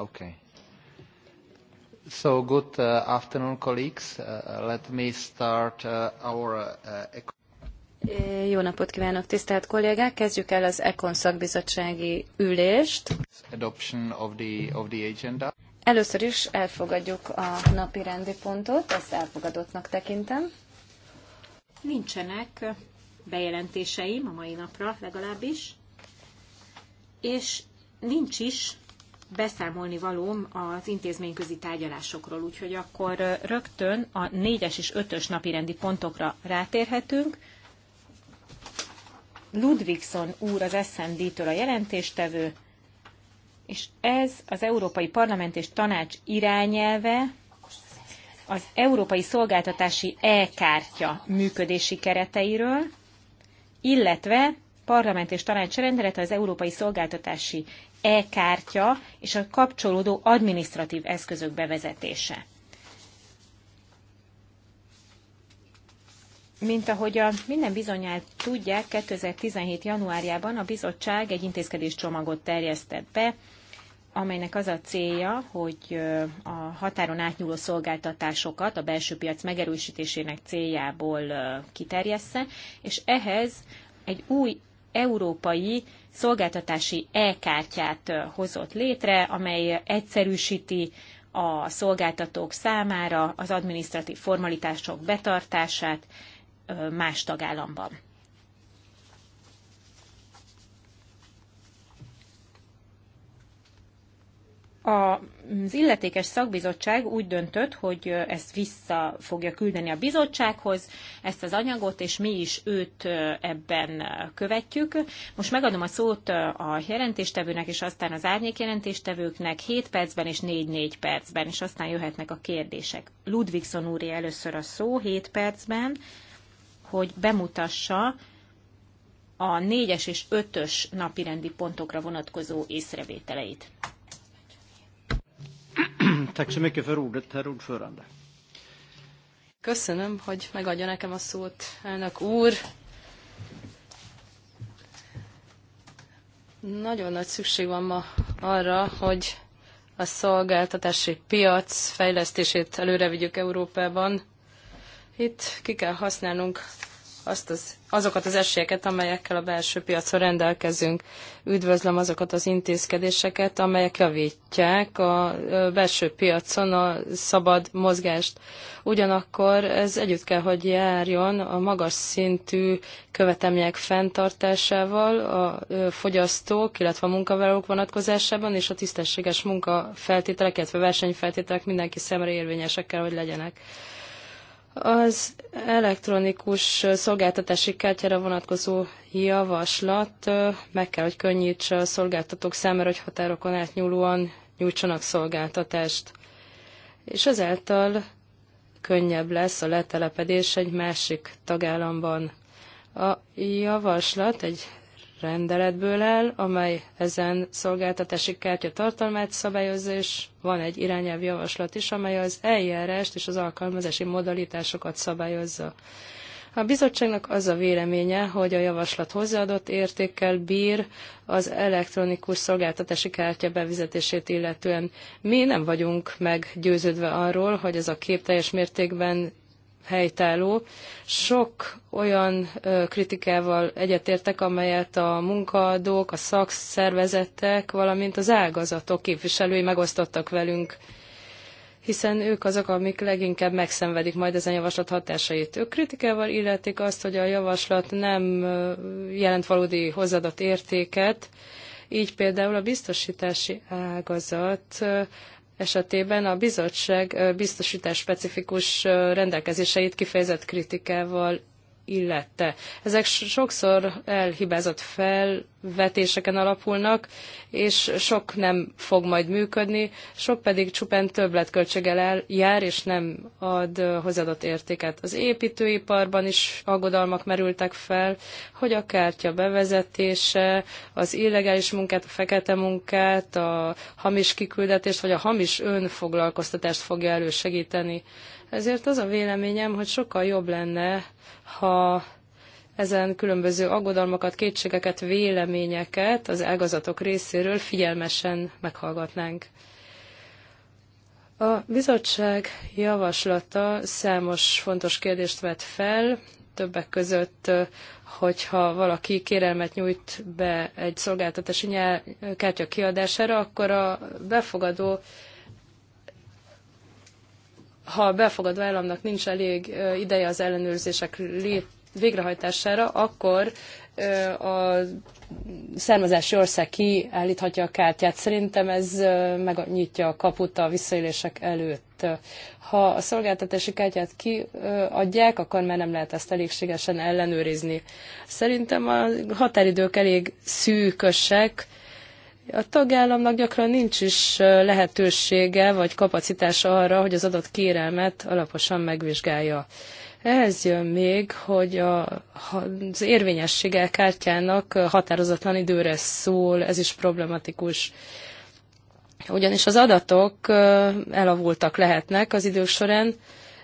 Okay. So good uh, afternoon, colleagues. Uh, uh let me start uh, our uh, jó napot kívánok, tisztelt kollégák! Kezdjük el az ECON szakbizottsági ülést. Adoption of the, of the agenda. Először is elfogadjuk a napi rendi pontot, ezt elfogadottnak tekintem. Nincsenek bejelentéseim a mai napra legalábbis, és nincs is beszámolni valóm az intézményközi tárgyalásokról, úgyhogy akkor rögtön a négyes és ötös napirendi pontokra rátérhetünk. Ludvigson úr az smd től a jelentéstevő, és ez az Európai Parlament és Tanács irányelve, az Európai Szolgáltatási E-kártya működési kereteiről, illetve Parlament és Tanács rendelete az Európai Szolgáltatási e-kártya és a kapcsolódó administratív eszközök bevezetése. Mint ahogy a minden bizonyát tudják, 2017. januárjában a bizottság egy intézkedéscsomagot terjesztett be, amelynek az a célja, hogy a határon átnyúló szolgáltatásokat a belső piac megerősítésének céljából kiterjessze, és ehhez egy új európai szolgáltatási e-kártyát hozott létre, amely egyszerűsíti a szolgáltatók számára az adminisztratív formalitások betartását más tagállamban. az illetékes szakbizottság úgy döntött, hogy ezt vissza fogja küldeni a bizottsághoz, ezt az anyagot, és mi is őt ebben követjük. Most megadom a szót a jelentéstevőnek, és aztán az árnyék jelentéstevőknek 7 percben és 4-4 percben, és aztán jöhetnek a kérdések. Ludvigson úri először a szó 7 percben, hogy bemutassa a 4-es és 5-ös napirendi pontokra vonatkozó észrevételeit. Tack så mycket för ordet, herr ordförande. Köszönöm, hogy megadja nekem a szót, elnök úr. Nagyon nagy szükség van ma arra, hogy a szolgáltatási piac fejlesztését vigyük Európában. Itt ki kell használnunk azt az, azokat az esélyeket, amelyekkel a belső piacon rendelkezünk. Üdvözlöm azokat az intézkedéseket, amelyek javítják a belső piacon a szabad mozgást. Ugyanakkor ez együtt kell, hogy járjon a magas szintű követelmények fenntartásával a fogyasztók, illetve a munkavállalók vonatkozásában, és a tisztességes munkafeltételek, illetve versenyfeltételek mindenki szemre érvényesek kell, hogy legyenek. Az elektronikus szolgáltatási kártyára vonatkozó javaslat meg kell, hogy könnyítse a szolgáltatók számára, hogy határokon átnyúlóan nyújtsanak szolgáltatást. És ezáltal könnyebb lesz a letelepedés egy másik tagállamban. A javaslat egy rendeletből áll, amely ezen szolgáltatási kártya tartalmát szabályozza, és van egy irányelvjavaslat is, amely az eljárást és az alkalmazási modalitásokat szabályozza. A bizottságnak az a véleménye, hogy a javaslat hozzáadott értékkel bír az elektronikus szolgáltatási kártya bevezetését illetően. Mi nem vagyunk meggyőződve arról, hogy ez a kép teljes mértékben helytálló. Sok olyan kritikával egyetértek, amelyet a munkaadók, a szakszervezetek, valamint az ágazatok képviselői megosztottak velünk hiszen ők azok, amik leginkább megszenvedik majd ezen javaslat hatásait. Ők kritikával illetik azt, hogy a javaslat nem jelent valódi hozzáadott értéket, így például a biztosítási ágazat esetében a bizottság biztosítás specifikus rendelkezéseit kifejezett kritikával illette. Ezek sokszor elhibázott felvetéseken alapulnak, és sok nem fog majd működni, sok pedig csupán többletköltséggel jár, és nem ad hozzáadott értéket. Az építőiparban is aggodalmak merültek fel, hogy a kártya bevezetése, az illegális munkát, a fekete munkát, a hamis kiküldetést, vagy a hamis önfoglalkoztatást fogja elősegíteni. Ezért az a véleményem, hogy sokkal jobb lenne, ha ezen különböző aggodalmakat, kétségeket, véleményeket az ágazatok részéről figyelmesen meghallgatnánk. A bizottság javaslata számos fontos kérdést vet fel, többek között, hogyha valaki kérelmet nyújt be egy szolgáltatási kártya kiadására, akkor a befogadó ha a befogadó államnak nincs elég ideje az ellenőrzések lét végrehajtására, akkor a származási ország kiállíthatja a kártyát. Szerintem ez megnyitja a kaput a visszaélések előtt. Ha a szolgáltatási kártyát kiadják, akkor már nem lehet ezt elégségesen ellenőrizni. Szerintem a határidők elég szűkösek, a tagállamnak gyakran nincs is lehetősége vagy kapacitása arra, hogy az adott kérelmet alaposan megvizsgálja. Ehhez jön még, hogy a, az érvényessége kártyának határozatlan időre szól, ez is problematikus. Ugyanis az adatok elavultak lehetnek az idők során,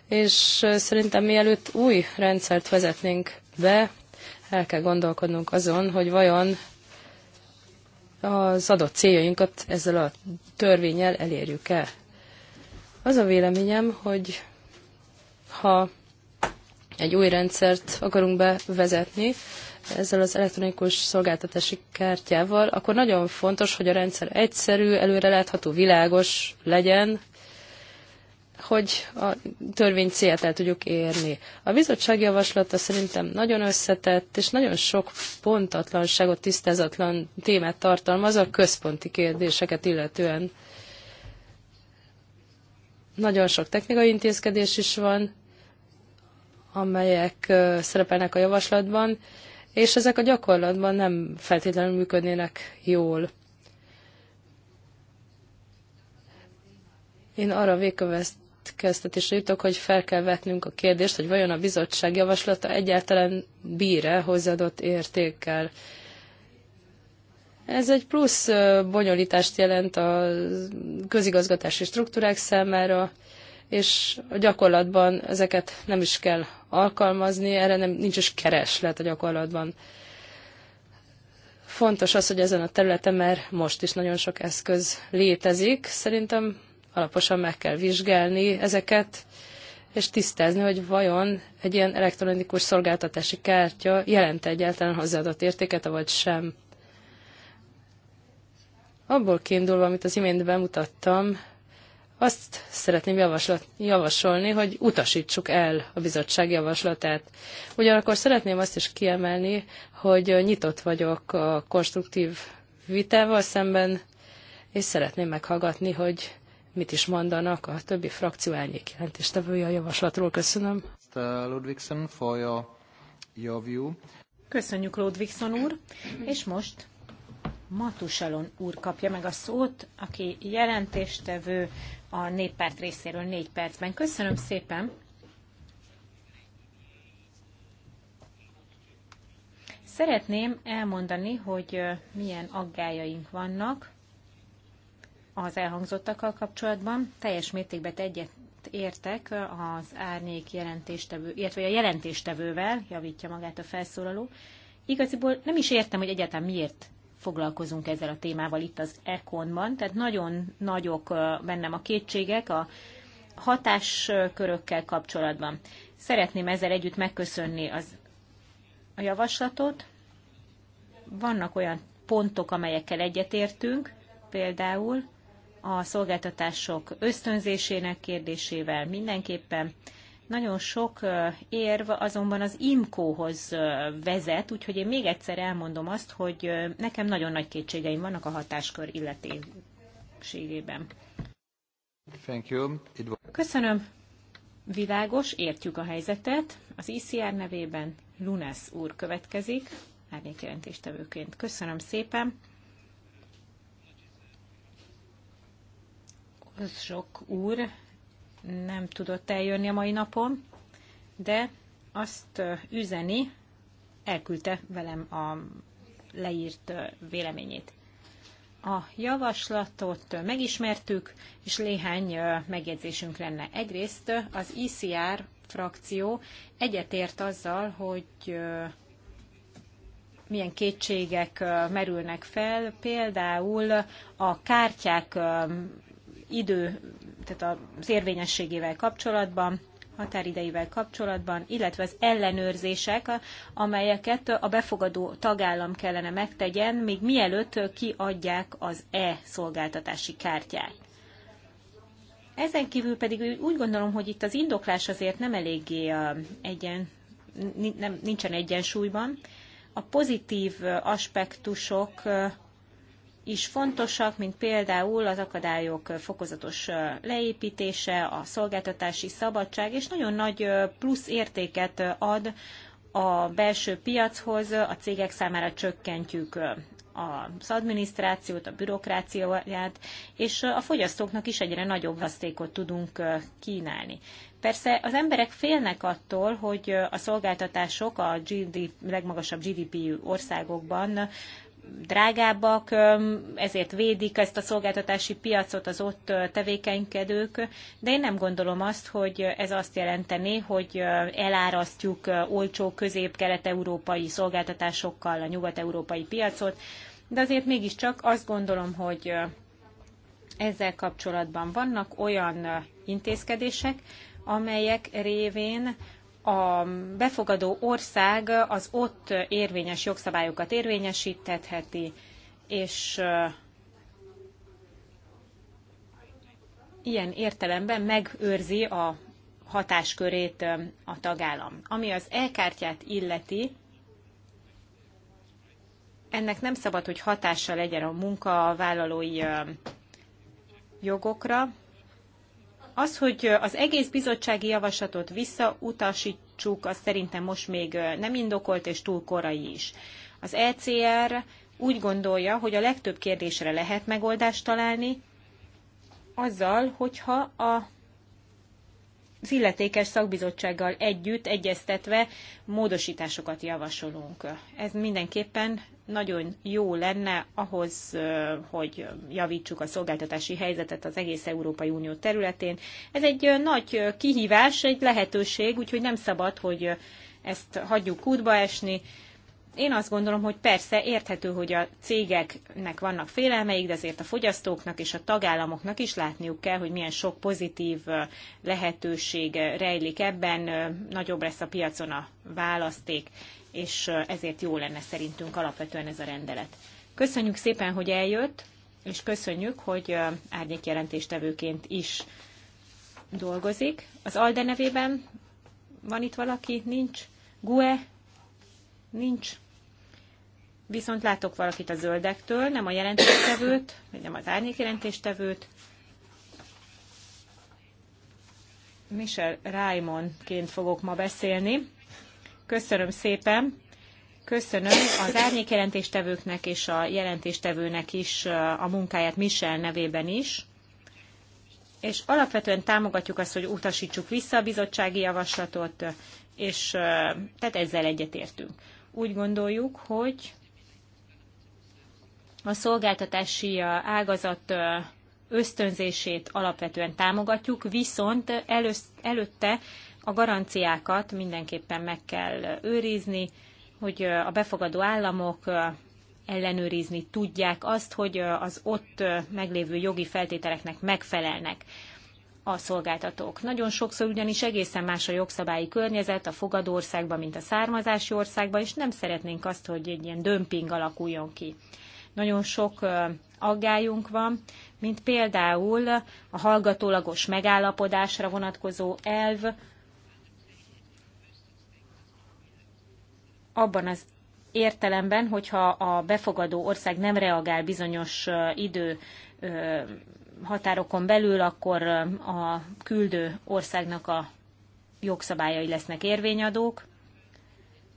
és szerintem mielőtt új rendszert vezetnénk be, el kell gondolkodnunk azon, hogy vajon az adott céljainkat ezzel a törvényel elérjük-e. Az a véleményem, hogy ha egy új rendszert akarunk bevezetni, ezzel az elektronikus szolgáltatási kártyával, akkor nagyon fontos, hogy a rendszer egyszerű, előre látható, világos legyen, hogy a törvény célját el tudjuk érni. A bizottság javaslata szerintem nagyon összetett, és nagyon sok pontatlanságot, tisztázatlan témát tartalmaz a központi kérdéseket illetően. Nagyon sok technikai intézkedés is van, amelyek szerepelnek a javaslatban, és ezek a gyakorlatban nem feltétlenül működnének jól. Én arra végkövetkeztetésre következtetésre jutok, hogy fel kell vetnünk a kérdést, hogy vajon a bizottság javaslata egyáltalán bír-e hozzáadott értékkel. Ez egy plusz bonyolítást jelent a közigazgatási struktúrák számára, és a gyakorlatban ezeket nem is kell alkalmazni, erre nem, nincs is kereslet a gyakorlatban. Fontos az, hogy ezen a területen már most is nagyon sok eszköz létezik. Szerintem alaposan meg kell vizsgálni ezeket, és tisztázni, hogy vajon egy ilyen elektronikus szolgáltatási kártya jelent egyáltalán hozzáadott értéket, vagy sem. Abból kiindulva, amit az imént bemutattam, azt szeretném javaslat, javasolni, hogy utasítsuk el a bizottság javaslatát. Ugyanakkor szeretném azt is kiemelni, hogy nyitott vagyok a konstruktív vitával szemben, és szeretném meghallgatni, hogy mit is mondanak a többi frakció elnyék jelentéstevője a javaslatról. Köszönöm. Köszönjük Ludvigson úr, és most Matusalon úr kapja meg a szót, aki jelentéstevő a néppárt részéről négy percben. Köszönöm szépen! Szeretném elmondani, hogy milyen aggájaink vannak az elhangzottakkal kapcsolatban. Teljes mértékben egyet értek az árnyék jelentéstevő, illetve a jelentéstevővel, javítja magát a felszólaló. Igaziból nem is értem, hogy egyáltalán miért foglalkozunk ezzel a témával itt az Econban, tehát nagyon nagyok bennem a kétségek a hatáskörökkel kapcsolatban. Szeretném ezzel együtt megköszönni az, a javaslatot. Vannak olyan pontok, amelyekkel egyetértünk, például a szolgáltatások ösztönzésének kérdésével mindenképpen. Nagyon sok érv azonban az IMCO-hoz vezet, úgyhogy én még egyszer elmondom azt, hogy nekem nagyon nagy kétségeim vannak a hatáskör illetéségében. Köszönöm. Világos, értjük a helyzetet. Az ICR nevében Lunes úr következik, árnyékjelentéstevőként. Köszönöm szépen. sok úr nem tudott eljönni a mai napon, de azt üzeni, elküldte velem a leírt véleményét. A javaslatot megismertük, és néhány megjegyzésünk lenne. Egyrészt az ICR frakció egyetért azzal, hogy milyen kétségek merülnek fel, például a kártyák idő, tehát az érvényességével kapcsolatban, határideivel kapcsolatban, illetve az ellenőrzések, amelyeket a befogadó tagállam kellene megtegyen, még mielőtt kiadják az e-szolgáltatási kártyát. Ezen kívül pedig úgy gondolom, hogy itt az indoklás azért nem eléggé egyen, nem, nincsen egyensúlyban. A pozitív aspektusok is fontosak, mint például az akadályok fokozatos leépítése, a szolgáltatási szabadság, és nagyon nagy plusz értéket ad a belső piachoz, a cégek számára csökkentjük az adminisztrációt, a bürokráciáját, és a fogyasztóknak is egyre nagyobb hasztékot tudunk kínálni. Persze az emberek félnek attól, hogy a szolgáltatások a GDP, legmagasabb GDP országokban drágábbak, ezért védik ezt a szolgáltatási piacot az ott tevékenykedők, de én nem gondolom azt, hogy ez azt jelenteni, hogy elárasztjuk olcsó közép-kelet-európai szolgáltatásokkal a nyugat-európai piacot, de azért mégiscsak azt gondolom, hogy ezzel kapcsolatban vannak olyan intézkedések, amelyek révén a befogadó ország az ott érvényes jogszabályokat érvényesítetheti, és ilyen értelemben megőrzi a hatáskörét a tagállam. Ami az e-kártyát illeti, ennek nem szabad, hogy hatással legyen a munkavállalói jogokra, az, hogy az egész bizottsági javaslatot visszautasítsuk, az szerintem most még nem indokolt és túl korai is. Az ECR úgy gondolja, hogy a legtöbb kérdésre lehet megoldást találni, azzal, hogyha a az illetékes szakbizottsággal együtt egyeztetve módosításokat javasolunk. Ez mindenképpen nagyon jó lenne ahhoz, hogy javítsuk a szolgáltatási helyzetet az egész Európai Unió területén. Ez egy nagy kihívás, egy lehetőség, úgyhogy nem szabad, hogy ezt hagyjuk útba esni, én azt gondolom, hogy persze érthető, hogy a cégeknek vannak félelmeik, de azért a fogyasztóknak és a tagállamoknak is látniuk kell, hogy milyen sok pozitív lehetőség rejlik ebben, nagyobb lesz a piacon a választék, és ezért jó lenne szerintünk alapvetően ez a rendelet. Köszönjük szépen, hogy eljött, és köszönjük, hogy árnyékjelentéstevőként is dolgozik. Az ALDE nevében van itt valaki? Nincs? GUE? Nincs. Viszont látok valakit a zöldektől, nem a jelentéstevőt, vagy nem az árnyék jelentéstevőt. Michel Raimondként fogok ma beszélni. Köszönöm szépen. Köszönöm az árnyék jelentéstevőknek és a jelentéstevőnek is uh, a munkáját Michel nevében is. És alapvetően támogatjuk azt, hogy utasítsuk vissza a bizottsági javaslatot, és uh, tehát ezzel egyetértünk. Úgy gondoljuk, hogy a szolgáltatási ágazat ösztönzését alapvetően támogatjuk, viszont előtte a garanciákat mindenképpen meg kell őrizni, hogy a befogadó államok ellenőrizni tudják azt, hogy az ott meglévő jogi feltételeknek megfelelnek a szolgáltatók. Nagyon sokszor ugyanis egészen más a jogszabályi környezet a fogadó országban, mint a származási országban, és nem szeretnénk azt, hogy egy ilyen dömping alakuljon ki. Nagyon sok aggályunk van, mint például a hallgatólagos megállapodásra vonatkozó elv, abban az értelemben, hogyha a befogadó ország nem reagál bizonyos idő határokon belül, akkor a küldő országnak a jogszabályai lesznek érvényadók.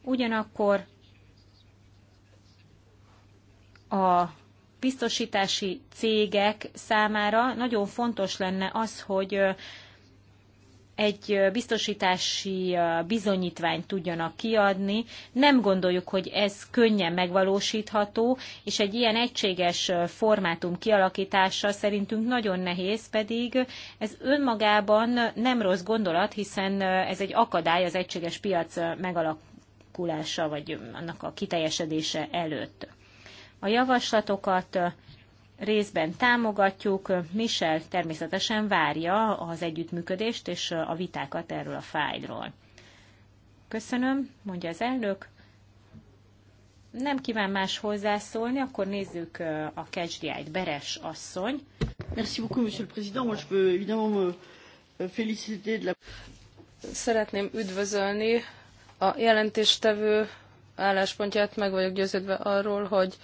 Ugyanakkor a biztosítási cégek számára nagyon fontos lenne az, hogy egy biztosítási bizonyítványt tudjanak kiadni. Nem gondoljuk, hogy ez könnyen megvalósítható, és egy ilyen egységes formátum kialakítása szerintünk nagyon nehéz, pedig ez önmagában nem rossz gondolat, hiszen ez egy akadály az egységes piac megalakulása, vagy annak a kiteljesedése előtt. A javaslatokat részben támogatjuk. Michel természetesen várja az együttműködést és a vitákat erről a fájdról. Köszönöm, mondja az elnök. Nem kíván más hozzászólni, akkor nézzük a kecsdiájt. Beres asszony. Merci beaucoup, monsieur le président. Moi, je peux évidemment me euh, féliciter de la... Szeretném üdvözölni a jelentéstevő álláspontját, meg vagyok győződve arról, hogy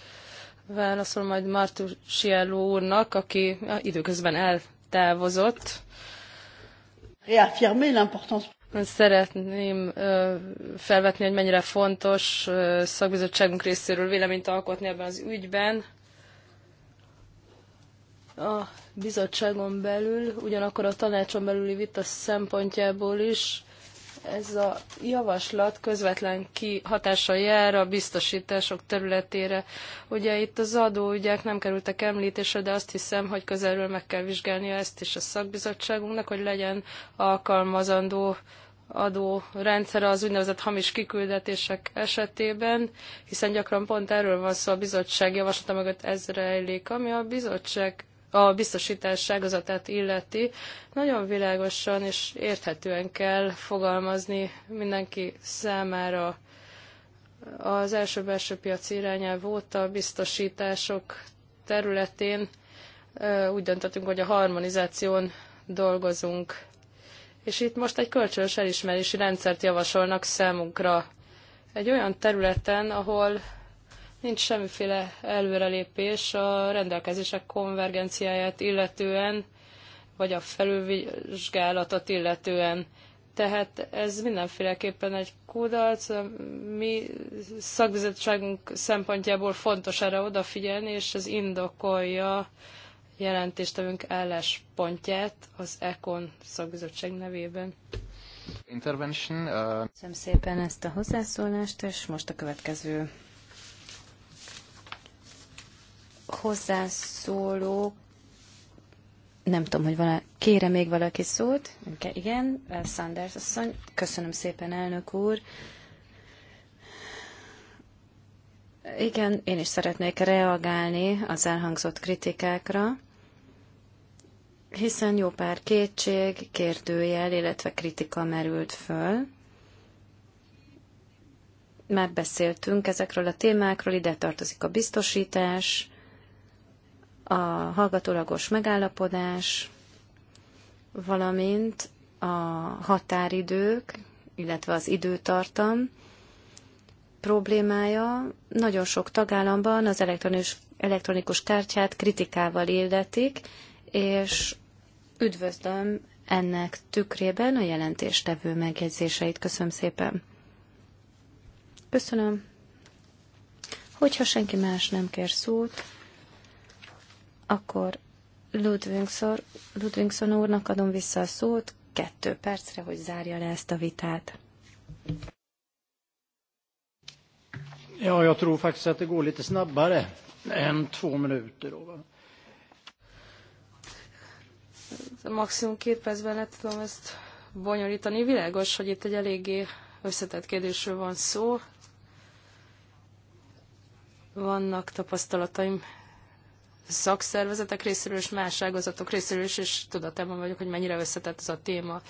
válaszol majd Martusiello úrnak, aki időközben eltávozott. Réaffirmer Szeretném felvetni, hogy mennyire fontos szakbizottságunk részéről véleményt alkotni ebben az ügyben. A bizottságon belül, ugyanakkor a tanácson belüli vita szempontjából is ez a javaslat közvetlen kihatása jár a biztosítások területére. Ugye itt az adóügyek nem kerültek említésre, de azt hiszem, hogy közelről meg kell vizsgálnia ezt is a szakbizottságunknak, hogy legyen alkalmazandó adó rendszere az úgynevezett hamis kiküldetések esetében, hiszen gyakran pont erről van szó a bizottság javaslata mögött ez rejlik, ami a bizottság a biztosítás ágazatát illeti, nagyon világosan és érthetően kell fogalmazni mindenki számára az első belső piac irányelv óta a biztosítások területén úgy döntöttünk, hogy a harmonizáción dolgozunk. És itt most egy kölcsönös elismerési rendszert javasolnak számunkra. Egy olyan területen, ahol nincs semmiféle előrelépés a rendelkezések konvergenciáját illetően, vagy a felülvizsgálatot illetően. Tehát ez mindenféleképpen egy kudarc, mi szakbizottságunk szempontjából fontos erre odafigyelni, és ez indokolja jelentéstevünk álláspontját az ECON szakbizottság nevében. Intervention, uh... Köszönöm szépen ezt a hozzászólást, és most a következő hozzászóló, nem tudom, hogy vala, kére még valaki szót. Igen, Sanders asszony. Köszönöm szépen, elnök úr. Igen, én is szeretnék reagálni az elhangzott kritikákra, hiszen jó pár kétség, kérdőjel, illetve kritika merült föl. Már beszéltünk ezekről a témákról, ide tartozik a biztosítás, a hallgatólagos megállapodás, valamint a határidők, illetve az időtartam problémája nagyon sok tagállamban az elektronikus, elektronikus kártyát kritikával illetik, és üdvözlöm ennek tükrében a jelentéstevő megjegyzéseit. Köszönöm szépen. Köszönöm. Hogyha senki más nem kér szót, akkor Ludwigson Ludvingson úrnak adom vissza a szót kettő percre, hogy zárja le ezt a vitát. Ja, jag tror faktiskt att det går lite snabbare än två minuter. Då. Maximum két percben le tudom ezt bonyolítani. Világos, hogy itt egy eléggé összetett kérdésről van szó. Vannak tapasztalataim szakszervezetek részéről és más ágazatok részéről is, és tudatában vagyok, hogy mennyire összetett ez a téma.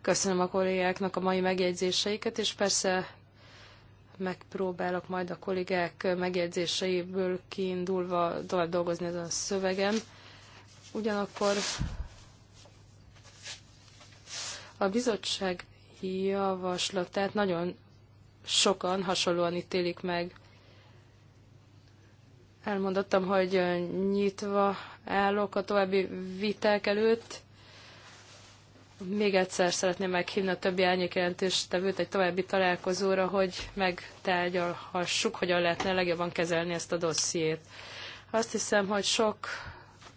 Köszönöm a kollégáknak a mai megjegyzéseiket, és persze megpróbálok majd a kollégák megjegyzéseiből kiindulva tovább dolgozni ezen a szövegen. Ugyanakkor a bizottság javaslatát nagyon sokan hasonlóan ítélik meg elmondottam, hogy nyitva állok a további viták előtt. Még egyszer szeretném meghívni a többi árnyékjelentéstevőt egy további találkozóra, hogy megtárgyalhassuk, hogyan lehetne legjobban kezelni ezt a dossziét. Azt hiszem, hogy sok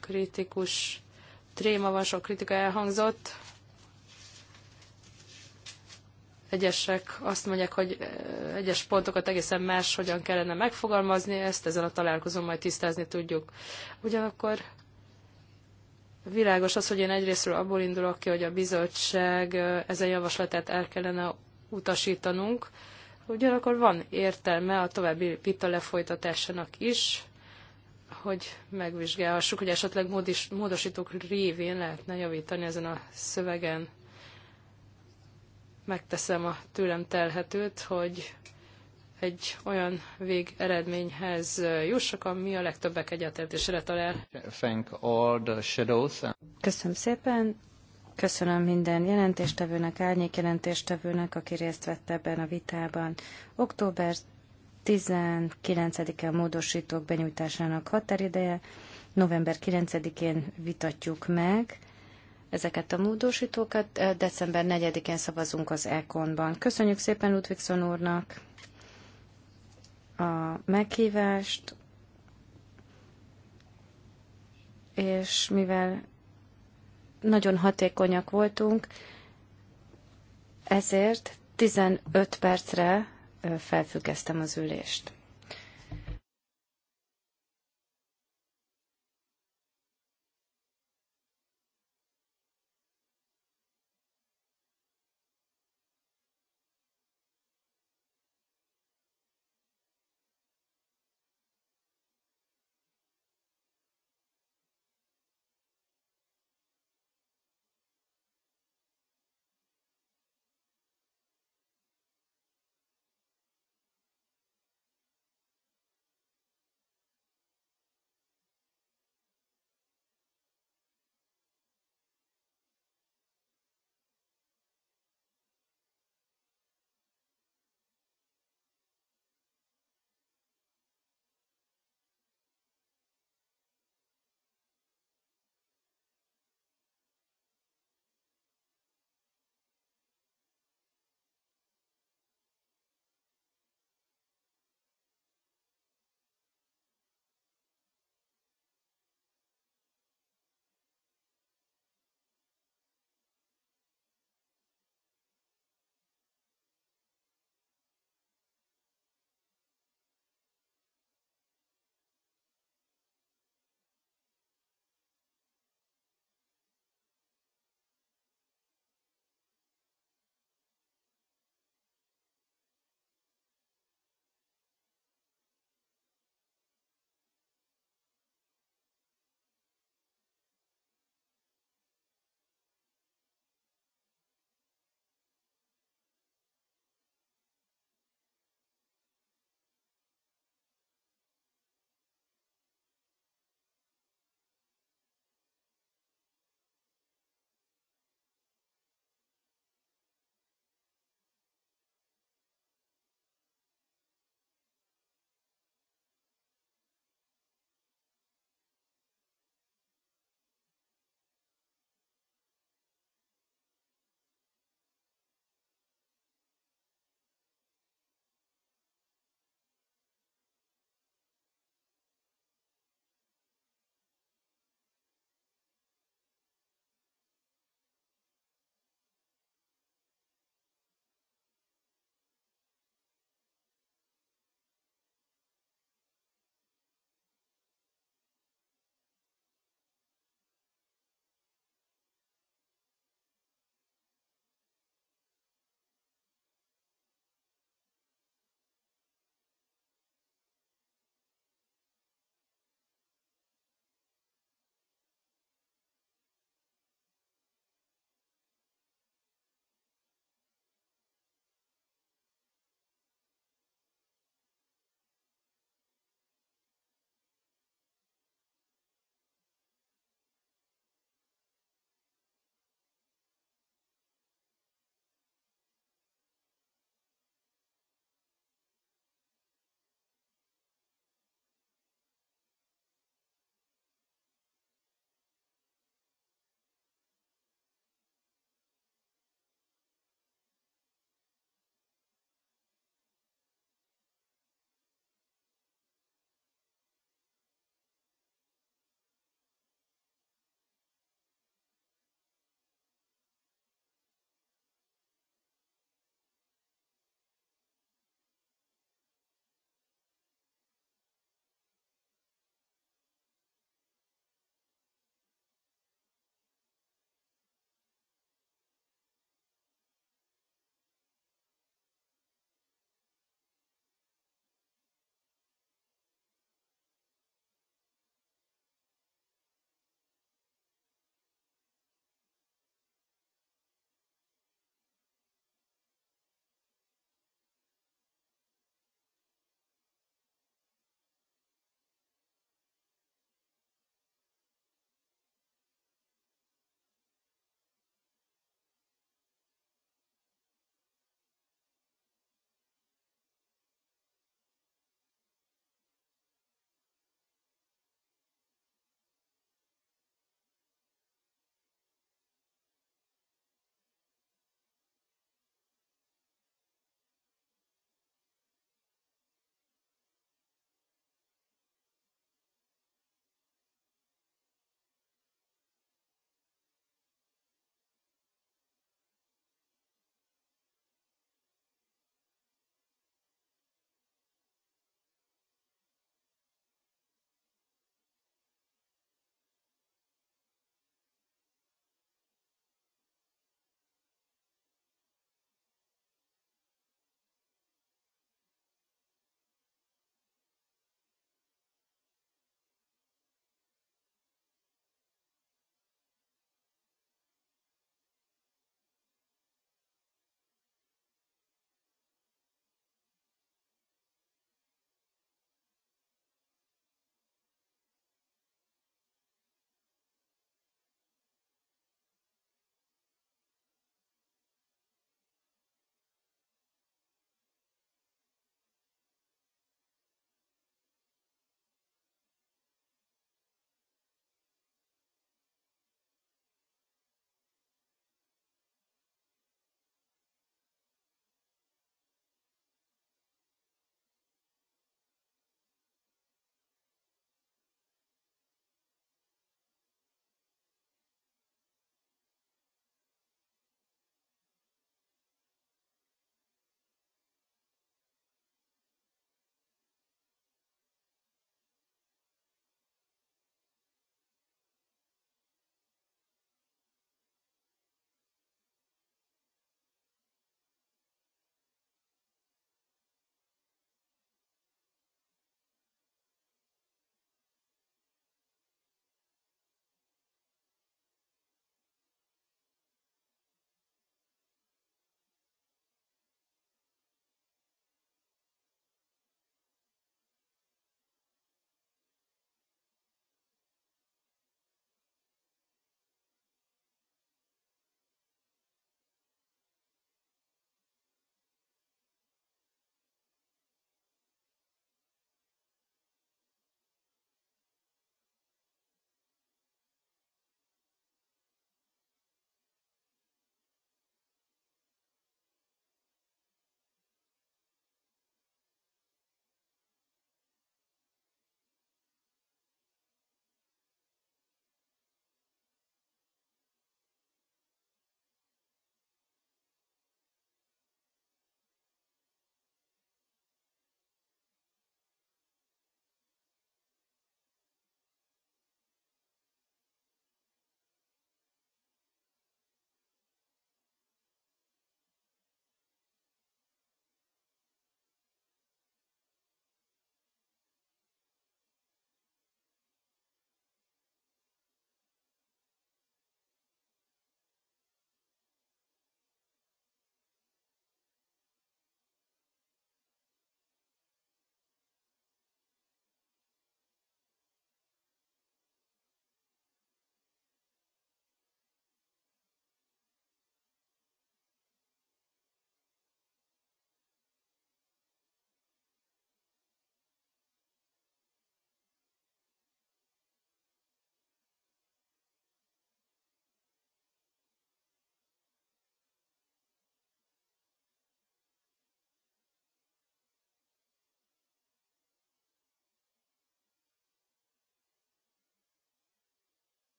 kritikus tréma van, sok kritika elhangzott. Egyesek azt mondják, hogy eh, egyes pontokat egészen más hogyan kellene megfogalmazni, ezt ezen a találkozón majd tisztázni tudjuk. Ugyanakkor világos az, hogy én egyrésztről abból indulok ki, hogy a bizottság eh, ezen javaslatát el kellene utasítanunk, ugyanakkor van értelme a további vita lefolytatásának is, hogy megvizsgálhassuk, hogy esetleg módis, módosítók révén lehetne javítani ezen a szövegen megteszem a tőlem telhetőt, hogy egy olyan végeredményhez jussak, ami a legtöbbek egyetértésére talál. Köszönöm szépen, köszönöm minden jelentéstevőnek, árnyék jelentéstevőnek, aki részt vett ebben a vitában. Október 19-e a módosítók benyújtásának határideje, november 9-én vitatjuk meg ezeket a módosítókat. December 4-én szavazunk az ECON-ban. Köszönjük szépen Ludvigson úrnak a meghívást, és mivel nagyon hatékonyak voltunk, ezért 15 percre felfüggesztem az ülést.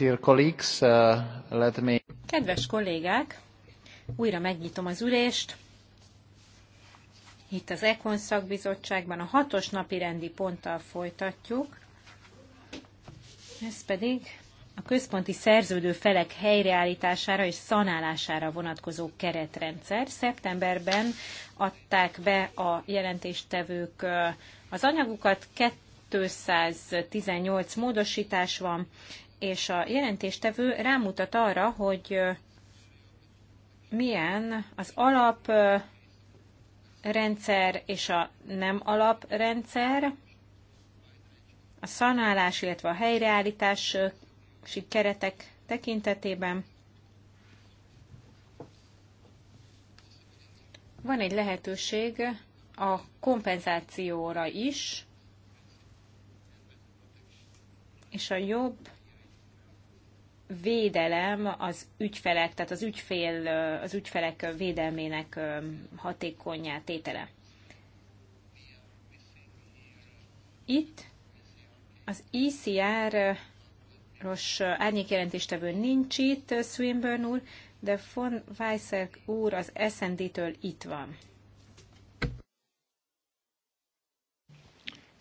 Dear colleagues, uh, let me... Kedves kollégák, újra megnyitom az ülést. Itt az Ekon szakbizottságban a hatos napi rendi ponttal folytatjuk. Ez pedig a központi szerződő felek helyreállítására és szanálására vonatkozó keretrendszer. Szeptemberben adták be a jelentéstevők uh, az anyagukat, 218 módosítás van, és a jelentéstevő rámutat arra, hogy milyen az alaprendszer és a nem alaprendszer, a szanálás, illetve a helyreállítási keretek tekintetében. Van egy lehetőség a kompenzációra is, és a jobb védelem az ügyfelek, tehát az, ügyfél, az ügyfelek védelmének hatékonyá tétele. Itt az ICR-os e árnyékjelentéstevő nincs itt, Swinburne úr, de von Weisserk úr az SND-től itt van.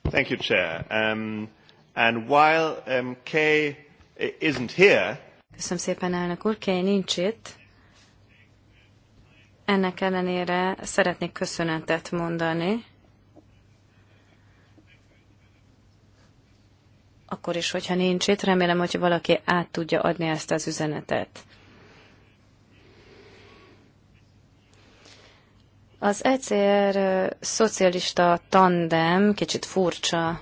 Thank you, Chair. Um, and while um, Kay isn't here. Köszönöm szépen, elnök úr, Kay nincs itt. Ennek ellenére szeretnék köszönetet mondani. Akkor is, hogyha nincs itt, remélem, hogy valaki át tudja adni ezt az üzenetet. Az ECR szocialista tandem kicsit furcsa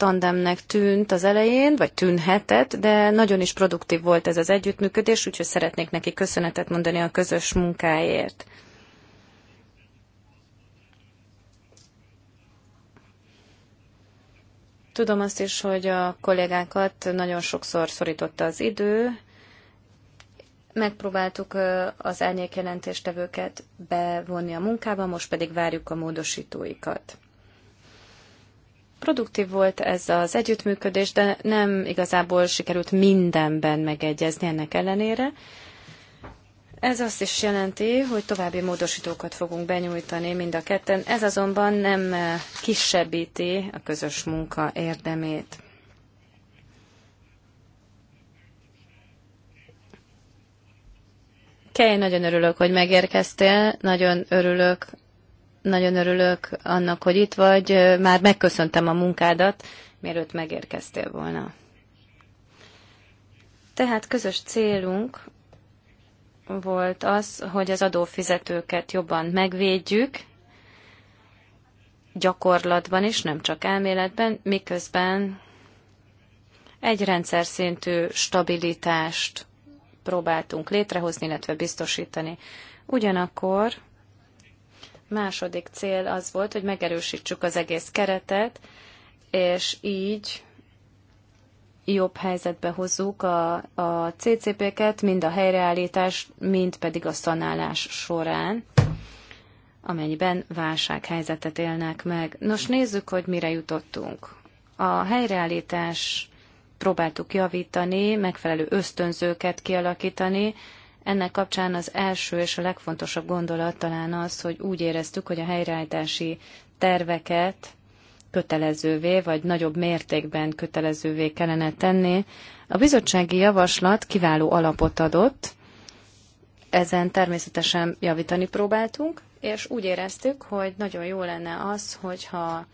tandemnek tűnt az elején, vagy tűnhetett, de nagyon is produktív volt ez az együttműködés, úgyhogy szeretnék neki köszönetet mondani a közös munkáért. Tudom azt is, hogy a kollégákat nagyon sokszor szorította az idő. Megpróbáltuk az árnyékjelentéstevőket bevonni a munkába, most pedig várjuk a módosítóikat. Produktív volt ez az együttműködés, de nem igazából sikerült mindenben megegyezni ennek ellenére. Ez azt is jelenti, hogy további módosítókat fogunk benyújtani mind a ketten, ez azonban nem eh, kisebbíti a közös munka érdemét. Kej, nagyon örülök, hogy megérkeztél, nagyon örülök nagyon örülök annak, hogy itt vagy. Már megköszöntem a munkádat, mielőtt megérkeztél volna. Tehát közös célunk volt az, hogy az adófizetőket jobban megvédjük, gyakorlatban is, nem csak elméletben, miközben egy rendszer szintű stabilitást próbáltunk létrehozni, illetve biztosítani. Ugyanakkor második cél az volt, hogy megerősítsük az egész keretet, és így jobb helyzetbe hozzuk a, a CCP-ket, mind a helyreállítás, mind pedig a szanálás során, amennyiben válsághelyzetet élnek meg. Nos, nézzük, hogy mire jutottunk. A helyreállítás próbáltuk javítani, megfelelő ösztönzőket kialakítani, ennek kapcsán az első és a legfontosabb gondolat talán az, hogy úgy éreztük, hogy a helyreállítási terveket kötelezővé, vagy nagyobb mértékben kötelezővé kellene tenni. A bizottsági javaslat kiváló alapot adott, ezen természetesen javítani próbáltunk, és úgy éreztük, hogy nagyon jó lenne az, hogyha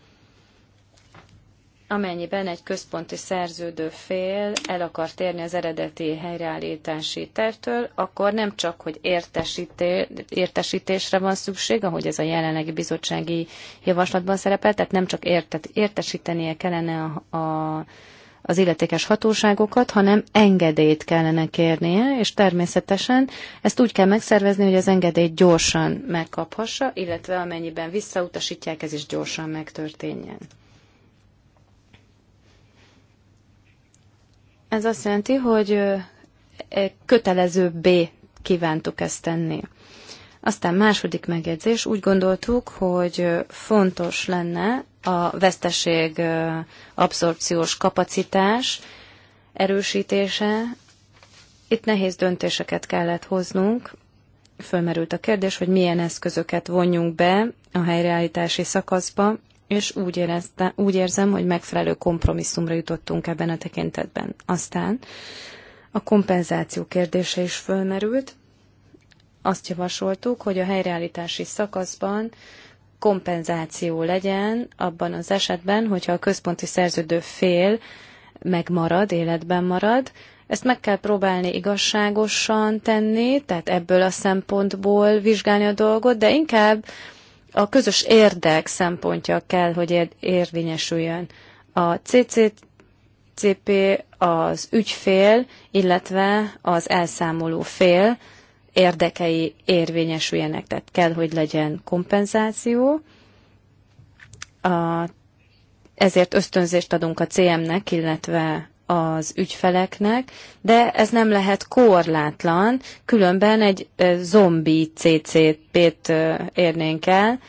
amennyiben egy központi szerződő fél el akar térni az eredeti helyreállítási tervtől, akkor nem csak, hogy értesíté, értesítésre van szükség, ahogy ez a jelenlegi bizottsági javaslatban szerepel, tehát nem csak értet, értesítenie kellene a, a, az illetékes hatóságokat, hanem engedélyt kellene kérnie, és természetesen ezt úgy kell megszervezni, hogy az engedélyt gyorsan megkaphassa, illetve amennyiben visszautasítják, ez is gyorsan megtörténjen. Ez azt jelenti, hogy e, kötelezőbbé kívántuk ezt tenni. Aztán második megjegyzés, úgy gondoltuk, hogy fontos lenne a veszteség abszorpciós kapacitás erősítése. Itt nehéz döntéseket kellett hoznunk. Fölmerült a kérdés, hogy milyen eszközöket vonjunk be a helyreállítási szakaszba, és úgy, érezte, úgy érzem, hogy megfelelő kompromisszumra jutottunk ebben a tekintetben. Aztán a kompenzáció kérdése is fölmerült. Azt javasoltuk, hogy a helyreállítási szakaszban kompenzáció legyen abban az esetben, hogyha a központi szerződő fél megmarad, életben marad. Ezt meg kell próbálni igazságosan tenni, tehát ebből a szempontból vizsgálni a dolgot, de inkább a közös érdek szempontja kell, hogy érvényesüljön. A CCCP az ügyfél, illetve az elszámoló fél érdekei érvényesüljenek, tehát kell, hogy legyen kompenzáció. A, ezért ösztönzést adunk a CM-nek, illetve az ügyfeleknek, de ez nem lehet korlátlan, különben egy zombi CCP-t érnénk el,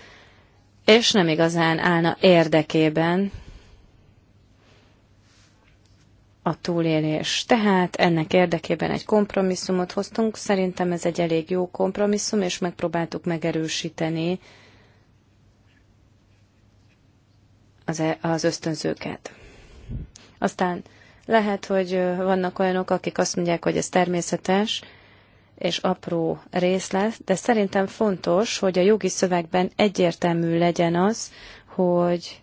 és nem igazán állna érdekében a túlélés. Tehát ennek érdekében egy kompromisszumot hoztunk, szerintem ez egy elég jó kompromisszum, és megpróbáltuk megerősíteni az, e- az ösztönzőket. Aztán lehet, hogy vannak olyanok, akik azt mondják, hogy ez természetes és apró részlet, de szerintem fontos, hogy a jogi szövegben egyértelmű legyen az, hogy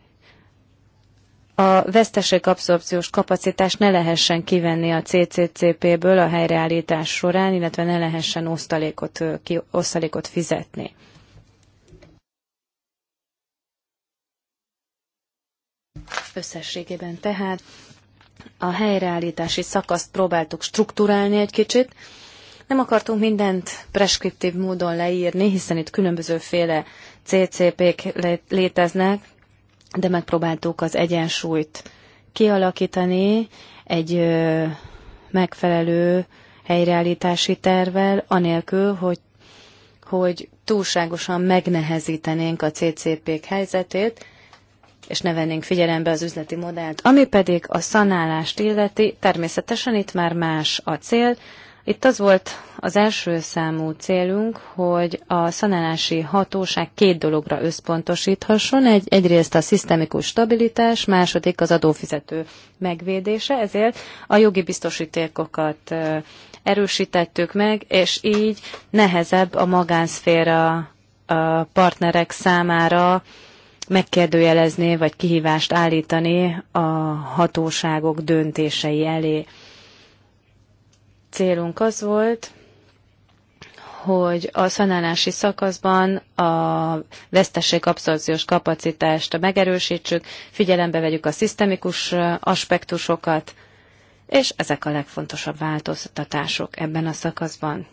a abszorpciós kapacitást ne lehessen kivenni a CCCP-ből a helyreállítás során, illetve ne lehessen osztalékot, ki, osztalékot fizetni. Összességében tehát a helyreállítási szakaszt próbáltuk strukturálni egy kicsit. Nem akartunk mindent preskriptív módon leírni, hiszen itt különbözőféle CCP-k léteznek, de megpróbáltuk az egyensúlyt kialakítani egy megfelelő helyreállítási tervvel, anélkül, hogy, hogy túlságosan megnehezítenénk a CCP-k helyzetét, és ne vennénk figyelembe az üzleti modellt. Ami pedig a szanálást illeti, természetesen itt már más a cél. Itt az volt az első számú célunk, hogy a szanálási hatóság két dologra összpontosíthasson. Egy, egyrészt a szisztemikus stabilitás, második az adófizető megvédése, ezért a jogi biztosítékokat erősítettük meg, és így nehezebb a magánszféra a partnerek számára megkérdőjelezni, vagy kihívást állítani a hatóságok döntései elé. Célunk az volt, hogy a szanálási szakaszban a veszteségabszorciós kapacitást megerősítsük, figyelembe vegyük a szisztemikus aspektusokat, és ezek a legfontosabb változtatások ebben a szakaszban.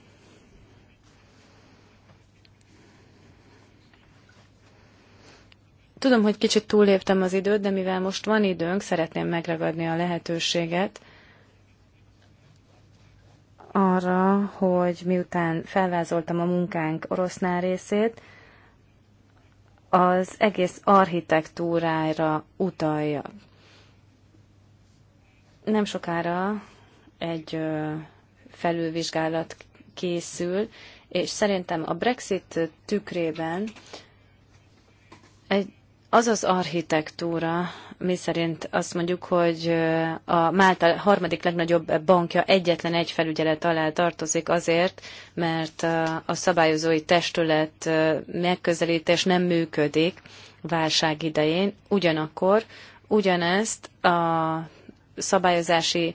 Tudom, hogy kicsit túléptem az időt, de mivel most van időnk, szeretném megragadni a lehetőséget arra, hogy miután felvázoltam a munkánk orosznál részét, az egész architektúrára utalja. Nem sokára egy felülvizsgálat készül, és szerintem a Brexit tükrében egy az az architektúra, mi szerint azt mondjuk, hogy a Málta harmadik legnagyobb bankja egyetlen egy felügyelet alá tartozik azért, mert a szabályozói testület megközelítés nem működik válság idején. Ugyanakkor ugyanezt a szabályozási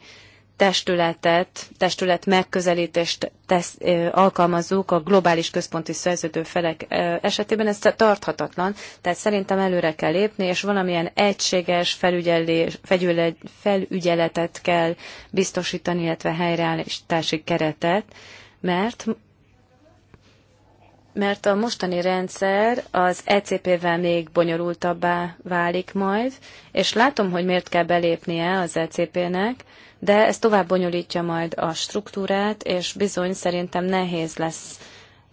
testületet, testület megközelítést tesz, alkalmazzuk a globális központi szerződő felek esetében, ez tarthatatlan, tehát szerintem előre kell lépni, és valamilyen egységes felügyeletet kell biztosítani, illetve helyreállítási keretet, mert mert a mostani rendszer az ECP-vel még bonyolultabbá válik majd, és látom, hogy miért kell belépnie az ECP-nek, de ez tovább bonyolítja majd a struktúrát, és bizony szerintem nehéz lesz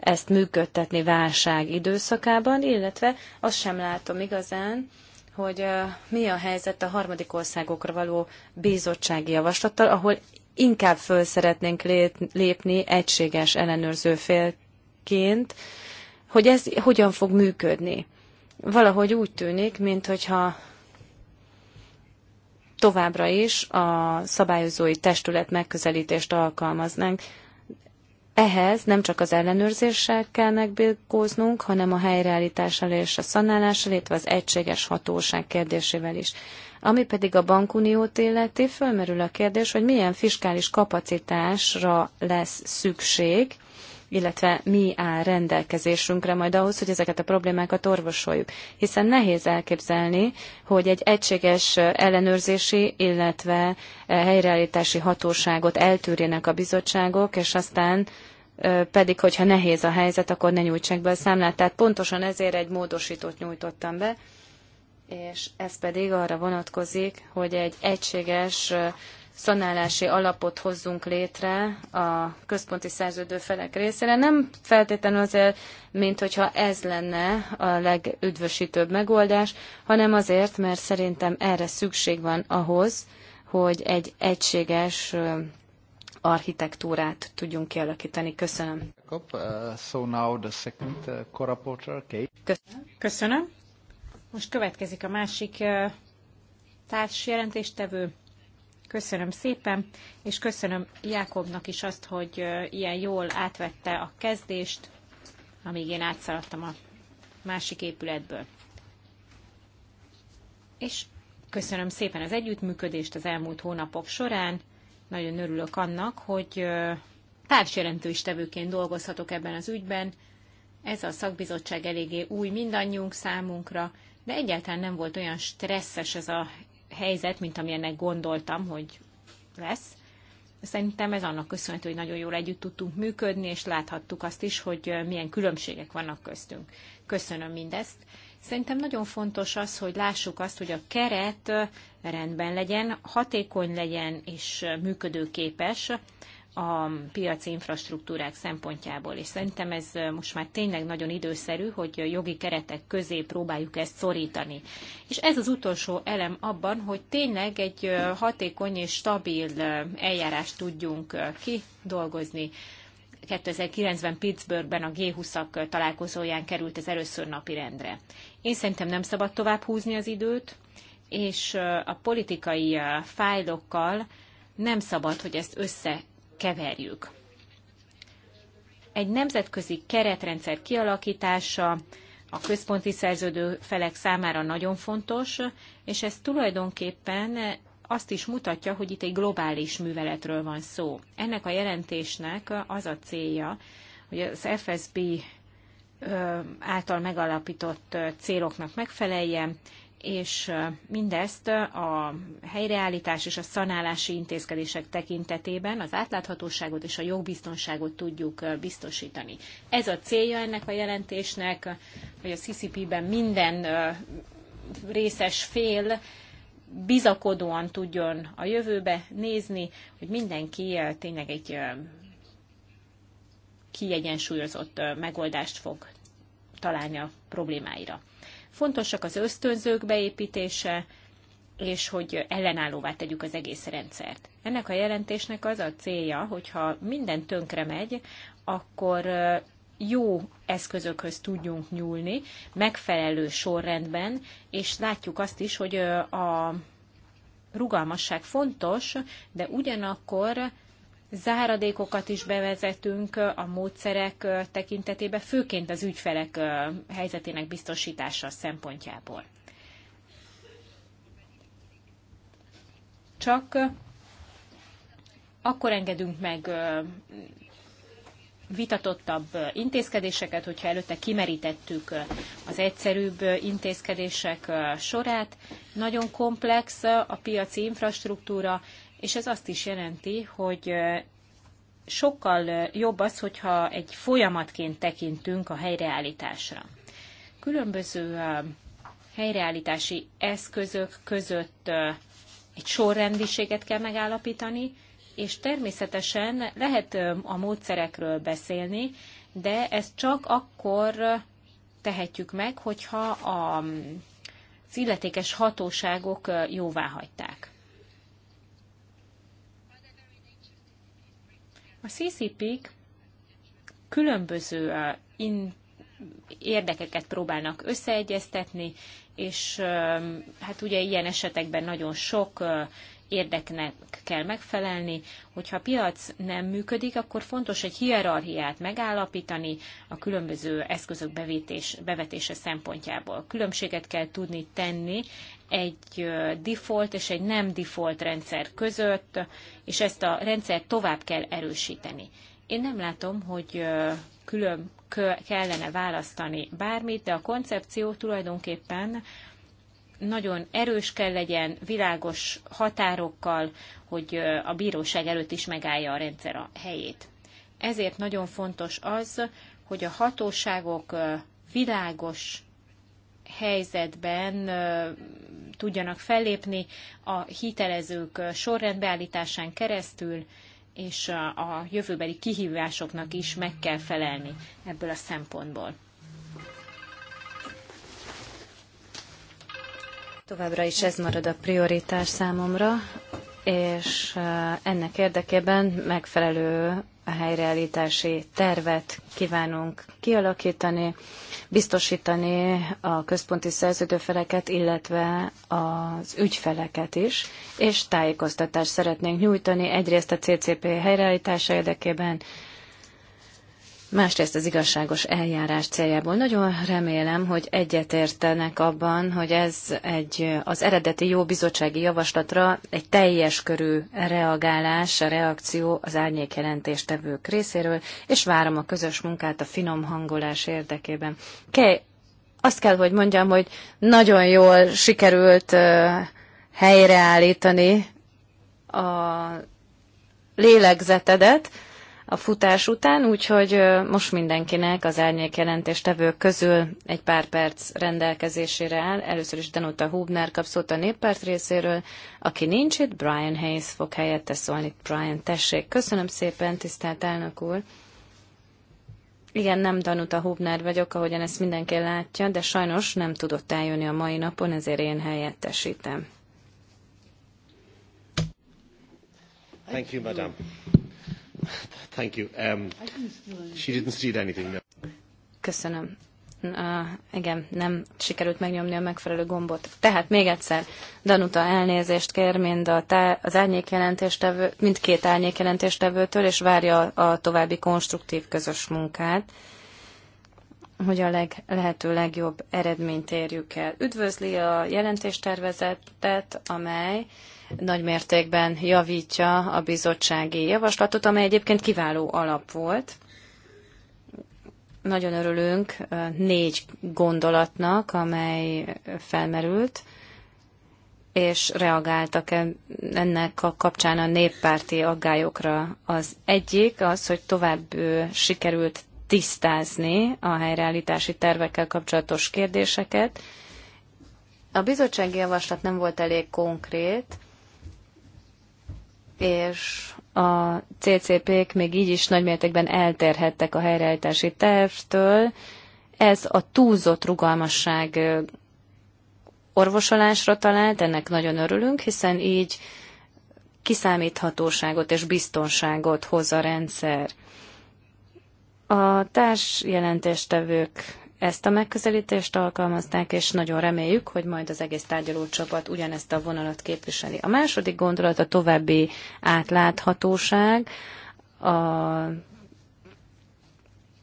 ezt működtetni válság időszakában, illetve azt sem látom igazán, hogy mi a helyzet a harmadik országokra való bizottsági javaslattal, ahol inkább föl szeretnénk lépni egységes ellenőrző félként, hogy ez hogyan fog működni. Valahogy úgy tűnik, mintha továbbra is a szabályozói testület megközelítést alkalmaznánk. Ehhez nem csak az ellenőrzéssel kell megbírkóznunk, hanem a helyreállítással és a szanálással, illetve az egységes hatóság kérdésével is. Ami pedig a bankuniót illeti, fölmerül a kérdés, hogy milyen fiskális kapacitásra lesz szükség, illetve mi áll rendelkezésünkre majd ahhoz, hogy ezeket a problémákat orvosoljuk. Hiszen nehéz elképzelni, hogy egy egységes ellenőrzési, illetve helyreállítási hatóságot eltűrjenek a bizottságok, és aztán pedig, hogyha nehéz a helyzet, akkor ne nyújtsák be a számlát. Tehát pontosan ezért egy módosítót nyújtottam be, és ez pedig arra vonatkozik, hogy egy egységes szanálási alapot hozzunk létre a központi szerződő felek részére. Nem feltétlenül azért, mint hogyha ez lenne a legüdvösítőbb megoldás, hanem azért, mert szerintem erre szükség van ahhoz, hogy egy egységes architektúrát tudjunk kialakítani. Uh, uh, Köszönöm. Köszönöm. Most következik a másik uh, jelentéstevő. Köszönöm szépen, és köszönöm Jákobnak is azt, hogy ilyen jól átvette a kezdést, amíg én átszaladtam a másik épületből. És köszönöm szépen az együttműködést az elmúlt hónapok során. Nagyon örülök annak, hogy társjelentőistevőként dolgozhatok ebben az ügyben. Ez a szakbizottság eléggé új mindannyiunk számunkra, de egyáltalán nem volt olyan stresszes ez a helyzet, mint amilyennek gondoltam, hogy lesz. Szerintem ez annak köszönhető, hogy nagyon jól együtt tudtunk működni, és láthattuk azt is, hogy milyen különbségek vannak köztünk. Köszönöm mindezt. Szerintem nagyon fontos az, hogy lássuk azt, hogy a keret rendben legyen, hatékony legyen és működőképes a piaci infrastruktúrák szempontjából, és szerintem ez most már tényleg nagyon időszerű, hogy jogi keretek közé próbáljuk ezt szorítani. És ez az utolsó elem abban, hogy tényleg egy hatékony és stabil eljárást tudjunk kidolgozni. 2009-ben Pittsburghben a G20-ak találkozóján került ez először napirendre. Én szerintem nem szabad tovább húzni az időt, és a politikai fájlokkal nem szabad, hogy ezt össze keverjük. Egy nemzetközi keretrendszer kialakítása a központi szerződő felek számára nagyon fontos, és ez tulajdonképpen azt is mutatja, hogy itt egy globális műveletről van szó. Ennek a jelentésnek az a célja, hogy az FSB által megalapított céloknak megfeleljen, és mindezt a helyreállítás és a szanálási intézkedések tekintetében az átláthatóságot és a jogbiztonságot tudjuk biztosítani. Ez a célja ennek a jelentésnek, hogy a CCP-ben minden részes fél bizakodóan tudjon a jövőbe nézni, hogy mindenki tényleg egy kiegyensúlyozott megoldást fog találni a problémáira. Fontosak az ösztönzők beépítése, és hogy ellenállóvá tegyük az egész rendszert. Ennek a jelentésnek az a célja, hogyha minden tönkre megy, akkor jó eszközökhöz tudjunk nyúlni, megfelelő sorrendben, és látjuk azt is, hogy a rugalmasság fontos, de ugyanakkor záradékokat is bevezetünk a módszerek tekintetében, főként az ügyfelek helyzetének biztosítása szempontjából. Csak akkor engedünk meg vitatottabb intézkedéseket, hogyha előtte kimerítettük az egyszerűbb intézkedések sorát. Nagyon komplex a piaci infrastruktúra, és ez azt is jelenti, hogy sokkal jobb az, hogyha egy folyamatként tekintünk a helyreállításra. Különböző helyreállítási eszközök között egy sorrendiséget kell megállapítani, és természetesen lehet a módszerekről beszélni, de ezt csak akkor tehetjük meg, hogyha a, az illetékes hatóságok jóvá hagyták. A CCP-k különböző uh, érdekeket próbálnak összeegyeztetni, és um, hát ugye ilyen esetekben nagyon sok uh, érdeknek kell megfelelni, hogyha a piac nem működik, akkor fontos egy hierarchiát megállapítani a különböző eszközök bevetése szempontjából. Különbséget kell tudni tenni egy default és egy nem default rendszer között, és ezt a rendszert tovább kell erősíteni. Én nem látom, hogy külön kellene választani bármit, de a koncepció tulajdonképpen nagyon erős kell legyen, világos határokkal, hogy a bíróság előtt is megállja a rendszer a helyét. Ezért nagyon fontos az, hogy a hatóságok világos helyzetben tudjanak fellépni a hitelezők sorrendbeállításán keresztül, és a jövőbeli kihívásoknak is meg kell felelni ebből a szempontból. Továbbra is ez marad a prioritás számomra, és ennek érdekében megfelelő a helyreállítási tervet kívánunk kialakítani, biztosítani a központi szerződőfeleket, illetve az ügyfeleket is, és tájékoztatást szeretnénk nyújtani egyrészt a CCP helyreállítása érdekében, másrészt az igazságos eljárás céljából. Nagyon remélem, hogy egyetértenek abban, hogy ez egy, az eredeti jó bizottsági javaslatra egy teljes körű reagálás, a reakció az árnyékjelentéstevők részéről, és várom a közös munkát a finom hangolás érdekében. Ke, azt kell, hogy mondjam, hogy nagyon jól sikerült uh, helyreállítani a lélegzetedet, a futás után, úgyhogy most mindenkinek az árnyék jelentéstevők közül egy pár perc rendelkezésére áll. Először is Danuta Hubner kap szót a néppárt részéről. Aki nincs itt, Brian Hayes fog helyette szólni. Brian, tessék. Köszönöm szépen, tisztelt elnök úr. Igen, nem Danuta Hubner vagyok, ahogyan ezt mindenki látja, de sajnos nem tudott eljönni a mai napon, ezért én helyettesítem. Thank you, madam. Thank you. Um, she didn't steal anything. No. Köszönöm. Uh, igen, nem sikerült megnyomni a megfelelő gombot. Tehát még egyszer, Danuta elnézést kér mind a tá- az két mindkét árnyékjelentéstevőtől, és várja a további konstruktív közös munkát, hogy a leg- lehető legjobb eredményt érjük el. Üdvözli a jelentéstervezetet, amely nagy mértékben javítja a bizottsági javaslatot, amely egyébként kiváló alap volt. Nagyon örülünk négy gondolatnak, amely felmerült, és reagáltak ennek a kapcsán a néppárti aggályokra. Az egyik az, hogy tovább sikerült tisztázni a helyreállítási tervekkel kapcsolatos kérdéseket. A bizottsági javaslat nem volt elég konkrét, és a CCP-k még így is nagymértékben eltérhettek a helyreállítási tervtől. Ez a túlzott rugalmasság orvosolásra talált, ennek nagyon örülünk, hiszen így kiszámíthatóságot és biztonságot hoz a rendszer. A társ jelentéstevők ezt a megközelítést alkalmazták, és nagyon reméljük, hogy majd az egész tárgyalócsapat ugyanezt a vonalat képviseli. A második gondolat a további átláthatóság a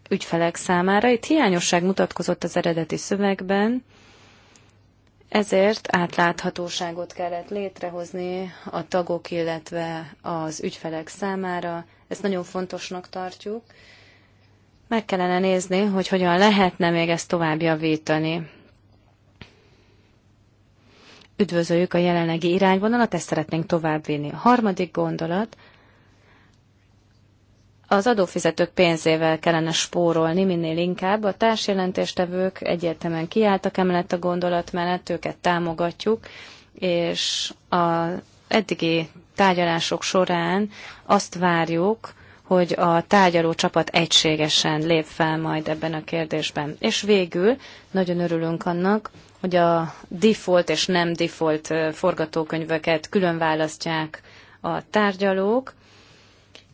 ügyfelek számára. Itt hiányosság mutatkozott az eredeti szövegben, ezért átláthatóságot kellett létrehozni a tagok, illetve az ügyfelek számára. Ezt nagyon fontosnak tartjuk, meg kellene nézni, hogy hogyan lehetne még ezt tovább javítani. Üdvözöljük a jelenlegi irányvonalat, ezt szeretnénk továbbvinni. A harmadik gondolat, az adófizetők pénzével kellene spórolni minél inkább. A társjelentéstevők egyértelműen kiálltak emellett a gondolat mellett, őket támogatjuk, és az eddigi tárgyalások során azt várjuk, hogy a tárgyaló csapat egységesen lép fel majd ebben a kérdésben. És végül nagyon örülünk annak, hogy a default és nem default forgatókönyveket külön választják a tárgyalók,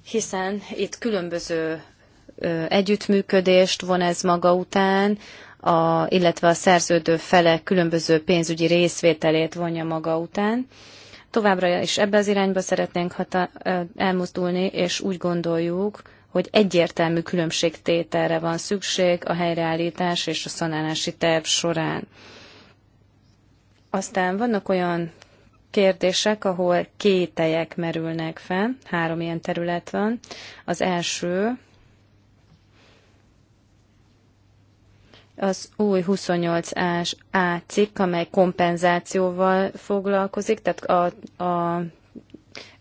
hiszen itt különböző együttműködést von ez maga után, a, illetve a szerződő fele különböző pénzügyi részvételét vonja maga után. Továbbra is ebbe az irányba szeretnénk elmozdulni, és úgy gondoljuk, hogy egyértelmű különbségtételre van szükség a helyreállítás és a szanálási terv során. Aztán vannak olyan kérdések, ahol kételyek merülnek fel, három ilyen terület van. Az első az új 28-ás A cikk, amely kompenzációval foglalkozik, tehát a, a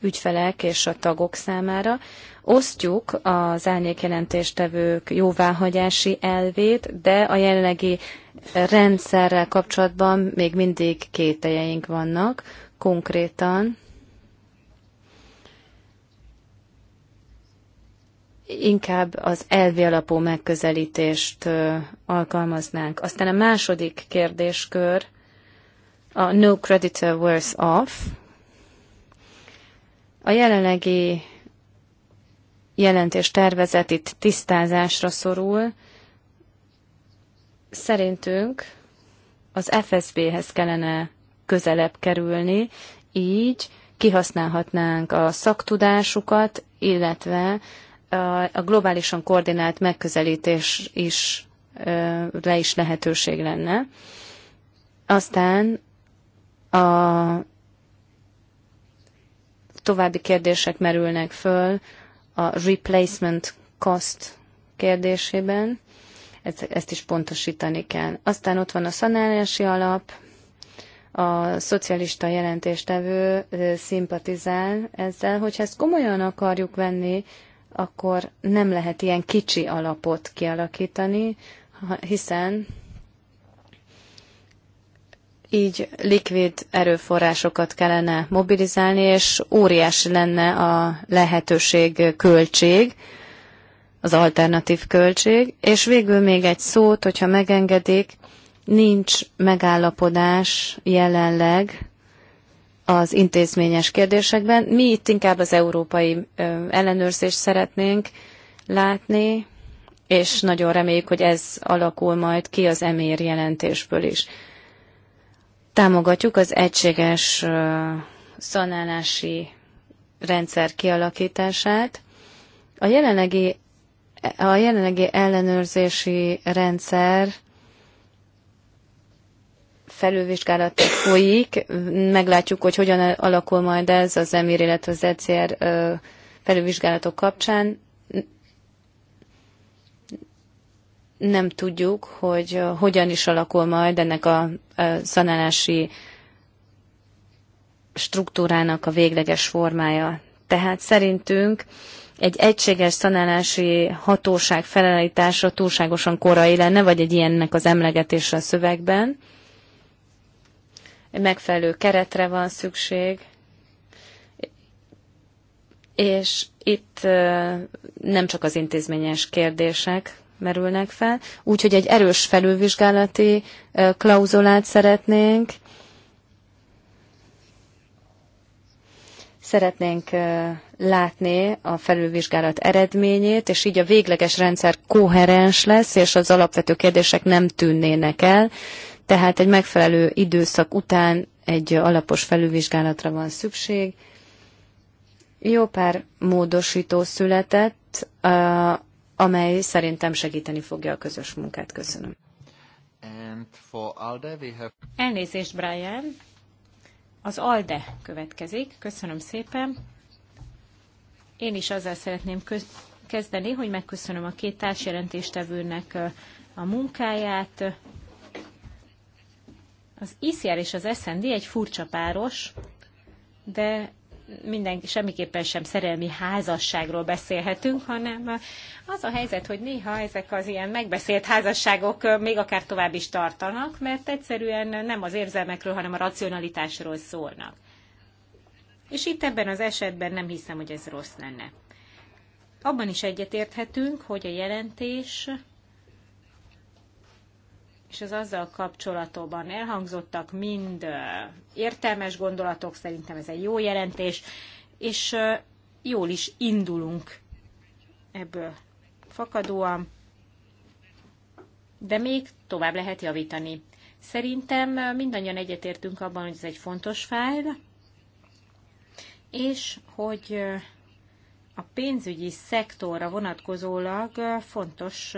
ügyfelek és a tagok számára. Osztjuk az árnyékjelentéstevők jóváhagyási elvét, de a jelenlegi rendszerrel kapcsolatban még mindig kételjeink vannak, konkrétan inkább az elvi alapú megközelítést alkalmaznánk. Aztán a második kérdéskör a no creditor worse off. A jelenlegi jelentés tervezet itt tisztázásra szorul. Szerintünk az FSB-hez kellene közelebb kerülni, így kihasználhatnánk a szaktudásukat, illetve a globálisan koordinált megközelítés is le is lehetőség lenne. Aztán a további kérdések merülnek föl a replacement cost kérdésében. Ezt is pontosítani kell. Aztán ott van a szanálási alap, a szocialista jelentéstevő szimpatizál ezzel, hogyha ezt komolyan akarjuk venni, akkor nem lehet ilyen kicsi alapot kialakítani, hiszen így likvid erőforrásokat kellene mobilizálni, és óriási lenne a lehetőség költség, az alternatív költség. És végül még egy szót, hogyha megengedik, nincs megállapodás jelenleg az intézményes kérdésekben. Mi itt inkább az európai ellenőrzést szeretnénk látni, és nagyon reméljük, hogy ez alakul majd ki az emér jelentésből is. Támogatjuk az egységes szanálási rendszer kialakítását. A jelenlegi, a jelenlegi ellenőrzési rendszer felülvizsgálat folyik, meglátjuk, hogy hogyan alakul majd ez az EMIR, illetve az ECR felülvizsgálatok kapcsán. Nem tudjuk, hogy hogyan is alakul majd ennek a szanálási struktúrának a végleges formája. Tehát szerintünk egy egységes szanálási hatóság felállítása túlságosan korai lenne, vagy egy ilyennek az emlegetése a szövegben megfelelő keretre van szükség, és itt nem csak az intézményes kérdések merülnek fel, úgyhogy egy erős felülvizsgálati klauzulát szeretnénk. Szeretnénk látni a felülvizsgálat eredményét, és így a végleges rendszer koherens lesz, és az alapvető kérdések nem tűnnének el. Tehát egy megfelelő időszak után egy alapos felülvizsgálatra van szükség. Jó pár módosító született, amely szerintem segíteni fogja a közös munkát. Köszönöm. And for Alde we have... Elnézést, Brian. Az ALDE következik. Köszönöm szépen. Én is azzal szeretném kezdeni, hogy megköszönöm a két társjelentéstevőnek a munkáját. Az ICR e és az SND egy furcsa páros, de mindenki semmiképpen sem szerelmi házasságról beszélhetünk, hanem az a helyzet, hogy néha ezek az ilyen megbeszélt házasságok még akár tovább is tartanak, mert egyszerűen nem az érzelmekről, hanem a racionalitásról szólnak. És itt ebben az esetben nem hiszem, hogy ez rossz lenne. Abban is egyetérthetünk, hogy a jelentés és az azzal kapcsolatban elhangzottak mind értelmes gondolatok, szerintem ez egy jó jelentés, és jól is indulunk ebből fakadóan, de még tovább lehet javítani. Szerintem mindannyian egyetértünk abban, hogy ez egy fontos fájl, és hogy a pénzügyi szektorra vonatkozólag fontos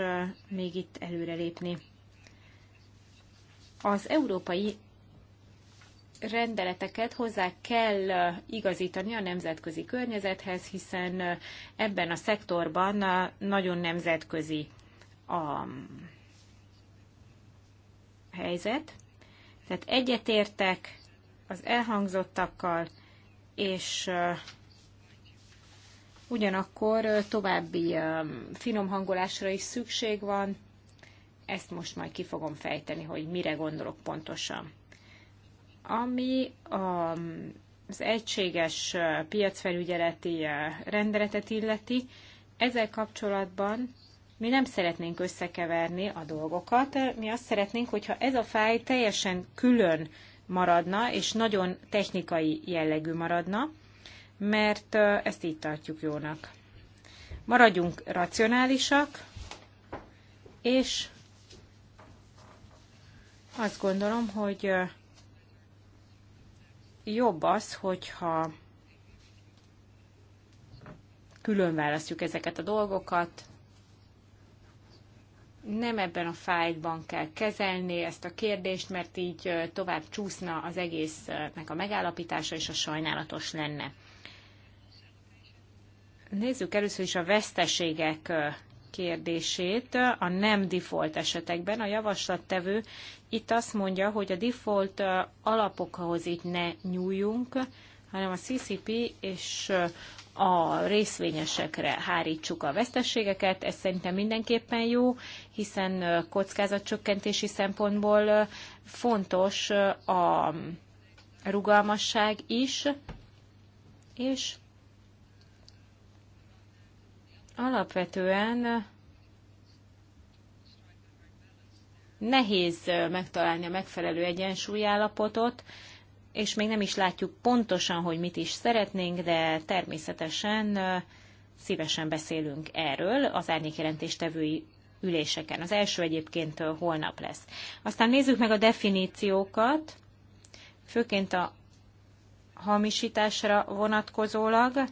még itt előrelépni az európai rendeleteket hozzá kell igazítani a nemzetközi környezethez, hiszen ebben a szektorban nagyon nemzetközi a mm, helyzet. Tehát egyetértek az elhangzottakkal, és ugyanakkor további finomhangolásra is szükség van, ezt most majd ki fogom fejteni, hogy mire gondolok pontosan. Ami a, um, az egységes uh, piacfelügyeleti uh, rendeletet illeti, ezzel kapcsolatban mi nem szeretnénk összekeverni a dolgokat, mi azt szeretnénk, hogyha ez a fáj teljesen külön maradna, és nagyon technikai jellegű maradna, mert uh, ezt így tartjuk jónak. Maradjunk racionálisak, és azt gondolom, hogy jobb az, hogyha külön választjuk ezeket a dolgokat, nem ebben a fájlban kell kezelni ezt a kérdést, mert így tovább csúszna az egésznek a megállapítása, és a sajnálatos lenne. Nézzük először is a veszteségek kérdését a nem default esetekben. A javaslattevő itt azt mondja, hogy a default alapokhoz itt ne nyúljunk, hanem a CCP és a részvényesekre hárítsuk a vesztességeket. Ez szerintem mindenképpen jó, hiszen kockázatcsökkentési szempontból fontos a rugalmasság is, és alapvetően eh, nehéz eh, megtalálni a megfelelő egyensúlyállapotot, és még nem is látjuk pontosan, hogy mit is szeretnénk, de természetesen eh, szívesen beszélünk erről az árnyékjelentéstevői üléseken. Az első egyébként holnap lesz. Aztán nézzük meg a definíciókat, főként a hamisításra vonatkozólag.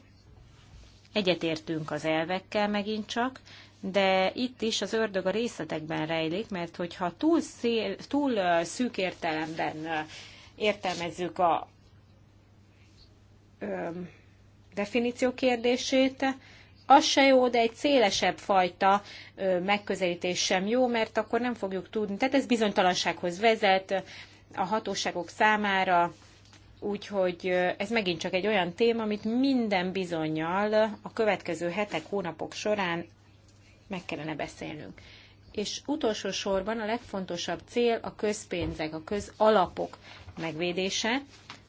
Egyetértünk az elvekkel megint csak, de itt is az ördög a részletekben rejlik, mert hogyha túl, szél, túl szűk értelemben értelmezzük a ö, definíció kérdését, az se jó, de egy szélesebb fajta ö, megközelítés sem jó, mert akkor nem fogjuk tudni. Tehát ez bizonytalansághoz vezet a hatóságok számára, Úgyhogy ez megint csak egy olyan téma, amit minden bizonyal a következő hetek, hónapok során meg kellene beszélnünk. És utolsó sorban a legfontosabb cél a közpénzek, a közalapok megvédése.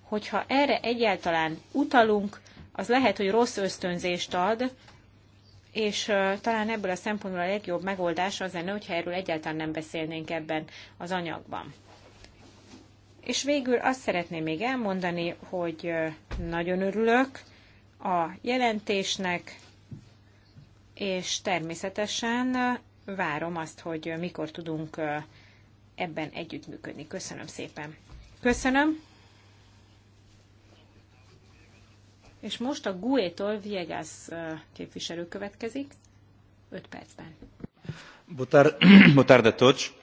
Hogyha erre egyáltalán utalunk, az lehet, hogy rossz ösztönzést ad, és talán ebből a szempontból a legjobb megoldás az lenne, hogyha erről egyáltalán nem beszélnénk ebben az anyagban. És végül azt szeretném még elmondani, hogy nagyon örülök a jelentésnek, és természetesen várom azt, hogy mikor tudunk ebben együttműködni. Köszönöm szépen. Köszönöm. És most a GUE-tól Viegas képviselő következik, 5 percben. Boa tarde a todos.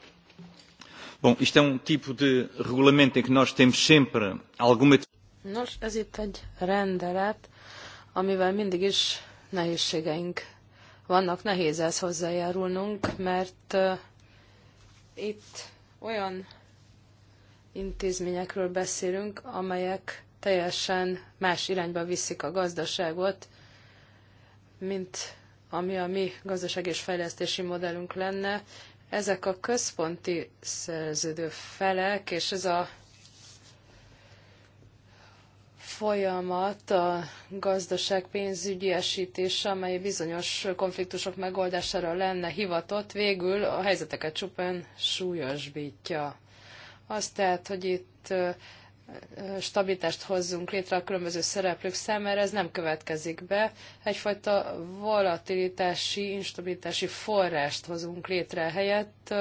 Bom, isto é um tipo de regulamento em que nós temos sempre alguma... Nos, ez itt egy rendelet, amivel mindig is nehézségeink vannak, nehéz ez hozzájárulnunk, mert uh, itt olyan intézményekről beszélünk, amelyek teljesen más irányba viszik a gazdaságot, mint ami a mi gazdaság és fejlesztési modellünk lenne, ezek a központi szerződő felek, és ez a folyamat a gazdaság pénzügyi esítése, amely bizonyos konfliktusok megoldására lenne hivatott, végül a helyzeteket csupán súlyosbítja. Azt tehát, hogy itt stabilitást hozzunk létre a különböző szereplők számára, ez nem következik be. Egyfajta volatilitási, instabilitási forrást hozunk létre helyett.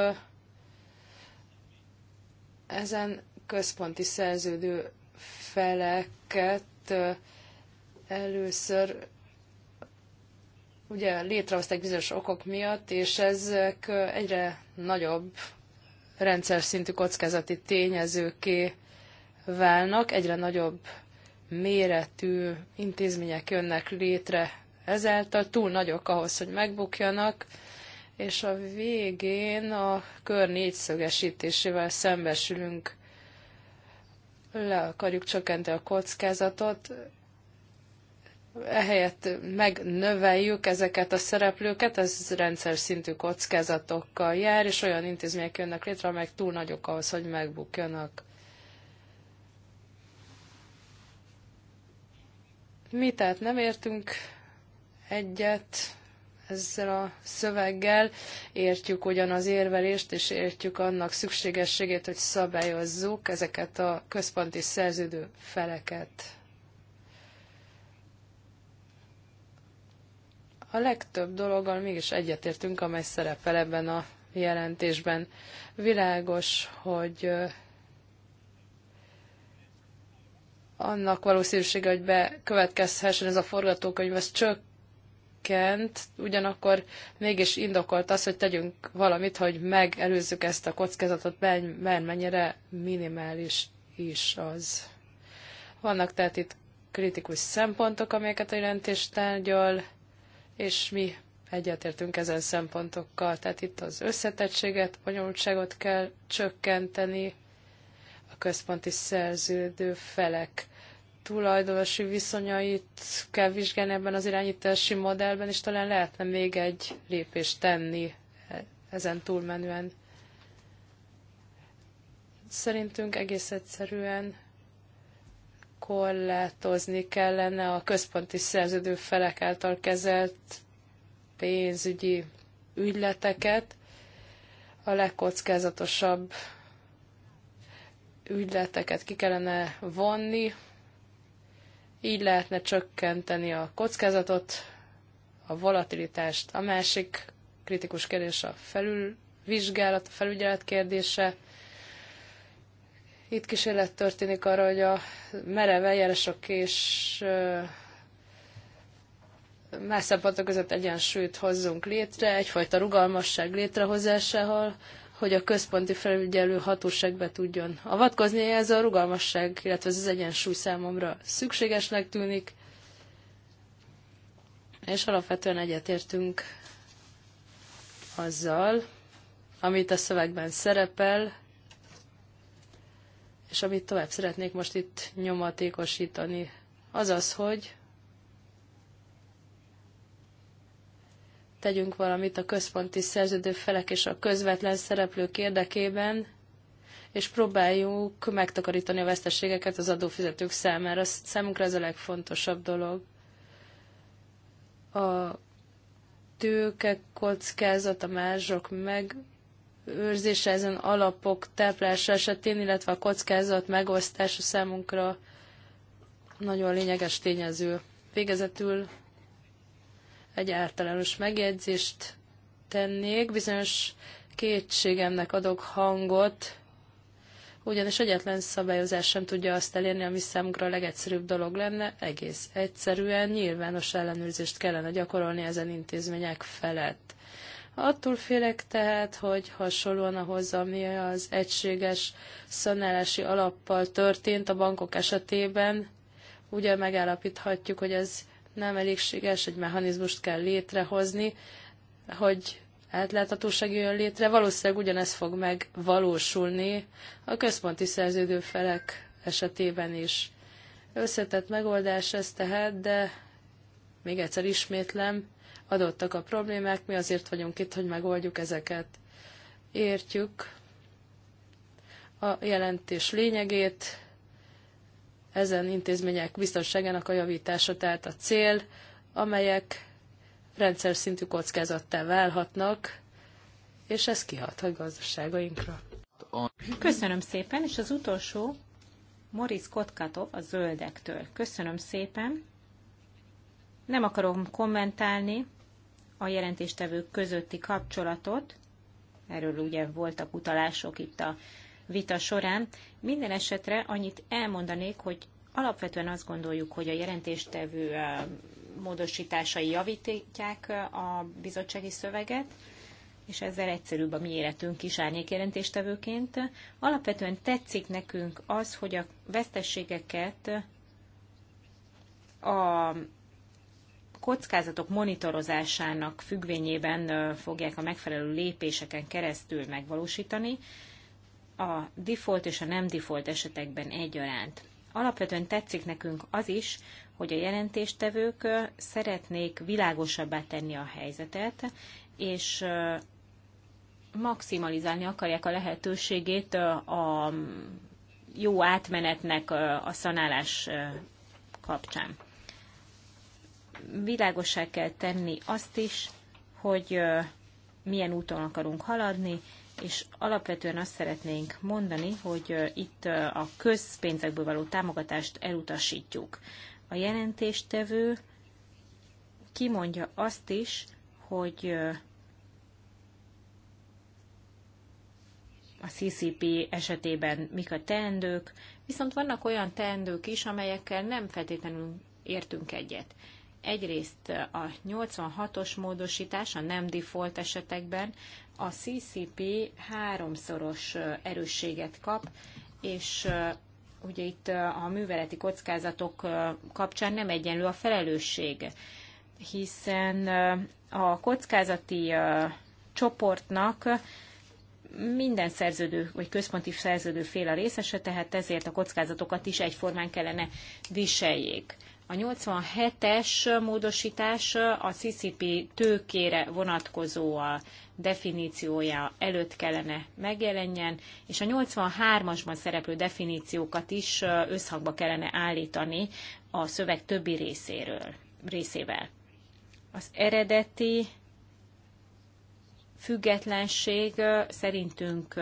Ezen központi szerződő feleket először ugye létrehozták bizonyos okok miatt, és ezek egyre nagyobb rendszer szintű kockázati tényezőké válnak, egyre nagyobb méretű intézmények jönnek létre ezáltal, túl nagyok ahhoz, hogy megbukjanak, és a végén a kör négyszögesítésével szembesülünk, le akarjuk csökkenteni a kockázatot, ehelyett megnöveljük ezeket a szereplőket, ez rendszer szintű kockázatokkal jár, és olyan intézmények jönnek létre, amelyek túl nagyok ahhoz, hogy megbukjanak. Mi tehát nem értünk egyet ezzel a szöveggel, értjük ugyan az érvelést, és értjük annak szükségességét, hogy szabályozzuk ezeket a központi szerződő feleket. A legtöbb dologgal mégis egyetértünk, amely szerepel ebben a jelentésben. Világos, hogy annak valószínűsége, hogy bekövetkezhessen ez a forgatókönyv, ez csökkent, ugyanakkor mégis indokolt az, hogy tegyünk valamit, hogy megelőzzük ezt a kockázatot, mennyire minimális is az. Vannak tehát itt kritikus szempontok, amelyeket a jelentést tárgyal, és mi egyetértünk ezen szempontokkal. Tehát itt az összetettséget, bonyolultságot kell csökkenteni, a központi szerződő felek tulajdonosi viszonyait kell vizsgálni ebben az irányítási modellben, és talán lehetne még egy lépést tenni e- ezen túlmenően. Szerintünk egész egyszerűen korlátozni kellene a központi szerződő felek által kezelt pénzügyi ügyleteket, a legkockázatosabb ügyleteket ki kellene vonni így lehetne csökkenteni a kockázatot, a volatilitást. A másik kritikus kérdés a felülvizsgálat, a felügyelet kérdése. Itt kísérlet történik arra, hogy a merev eljárások és más szempontok között egyensúlyt hozzunk létre, egyfajta rugalmasság létrehozásával, hogy a központi felügyelő hatóság be tudjon avatkozni. Ez a rugalmasság, illetve ez az egyensúly számomra szükségesnek tűnik, és alapvetően egyetértünk azzal, amit a szövegben szerepel, és amit tovább szeretnék most itt nyomatékosítani, az az, hogy tegyünk valamit a központi szerződő felek és a közvetlen szereplők érdekében, és próbáljuk megtakarítani a veszteségeket az adófizetők számára. Számunkra ez a legfontosabb dolog. A tőke kockázat, a mázsok meg őrzése ezen alapok táplálása esetén, illetve a kockázat megosztása számunkra nagyon lényeges tényező. Végezetül egy általános megjegyzést tennék, bizonyos kétségemnek adok hangot, ugyanis egyetlen szabályozás sem tudja azt elérni, ami számunkra a legegyszerűbb dolog lenne, egész egyszerűen nyilvános ellenőrzést kellene gyakorolni ezen intézmények felett. Attól félek tehát, hogy hasonlóan ahhoz, ami az egységes szanálási alappal történt a bankok esetében, ugye megállapíthatjuk, hogy ez nem elégséges, egy mechanizmust kell létrehozni, hogy átláthatóság jön létre. Valószínűleg ugyanez fog megvalósulni a központi szerződő felek esetében is. Összetett megoldás ez tehát, de még egyszer ismétlem, adottak a problémák, mi azért vagyunk itt, hogy megoldjuk ezeket. Értjük a jelentés lényegét, ezen intézmények biztonságának a javítása, tehát a cél, amelyek rendszer szintű kockázattá válhatnak, és ez kihathat gazdaságainkra. Köszönöm szépen, és az utolsó Moritz Kotkatov a zöldektől. Köszönöm szépen. Nem akarom kommentálni a jelentéstevők közötti kapcsolatot, erről ugye voltak utalások itt a vita során. Minden esetre annyit elmondanék, hogy alapvetően azt gondoljuk, hogy a jelentéstevő módosításai javítják a bizottsági szöveget, és ezzel egyszerűbb a mi életünk is árnyékjelentéstevőként. Alapvetően tetszik nekünk az, hogy a vesztességeket a kockázatok monitorozásának függvényében fogják a megfelelő lépéseken keresztül megvalósítani, a default és a nem default esetekben egyaránt. Alapvetően tetszik nekünk az is, hogy a jelentéstevők szeretnék világosabbá tenni a helyzetet, és maximalizálni akarják a lehetőségét a jó átmenetnek a szanálás kapcsán. Világosá kell tenni azt is, hogy milyen úton akarunk haladni, és alapvetően azt szeretnénk mondani, hogy itt a közpénzekből való támogatást elutasítjuk. A jelentéstevő kimondja azt is, hogy a CCP esetében mik a teendők, viszont vannak olyan teendők is, amelyekkel nem feltétlenül értünk egyet. Egyrészt a 86-os módosítás a nem default esetekben a CCP háromszoros erősséget kap, és ugye itt a műveleti kockázatok kapcsán nem egyenlő a felelősség, hiszen a kockázati csoportnak minden szerződő vagy központi szerződő fél a részese, tehát ezért a kockázatokat is egyformán kellene viseljék. A 87-es módosítás a CCP tőkére vonatkozó a definíciója előtt kellene megjelenjen, és a 83-asban szereplő definíciókat is összhangba kellene állítani a szöveg többi részéről, részével. Az eredeti függetlenség szerintünk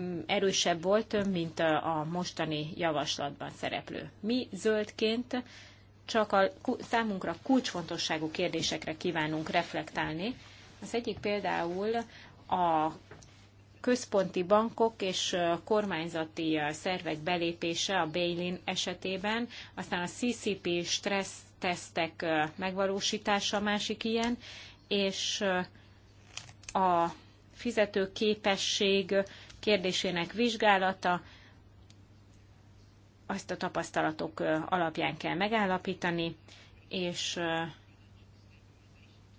Mm, erősebb volt, mint a mostani javaslatban szereplő. Mi zöldként csak a számunkra kulcsfontosságú kérdésekre kívánunk reflektálni. Az egyik például a központi bankok és kormányzati szervek belépése a Bailin esetében, aztán a CCP stressz tesztek megvalósítása a másik ilyen, és a fizetőképesség kérdésének vizsgálata, azt a tapasztalatok alapján kell megállapítani, és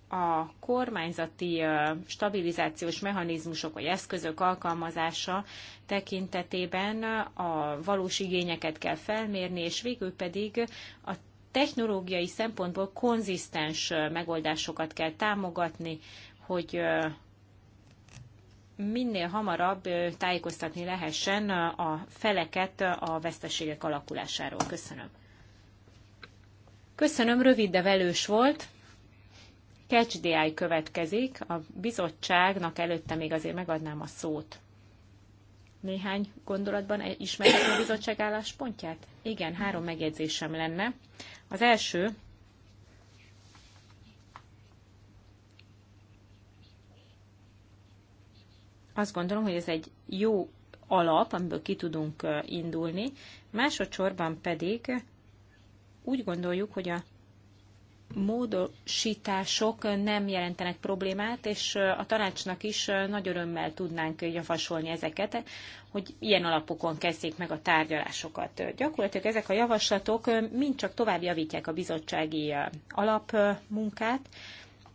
a kormányzati stabilizációs mechanizmusok vagy eszközök alkalmazása tekintetében a valós igényeket kell felmérni, és végül pedig a technológiai szempontból konzisztens megoldásokat kell támogatni, hogy minél hamarabb tájékoztatni lehessen a feleket a veszteségek alakulásáról. Köszönöm. Köszönöm, rövid, de velős volt. Catch DI következik. A bizottságnak előtte még azért megadnám a szót. Néhány gondolatban ismerhetem a bizottság álláspontját? Igen, három megjegyzésem lenne. Az első, azt gondolom, hogy ez egy jó alap, amiből ki tudunk indulni. Másodszorban pedig úgy gondoljuk, hogy a módosítások nem jelentenek problémát, és a tanácsnak is nagy örömmel tudnánk javasolni ezeket, hogy ilyen alapokon kezdjék meg a tárgyalásokat. Gyakorlatilag ezek a javaslatok mind csak tovább javítják a bizottsági alapmunkát,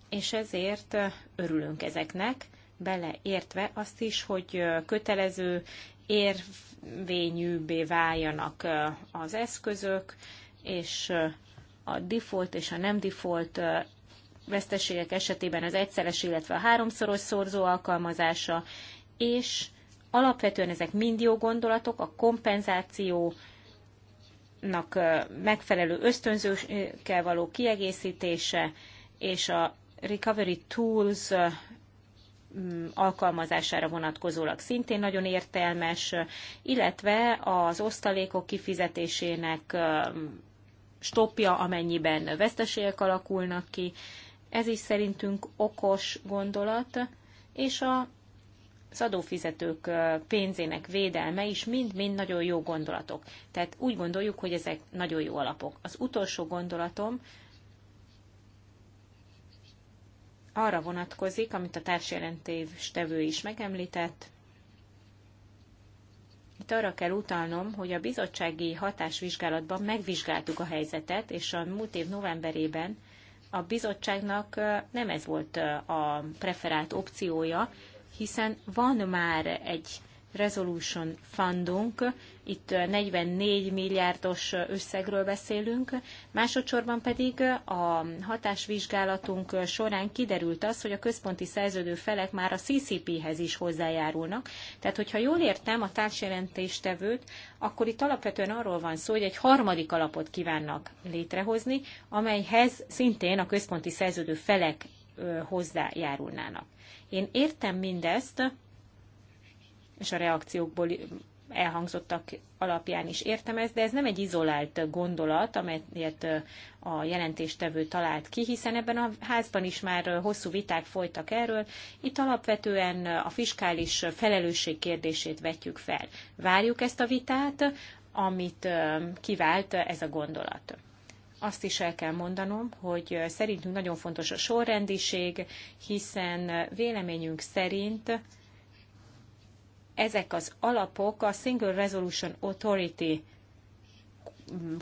és ezért örülünk ezeknek beleértve azt is, hogy kötelező érvényűbbé váljanak az eszközök, és a default és a nem default veszteségek esetében az egyszeres, illetve a háromszoros szorzó alkalmazása, és alapvetően ezek mind jó gondolatok, a kompenzációnak megfelelő ösztönzőkkel való kiegészítése, és a recovery tools Mm, alkalmazására vonatkozólag szintén nagyon értelmes, illetve az osztalékok kifizetésének stopja, amennyiben veszteségek alakulnak ki. Ez is szerintünk okos gondolat, és a az adófizetők pénzének védelme is mind-mind nagyon jó gondolatok. Tehát úgy gondoljuk, hogy ezek nagyon jó alapok. Az utolsó gondolatom arra vonatkozik, amit a társjelentéstevő is megemlített. Itt arra kell utalnom, hogy a bizottsági hatásvizsgálatban megvizsgáltuk a helyzetet, és a múlt év novemberében a bizottságnak nem ez volt a preferált opciója, hiszen van már egy Resolution Fundunk, itt 44 milliárdos összegről beszélünk, másodszorban pedig a hatásvizsgálatunk során kiderült az, hogy a központi szerződő felek már a CCP-hez is hozzájárulnak. Tehát, hogyha jól értem a társjelentéstevőt, akkor itt alapvetően arról van szó, hogy egy harmadik alapot kívánnak létrehozni, amelyhez szintén a központi szerződő felek hozzájárulnának. Én értem mindezt, és a reakciókból elhangzottak alapján is értem ezt, de ez nem egy izolált gondolat, amelyet a jelentéstevő talált ki, hiszen ebben a házban is már hosszú viták folytak erről. Itt alapvetően a fiskális felelősség kérdését vetjük fel. Várjuk ezt a vitát, amit kivált ez a gondolat. Azt is el kell mondanom, hogy szerintünk nagyon fontos a sorrendiség, hiszen véleményünk szerint ezek az alapok a Single Resolution Authority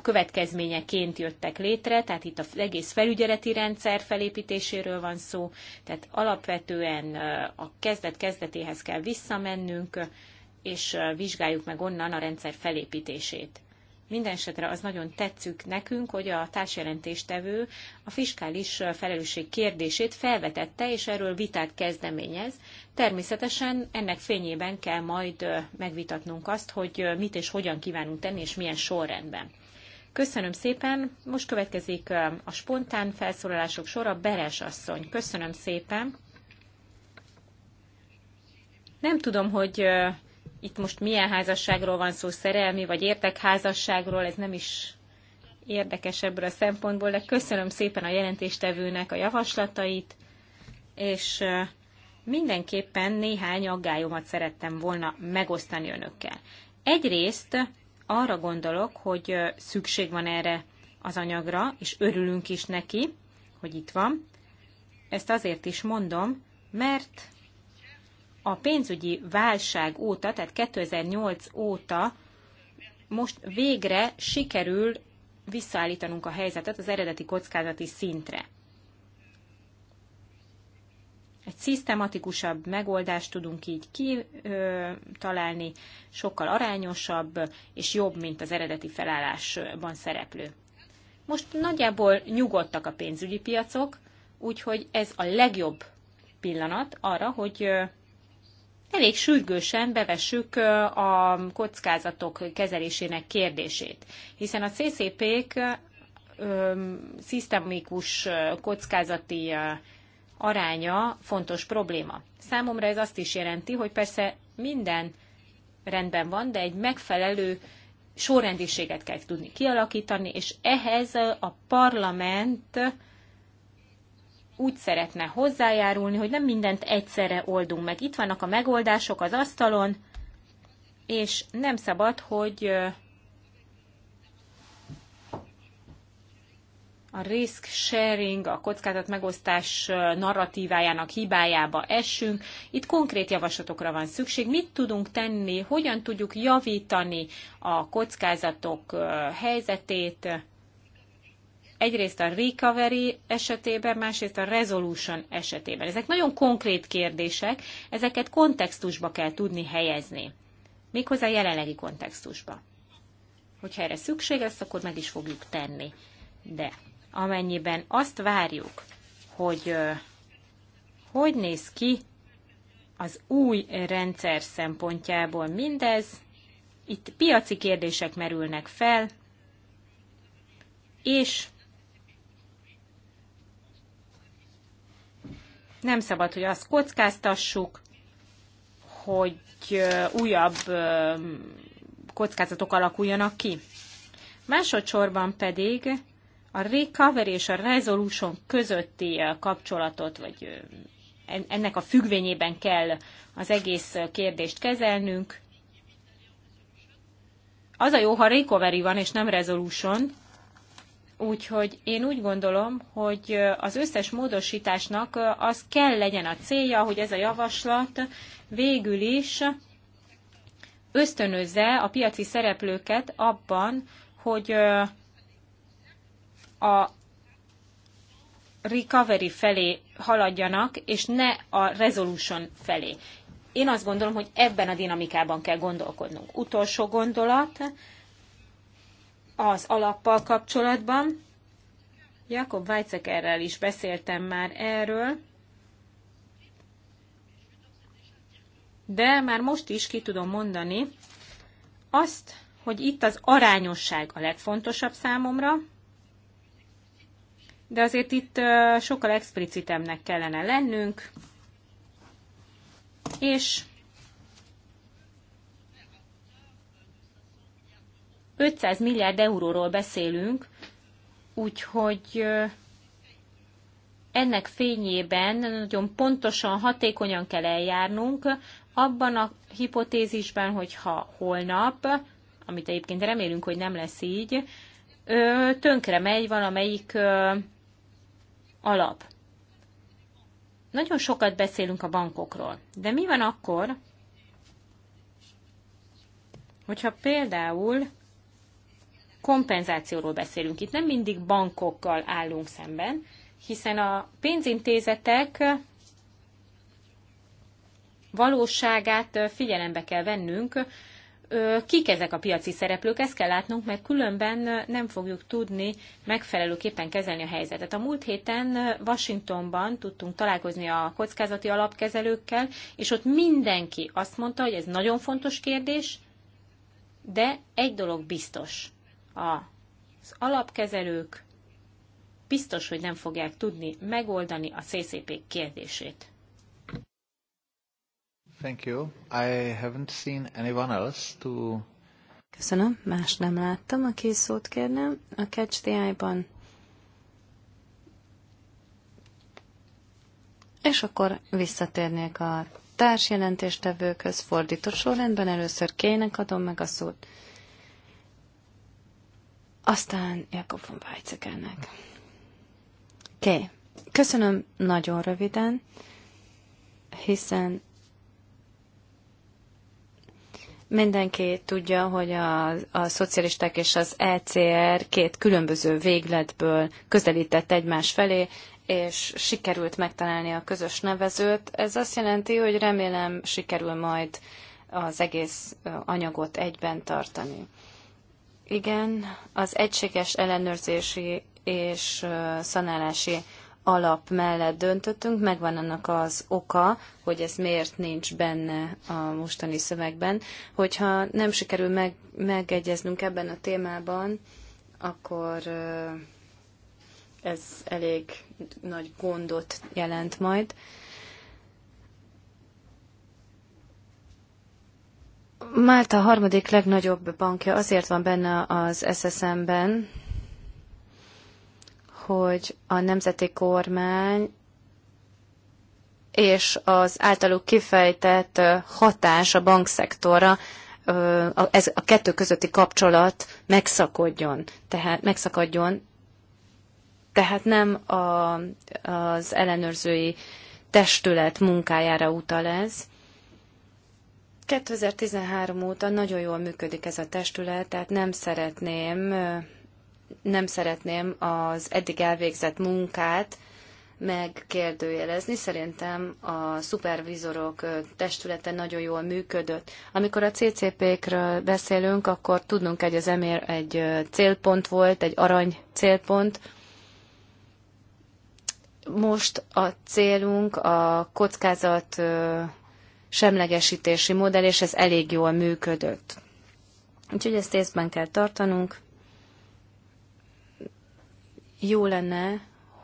következményeként jöttek létre, tehát itt az egész felügyeleti rendszer felépítéséről van szó, tehát alapvetően a kezdet-kezdetéhez kell visszamennünk, és vizsgáljuk meg onnan a rendszer felépítését. Mindenesetre az nagyon tetszük nekünk, hogy a társjelentéstevő a fiskális felelősség kérdését felvetette, és erről vitát kezdeményez. Természetesen ennek fényében kell majd megvitatnunk azt, hogy mit és hogyan kívánunk tenni, és milyen sorrendben. Köszönöm szépen. Most következik a spontán felszólalások sora. Beres asszony, köszönöm szépen. Nem tudom, hogy itt most milyen házasságról van szó, szerelmi vagy értekházasságról, ez nem is érdekes ebből a szempontból, de köszönöm szépen a jelentéstevőnek a javaslatait, és mindenképpen néhány aggályomat szerettem volna megosztani önökkel. Egyrészt arra gondolok, hogy szükség van erre az anyagra, és örülünk is neki, hogy itt van. Ezt azért is mondom, mert a pénzügyi válság óta, tehát 2008 óta most végre sikerül visszaállítanunk a helyzetet az eredeti kockázati szintre. Egy szisztematikusabb megoldást tudunk így kitalálni, sokkal arányosabb és jobb, mint az eredeti felállásban szereplő. Most nagyjából nyugodtak a pénzügyi piacok, úgyhogy ez a legjobb pillanat arra, hogy elég sürgősen bevessük a kockázatok kezelésének kérdését, hiszen a CCP-k szisztemikus kockázati aránya fontos probléma. Számomra ez azt is jelenti, hogy persze minden rendben van, de egy megfelelő sorrendiséget kell tudni kialakítani, és ehhez a parlament úgy szeretne hozzájárulni, hogy nem mindent egyszerre oldunk meg. Itt vannak a megoldások az asztalon, és nem szabad, hogy a risk sharing, a kockázat megosztás narratívájának hibájába essünk. Itt konkrét javaslatokra van szükség. Mit tudunk tenni, hogyan tudjuk javítani a kockázatok helyzetét, egyrészt a recovery esetében, másrészt a resolution esetében. Ezek nagyon konkrét kérdések, ezeket kontextusba kell tudni helyezni. Méghozzá jelenlegi kontextusba. Hogyha erre szükség lesz, akkor meg is fogjuk tenni. De amennyiben azt várjuk, hogy hogy néz ki az új rendszer szempontjából mindez, itt piaci kérdések merülnek fel, és Nem szabad, hogy azt kockáztassuk, hogy újabb kockázatok alakuljanak ki. Másodszorban pedig a recovery és a resolution közötti kapcsolatot, vagy ennek a függvényében kell az egész kérdést kezelnünk. Az a jó, ha recovery van, és nem resolution, Úgyhogy én úgy gondolom, hogy az összes módosításnak az kell legyen a célja, hogy ez a javaslat végül is ösztönözze a piaci szereplőket abban, hogy a recovery felé haladjanak, és ne a resolution felé. Én azt gondolom, hogy ebben a dinamikában kell gondolkodnunk. Utolsó gondolat, az alappal kapcsolatban. Jakob Weizsäckerrel is beszéltem már erről, de már most is ki tudom mondani azt, hogy itt az arányosság a legfontosabb számomra, de azért itt sokkal explicitemnek kellene lennünk, és 500 milliárd euróról beszélünk, úgyhogy ennek fényében nagyon pontosan, hatékonyan kell eljárnunk, abban a hipotézisben, hogyha holnap, amit egyébként remélünk, hogy nem lesz így, tönkre megy valamelyik alap. Nagyon sokat beszélünk a bankokról, de mi van akkor, hogyha például kompenzációról beszélünk. Itt nem mindig bankokkal állunk szemben, hiszen a pénzintézetek valóságát figyelembe kell vennünk, kik ezek a piaci szereplők, ezt kell látnunk, mert különben nem fogjuk tudni megfelelőképpen kezelni a helyzetet. A múlt héten Washingtonban tudtunk találkozni a kockázati alapkezelőkkel, és ott mindenki azt mondta, hogy ez nagyon fontos kérdés, de egy dolog biztos az alapkezelők biztos, hogy nem fogják tudni megoldani a CCP kérdését. Thank you. I haven't seen anyone else to... Köszönöm, más nem láttam, aki szót kérnem. A Catch the Eye-ban És akkor visszatérnék a társjelentéstevőkhöz fordított sorrendben. Először Kének adom meg a szót. Aztán Jakob von Weizsäckernek. Oké, okay. köszönöm nagyon röviden, hiszen mindenki tudja, hogy a, a szocialisták és az ECR két különböző végletből közelített egymás felé, és sikerült megtalálni a közös nevezőt. Ez azt jelenti, hogy remélem sikerül majd az egész anyagot egyben tartani. Igen, az egységes ellenőrzési és szanálási alap mellett döntöttünk, megvan annak az oka, hogy ez miért nincs benne a mostani szövegben. Hogyha nem sikerül meg, megegyeznünk ebben a témában, akkor ez elég nagy gondot jelent majd. Málta harmadik legnagyobb bankja azért van benne az SSM-ben, hogy a nemzeti kormány és az általuk kifejtett hatás a bankszektorra, ez a kettő közötti kapcsolat megszakadjon. Tehát megszakadjon, tehát nem a, az ellenőrzői testület munkájára utal ez, 2013 óta nagyon jól működik ez a testület, tehát nem szeretném, nem szeretném az eddig elvégzett munkát megkérdőjelezni. Szerintem a szupervizorok testülete nagyon jól működött. Amikor a CCP-kről beszélünk, akkor tudnunk, hogy az emér egy célpont volt, egy arany célpont, most a célunk a kockázat semlegesítési modell, és ez elég jól működött. Úgyhogy ezt észben kell tartanunk. Jó lenne,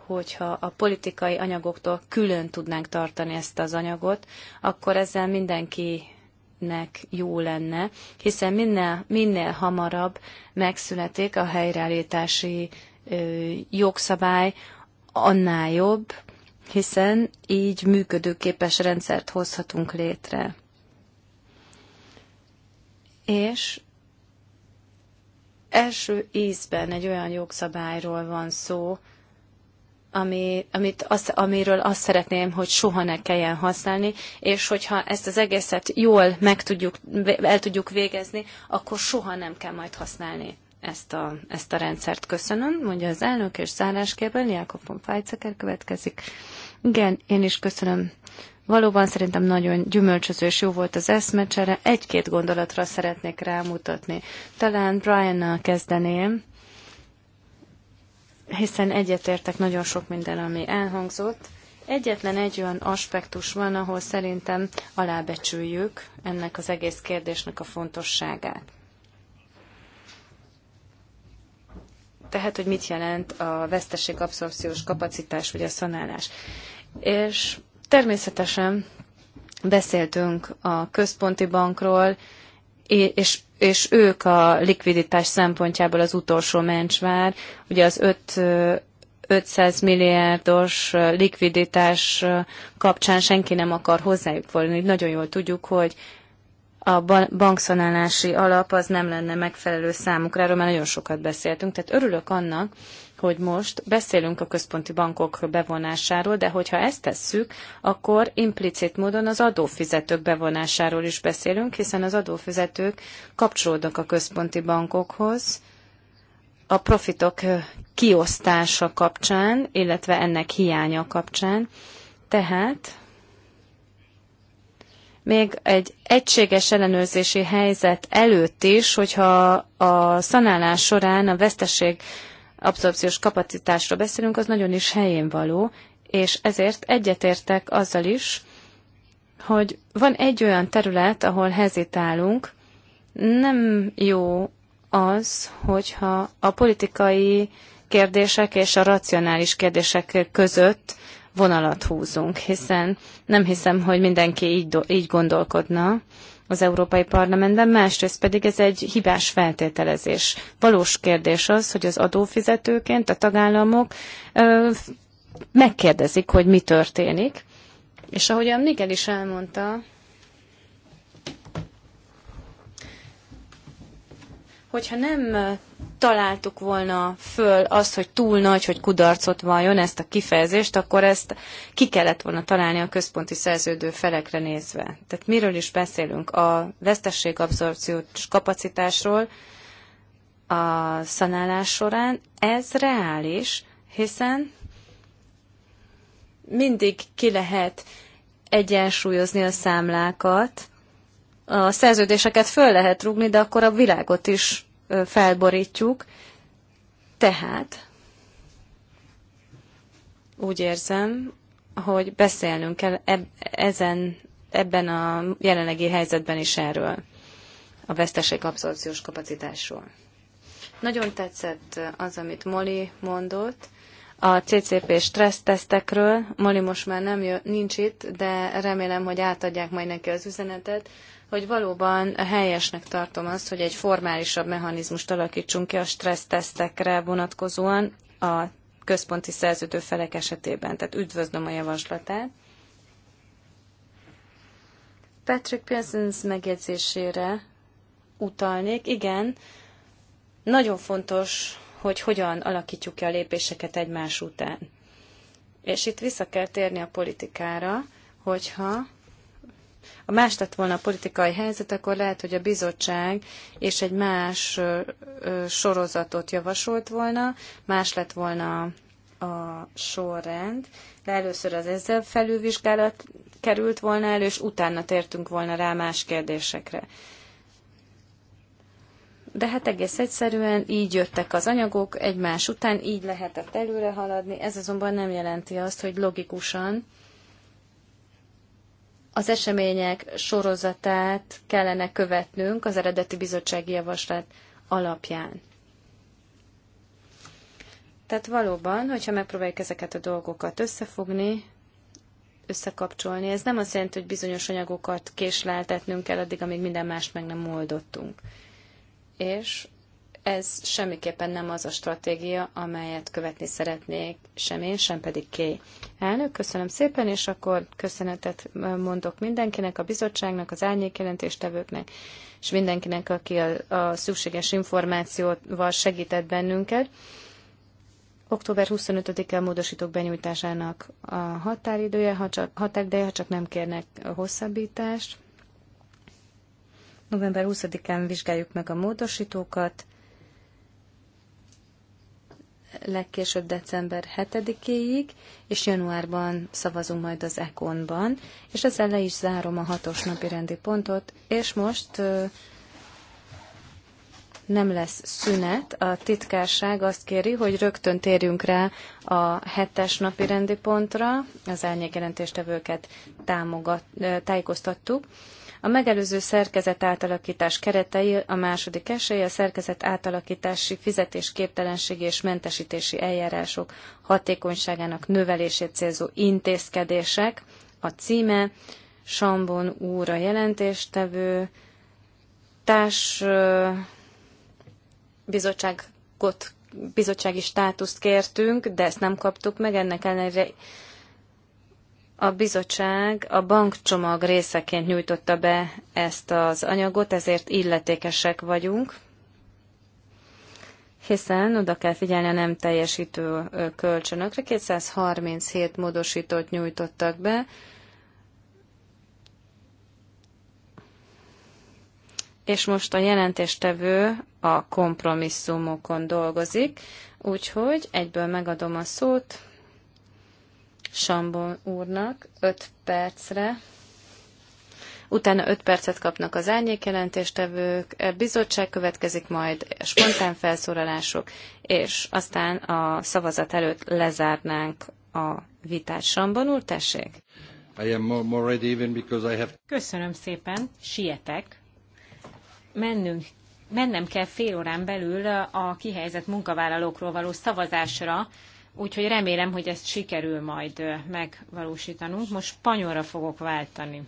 hogyha a politikai anyagoktól külön tudnánk tartani ezt az anyagot, akkor ezzel mindenkinek jó lenne, hiszen minél, minél hamarabb megszületik a helyreállítási ö, jogszabály, annál jobb, hiszen így működőképes rendszert hozhatunk létre. És első ízben egy olyan jogszabályról van szó, ami, amit azt, amiről azt szeretném, hogy soha ne kelljen használni, és hogyha ezt az egészet jól meg tudjuk, el tudjuk végezni, akkor soha nem kell majd használni ezt a, ezt a rendszert. Köszönöm, mondja az elnök, és zárásképpen Jákob von Feitzeker következik. Igen, én is köszönöm. Valóban szerintem nagyon gyümölcsöző és jó volt az eszmecsere. Egy-két gondolatra szeretnék rámutatni. Talán Brian-nal kezdeném, hiszen egyetértek nagyon sok minden, ami elhangzott. Egyetlen egy olyan aspektus van, ahol szerintem alábecsüljük ennek az egész kérdésnek a fontosságát. tehát, hogy mit jelent a veszteségabszorpciós kapacitás, vagy a szanálás. És természetesen beszéltünk a központi bankról, és, és ők a likviditás szempontjából az utolsó mencsvár. Ugye az 5 500 milliárdos likviditás kapcsán senki nem akar hozzájuk volni. Nagyon jól tudjuk, hogy a bankszanálási alap az nem lenne megfelelő számukra, erről már nagyon sokat beszéltünk, tehát örülök annak, hogy most beszélünk a központi bankok bevonásáról, de hogyha ezt tesszük, akkor implicit módon az adófizetők bevonásáról is beszélünk, hiszen az adófizetők kapcsolódnak a központi bankokhoz, a profitok kiosztása kapcsán, illetve ennek hiánya kapcsán. Tehát még egy egységes ellenőrzési helyzet előtt is, hogyha a szanálás során a veszteség abszorpciós kapacitásról beszélünk, az nagyon is helyén való, és ezért egyetértek azzal is, hogy van egy olyan terület, ahol hezitálunk, nem jó az, hogyha a politikai kérdések és a racionális kérdések között vonalat húzunk, hiszen nem hiszem, hogy mindenki így, így gondolkodna az Európai Parlamentben, másrészt pedig ez egy hibás feltételezés. Valós kérdés az, hogy az adófizetőként a tagállamok ö, megkérdezik, hogy mi történik. És ahogy a Miguel is elmondta, hogyha nem találtuk volna föl azt, hogy túl nagy, hogy kudarcot valljon ezt a kifejezést, akkor ezt ki kellett volna találni a központi szerződő felekre nézve. Tehát miről is beszélünk? A vesztességabszorpciós kapacitásról a szanálás során ez reális, hiszen mindig ki lehet egyensúlyozni a számlákat, a szerződéseket föl lehet rúgni, de akkor a világot is felborítjuk. Tehát úgy érzem, hogy beszélnünk kell eb- ezen, ebben a jelenlegi helyzetben is erről, a veszteség abszorpciós kapacitásról. Nagyon tetszett az, amit Moli mondott, a CCP stressztesztekről. Moli most már nem jö, nincs itt, de remélem, hogy átadják majd neki az üzenetet, hogy valóban helyesnek tartom azt, hogy egy formálisabb mechanizmust alakítsunk ki a stressztesztekre vonatkozóan a központi szerződő felek esetében. Tehát üdvözlöm a javaslatát. Patrick Pearsons megjegyzésére utalnék. Igen, nagyon fontos, hogy hogyan alakítjuk ki a lépéseket egymás után. És itt vissza kell térni a politikára, hogyha a más lett volna a politikai helyzet, akkor lehet, hogy a bizottság és egy más sorozatot javasolt volna, más lett volna a sorrend, de először az ezzel felülvizsgálat került volna elő, és utána tértünk volna rá más kérdésekre. De hát egész egyszerűen így jöttek az anyagok egymás után, így lehetett előre haladni, ez azonban nem jelenti azt, hogy logikusan az események sorozatát kellene követnünk az eredeti bizottsági javaslat alapján. Tehát valóban, hogyha megpróbáljuk ezeket a dolgokat összefogni, összekapcsolni, ez nem azt jelenti, hogy bizonyos anyagokat késleltetnünk kell addig, amíg minden mást meg nem oldottunk. És ez semmiképpen nem az a stratégia, amelyet követni szeretnék sem én, sem pedig Ké. Elnök, köszönöm szépen, és akkor köszönetet mondok mindenkinek, a bizottságnak, az árnyékjelentéstevőknek, és mindenkinek, aki a, a szükséges információval segített bennünket. Október 25-e a módosítók benyújtásának a határidője, ha csak, határideje, ha csak nem kérnek hosszabbítást. November 20-án vizsgáljuk meg a módosítókat, legkésőbb december 7-éig, és januárban szavazunk majd az ECON-ban, és ezzel le is zárom a hatos napi rendi pontot, és most nem lesz szünet. A titkárság azt kéri, hogy rögtön térjünk rá a hetes napi rendi pontra. Az árnyékjelentéstevőket támogat, tájékoztattuk. A megelőző szerkezet átalakítás keretei a második esély a szerkezet átalakítási fizetésképtelenségi és mentesítési eljárások hatékonyságának növelését célzó intézkedések. A címe Sambon úr a jelentéstevő, társ bizottságot, bizottsági státuszt kértünk, de ezt nem kaptuk meg, ennek ellenére a bizottság a bankcsomag részeként nyújtotta be ezt az anyagot, ezért illetékesek vagyunk, hiszen oda kell figyelni a nem teljesítő kölcsönökre. 237 módosítót nyújtottak be, és most a jelentéstevő a kompromisszumokon dolgozik, úgyhogy egyből megadom a szót Sambon úrnak 5 percre. Utána 5 percet kapnak az árnyékjelentéstevők, bizottság következik, majd spontán felszólalások, és aztán a szavazat előtt lezárnánk a vitát. Sambon úr, tessék! I am more, more ready even because I have... Köszönöm szépen, sietek. Mennünk mennem kell fél órán belül a kihelyezett munkavállalókról való szavazásra, úgyhogy remélem, hogy ezt sikerül majd megvalósítanunk. Most spanyolra fogok váltani.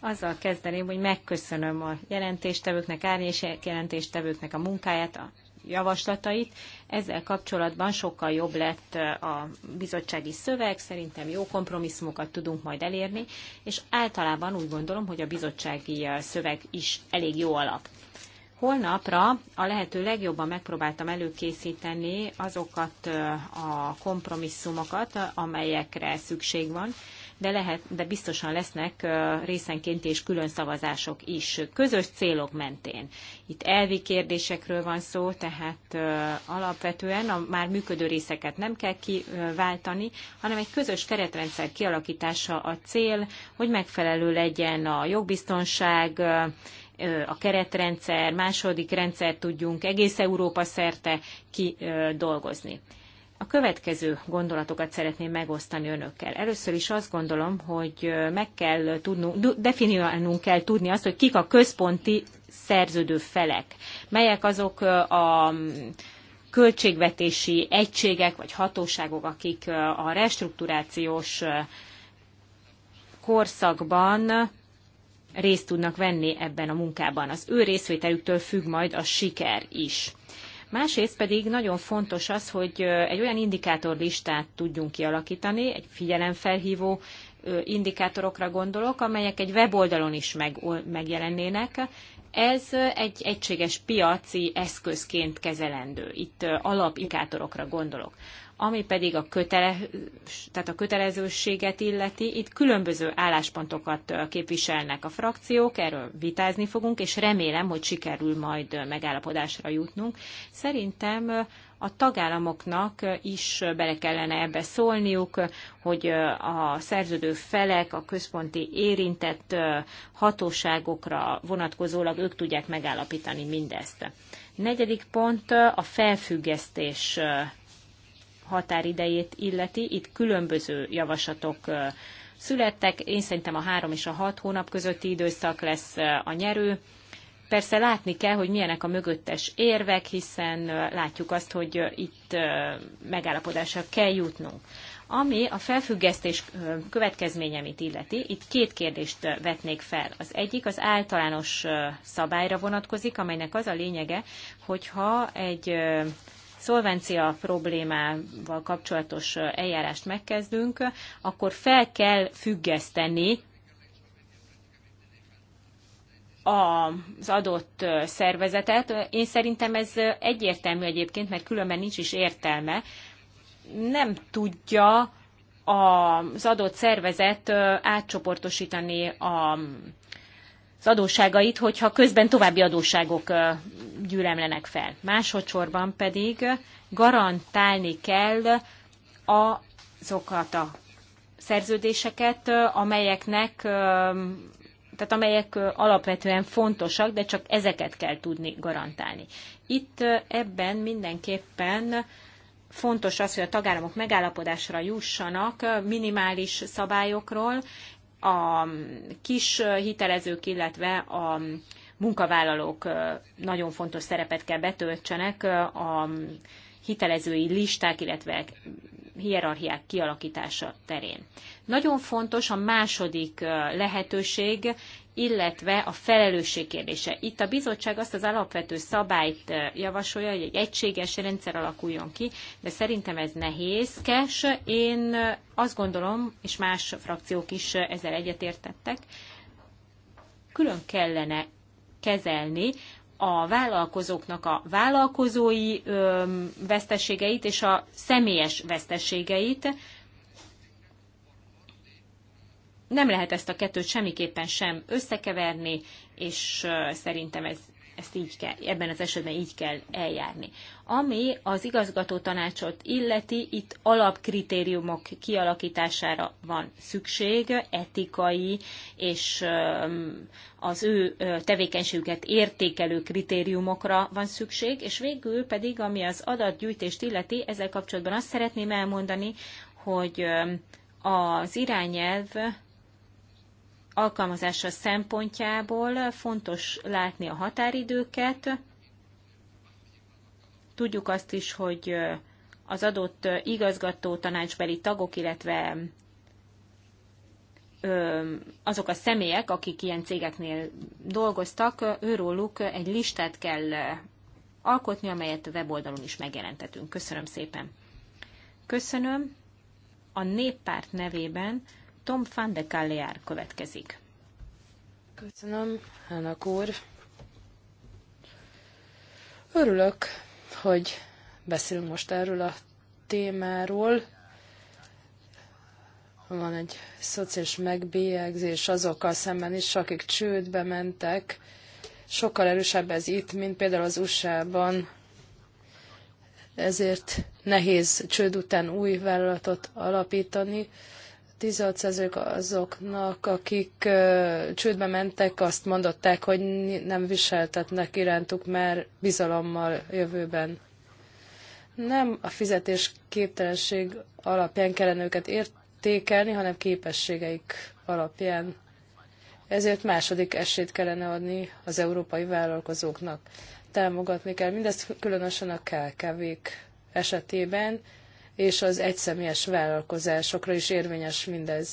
Azzal kezdeném, hogy megköszönöm a jelentéstevőknek, árnyés jelentéstevőknek a munkáját, a javaslatait. Ezzel kapcsolatban sokkal jobb lett a bizottsági szöveg, szerintem jó kompromisszumokat tudunk majd elérni, és általában úgy gondolom, hogy a bizottsági szöveg is elég jó alap. Holnapra a lehető legjobban megpróbáltam előkészíteni azokat a kompromisszumokat, amelyekre szükség van, de, lehet, de biztosan lesznek részenként és külön szavazások is, közös célok mentén. Itt elvi kérdésekről van szó, tehát alapvetően a már működő részeket nem kell kiváltani, hanem egy közös keretrendszer kialakítása a cél, hogy megfelelő legyen a jogbiztonság, a keretrendszer, második rendszer tudjunk egész Európa szerte kidolgozni. A következő gondolatokat szeretném megosztani önökkel. Először is azt gondolom, hogy meg kell tudnunk, definiálnunk kell tudni azt, hogy kik a központi szerződő felek, melyek azok a költségvetési egységek vagy hatóságok, akik a restrukturációs korszakban részt tudnak venni ebben a munkában. Az ő részvételüktől függ majd a siker is. Másrészt pedig nagyon fontos az, hogy egy olyan indikátorlistát tudjunk kialakítani, egy figyelemfelhívó indikátorokra gondolok, amelyek egy weboldalon is meg, megjelennének. Ez egy egységes piaci eszközként kezelendő. Itt alapindikátorokra gondolok. Ami pedig a, kötele, tehát a kötelezőséget illeti, itt különböző álláspontokat képviselnek a frakciók, erről vitázni fogunk, és remélem, hogy sikerül majd megállapodásra jutnunk. Szerintem a tagállamoknak is bele kellene ebbe szólniuk, hogy a szerződő felek, a központi érintett hatóságokra vonatkozólag ők tudják megállapítani mindezt. Negyedik pont a felfüggesztés határidejét illeti, itt különböző javaslatok születtek. Én szerintem a három és a hat hónap közötti időszak lesz a nyerő. Persze látni kell, hogy milyenek a mögöttes érvek, hiszen látjuk azt, hogy itt megállapodásra kell jutnunk. Ami a felfüggesztés következményemit illeti, itt két kérdést vetnék fel. Az egyik az általános szabályra vonatkozik, amelynek az a lényege, hogyha egy szolvencia problémával kapcsolatos eljárást megkezdünk, akkor fel kell függeszteni az adott szervezetet. Én szerintem ez egyértelmű egyébként, mert különben nincs is értelme. Nem tudja az adott szervezet átcsoportosítani a az adósságait, hogyha közben további adósságok gyűremlenek fel. Másodszorban pedig garantálni kell azokat a szerződéseket, amelyeknek, tehát amelyek alapvetően fontosak, de csak ezeket kell tudni garantálni. Itt ebben mindenképpen fontos az, hogy a tagállamok megállapodásra jussanak minimális szabályokról, a kis hitelezők, illetve a munkavállalók nagyon fontos szerepet kell betöltsenek a hitelezői listák, illetve hierarchiák kialakítása terén. Nagyon fontos a második lehetőség, illetve a felelősség kérdése. Itt a bizottság azt az alapvető szabályt javasolja, hogy egy egységes rendszer alakuljon ki, de szerintem ez nehézkes. Én azt gondolom, és más frakciók is ezzel egyetértettek, külön kellene kezelni a vállalkozóknak a vállalkozói veszteségeit és a személyes veszteségeit, nem lehet ezt a kettőt semmiképpen sem összekeverni, és szerintem ez, ezt így kell, ebben az esetben így kell eljárni. Ami az igazgató tanácsot illeti, itt alapkritériumok kialakítására van szükség, etikai és az ő tevékenységüket értékelő kritériumokra van szükség, és végül pedig, ami az adatgyűjtést illeti, ezzel kapcsolatban azt szeretném elmondani, hogy az irányelv alkalmazása szempontjából fontos látni a határidőket. Tudjuk azt is, hogy az adott igazgató tanácsbeli tagok, illetve azok a személyek, akik ilyen cégeknél dolgoztak, őróluk egy listát kell alkotni, amelyet weboldalon is megjelentetünk. Köszönöm szépen. Köszönöm. A néppárt nevében Tom van de Kalliár következik. Köszönöm, Hának úr. Örülök, hogy beszélünk most erről a témáról. Van egy szociális megbélyegzés azokkal szemben is, akik csődbe mentek. Sokkal erősebb ez itt, mint például az USA-ban. Ezért nehéz csőd után új vállalatot alapítani 18% azoknak, akik csődbe mentek, azt mondották, hogy nem viseltetnek irántuk már bizalommal jövőben. Nem a fizetés képtelenség alapján kellene őket értékelni, hanem képességeik alapján. Ezért második esélyt kellene adni az európai vállalkozóknak. Támogatni kell mindezt, különösen a KKV-k esetében, és az egyszemélyes vállalkozásokra is érvényes mindez.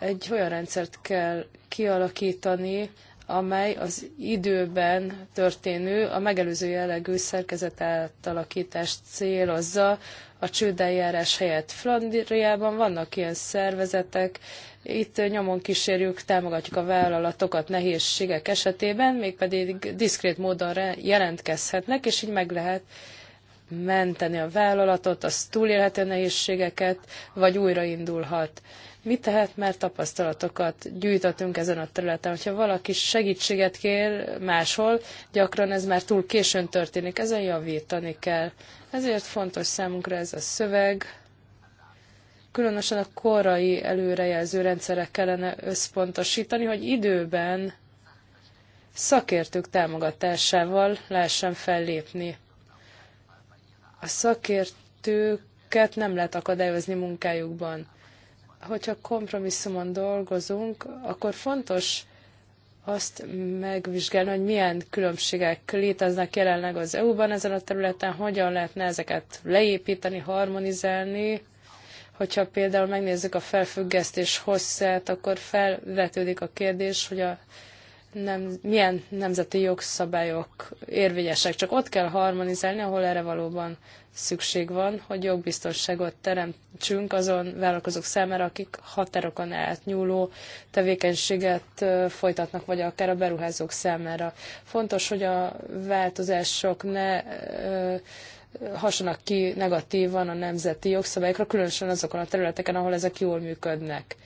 Egy olyan rendszert kell kialakítani, amely az időben történő, a megelőző jellegű szerkezet átalakítást célozza a csődeljárás helyett. Flandriában vannak ilyen szervezetek, itt nyomon kísérjük, támogatjuk a vállalatokat nehézségek esetében, mégpedig diszkrét módon jelentkezhetnek, és így meg lehet menteni a vállalatot, az túlélheti a nehézségeket, vagy újraindulhat. Mi tehet, mert tapasztalatokat gyűjtöttünk ezen a területen. Hogyha valaki segítséget kér máshol, gyakran ez már túl későn történik, ezen javítani kell. Ezért fontos számunkra ez a szöveg. Különösen a korai előrejelző rendszerek kellene összpontosítani, hogy időben szakértők támogatásával lehessen fellépni. A szakértőket nem lehet akadályozni munkájukban. Hogyha kompromisszumon dolgozunk, akkor fontos azt megvizsgálni, hogy milyen különbségek léteznek jelenleg az EU-ban ezen a területen, hogyan lehetne ezeket leépíteni, harmonizálni, hogyha például megnézzük a felfüggesztés hosszát, akkor felvetődik a kérdés, hogy a nem, milyen nemzeti jogszabályok érvényesek. Csak ott kell harmonizálni, ahol erre valóban szükség van, hogy jogbiztonságot teremtsünk azon vállalkozók számára, akik határokon átnyúló tevékenységet folytatnak, vagy akár a beruházók számára. Fontos, hogy a változások ne hasonak ki negatívan a nemzeti jogszabályokra, különösen azokon a területeken, ahol ezek jól működnek.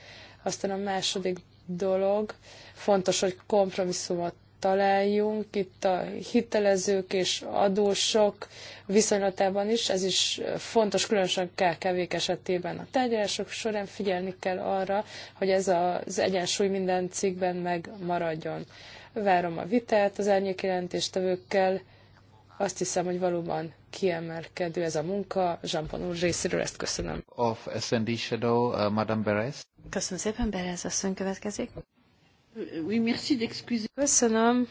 Aztán a második dolog, Fontos, hogy kompromisszumot találjunk itt a hitelezők és adósok viszonylatában is. Ez is fontos, különösen kell kevék esetében. A tárgyalások során figyelni kell arra, hogy ez az egyensúly minden cikkben megmaradjon. Várom a vitát az árnyékjelentéstevőkkel. Azt hiszem, hogy valóban kiemelkedő ez a munka. Zsampan úr részéről ezt köszönöm. Of Snd Shadow, uh, Madame Beres. Köszönöm szépen, Berez asszony következik. Köszönöm.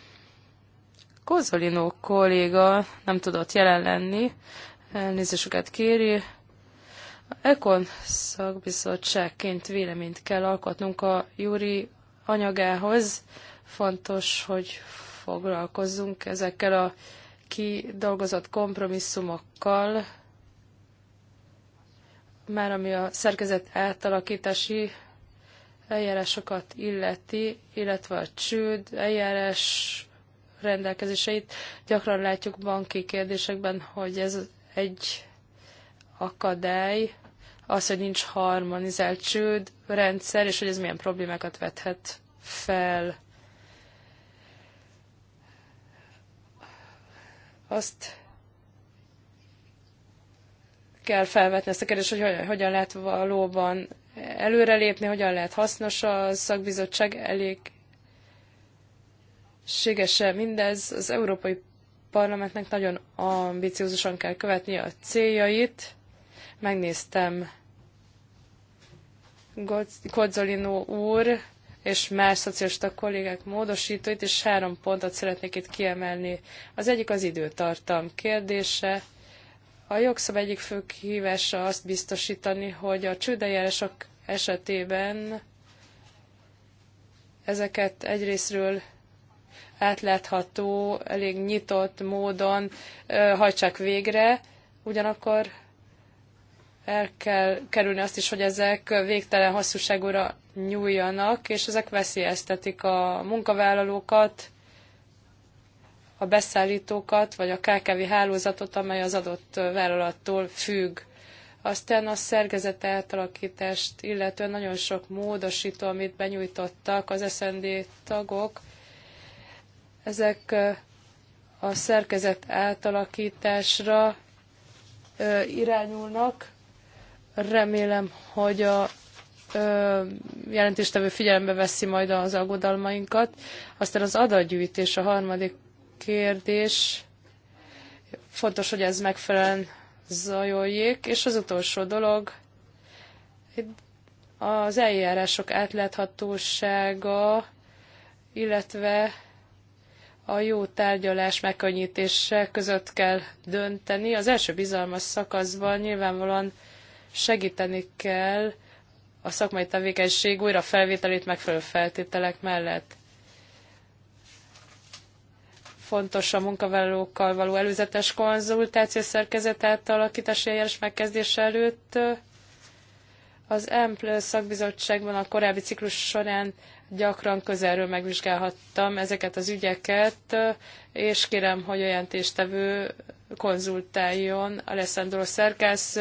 Kozolino kolléga nem tudott jelen lenni, elnézésüket kéri. A Ekon szakbizottságként véleményt kell alkotnunk a Júri anyagához. Fontos, hogy foglalkozzunk ezekkel a kidolgozott kompromisszumokkal, már ami a szerkezet átalakítási eljárásokat illeti, illetve a csőd eljárás rendelkezéseit. Gyakran látjuk banki kérdésekben, hogy ez egy akadály, az, hogy nincs harmonizált csőd rendszer, és hogy ez milyen problémákat vethet fel. Azt kell felvetni ezt a kérdést, hogy hogyan lehet valóban előrelépni, hogyan lehet hasznos a szakbizottság elég Ségese mindez, az Európai Parlamentnek nagyon ambiciózusan kell követni a céljait. Megnéztem Godzolino úr és más szocialista kollégák módosítóit, és három pontot szeretnék itt kiemelni. Az egyik az időtartam kérdése. A jogszab egyik fő kihívása azt biztosítani, hogy a csődeljárások esetében ezeket egyrésztről átlátható, elég nyitott módon hajtsák végre, ugyanakkor el kell kerülni azt is, hogy ezek végtelen hosszúságúra nyúljanak, és ezek veszélyeztetik a munkavállalókat, a beszállítókat, vagy a KKV hálózatot, amely az adott vállalattól függ. Aztán a szerkezet átalakítást, illetően nagyon sok módosító, amit benyújtottak az SND tagok, ezek a szerkezet átalakításra irányulnak. Remélem, hogy a jelentéstevő figyelembe veszi majd az aggodalmainkat. Aztán az adatgyűjtés a harmadik kérdés. Fontos, hogy ez megfelelően zajoljék. És az utolsó dolog, az eljárások átláthatósága, illetve a jó tárgyalás megkönnyítése között kell dönteni. Az első bizalmas szakaszban nyilvánvalóan segíteni kell a szakmai tevékenység újra felvételét megfelelő feltételek mellett fontos a munkavállalókkal való előzetes konzultáció szerkezet átalakítási eljárás megkezdése előtt. Az EMPL szakbizottságban a korábbi ciklus során gyakran közelről megvizsgálhattam ezeket az ügyeket, és kérem, hogy a jelentéstevő konzultáljon Alessandro Szerkász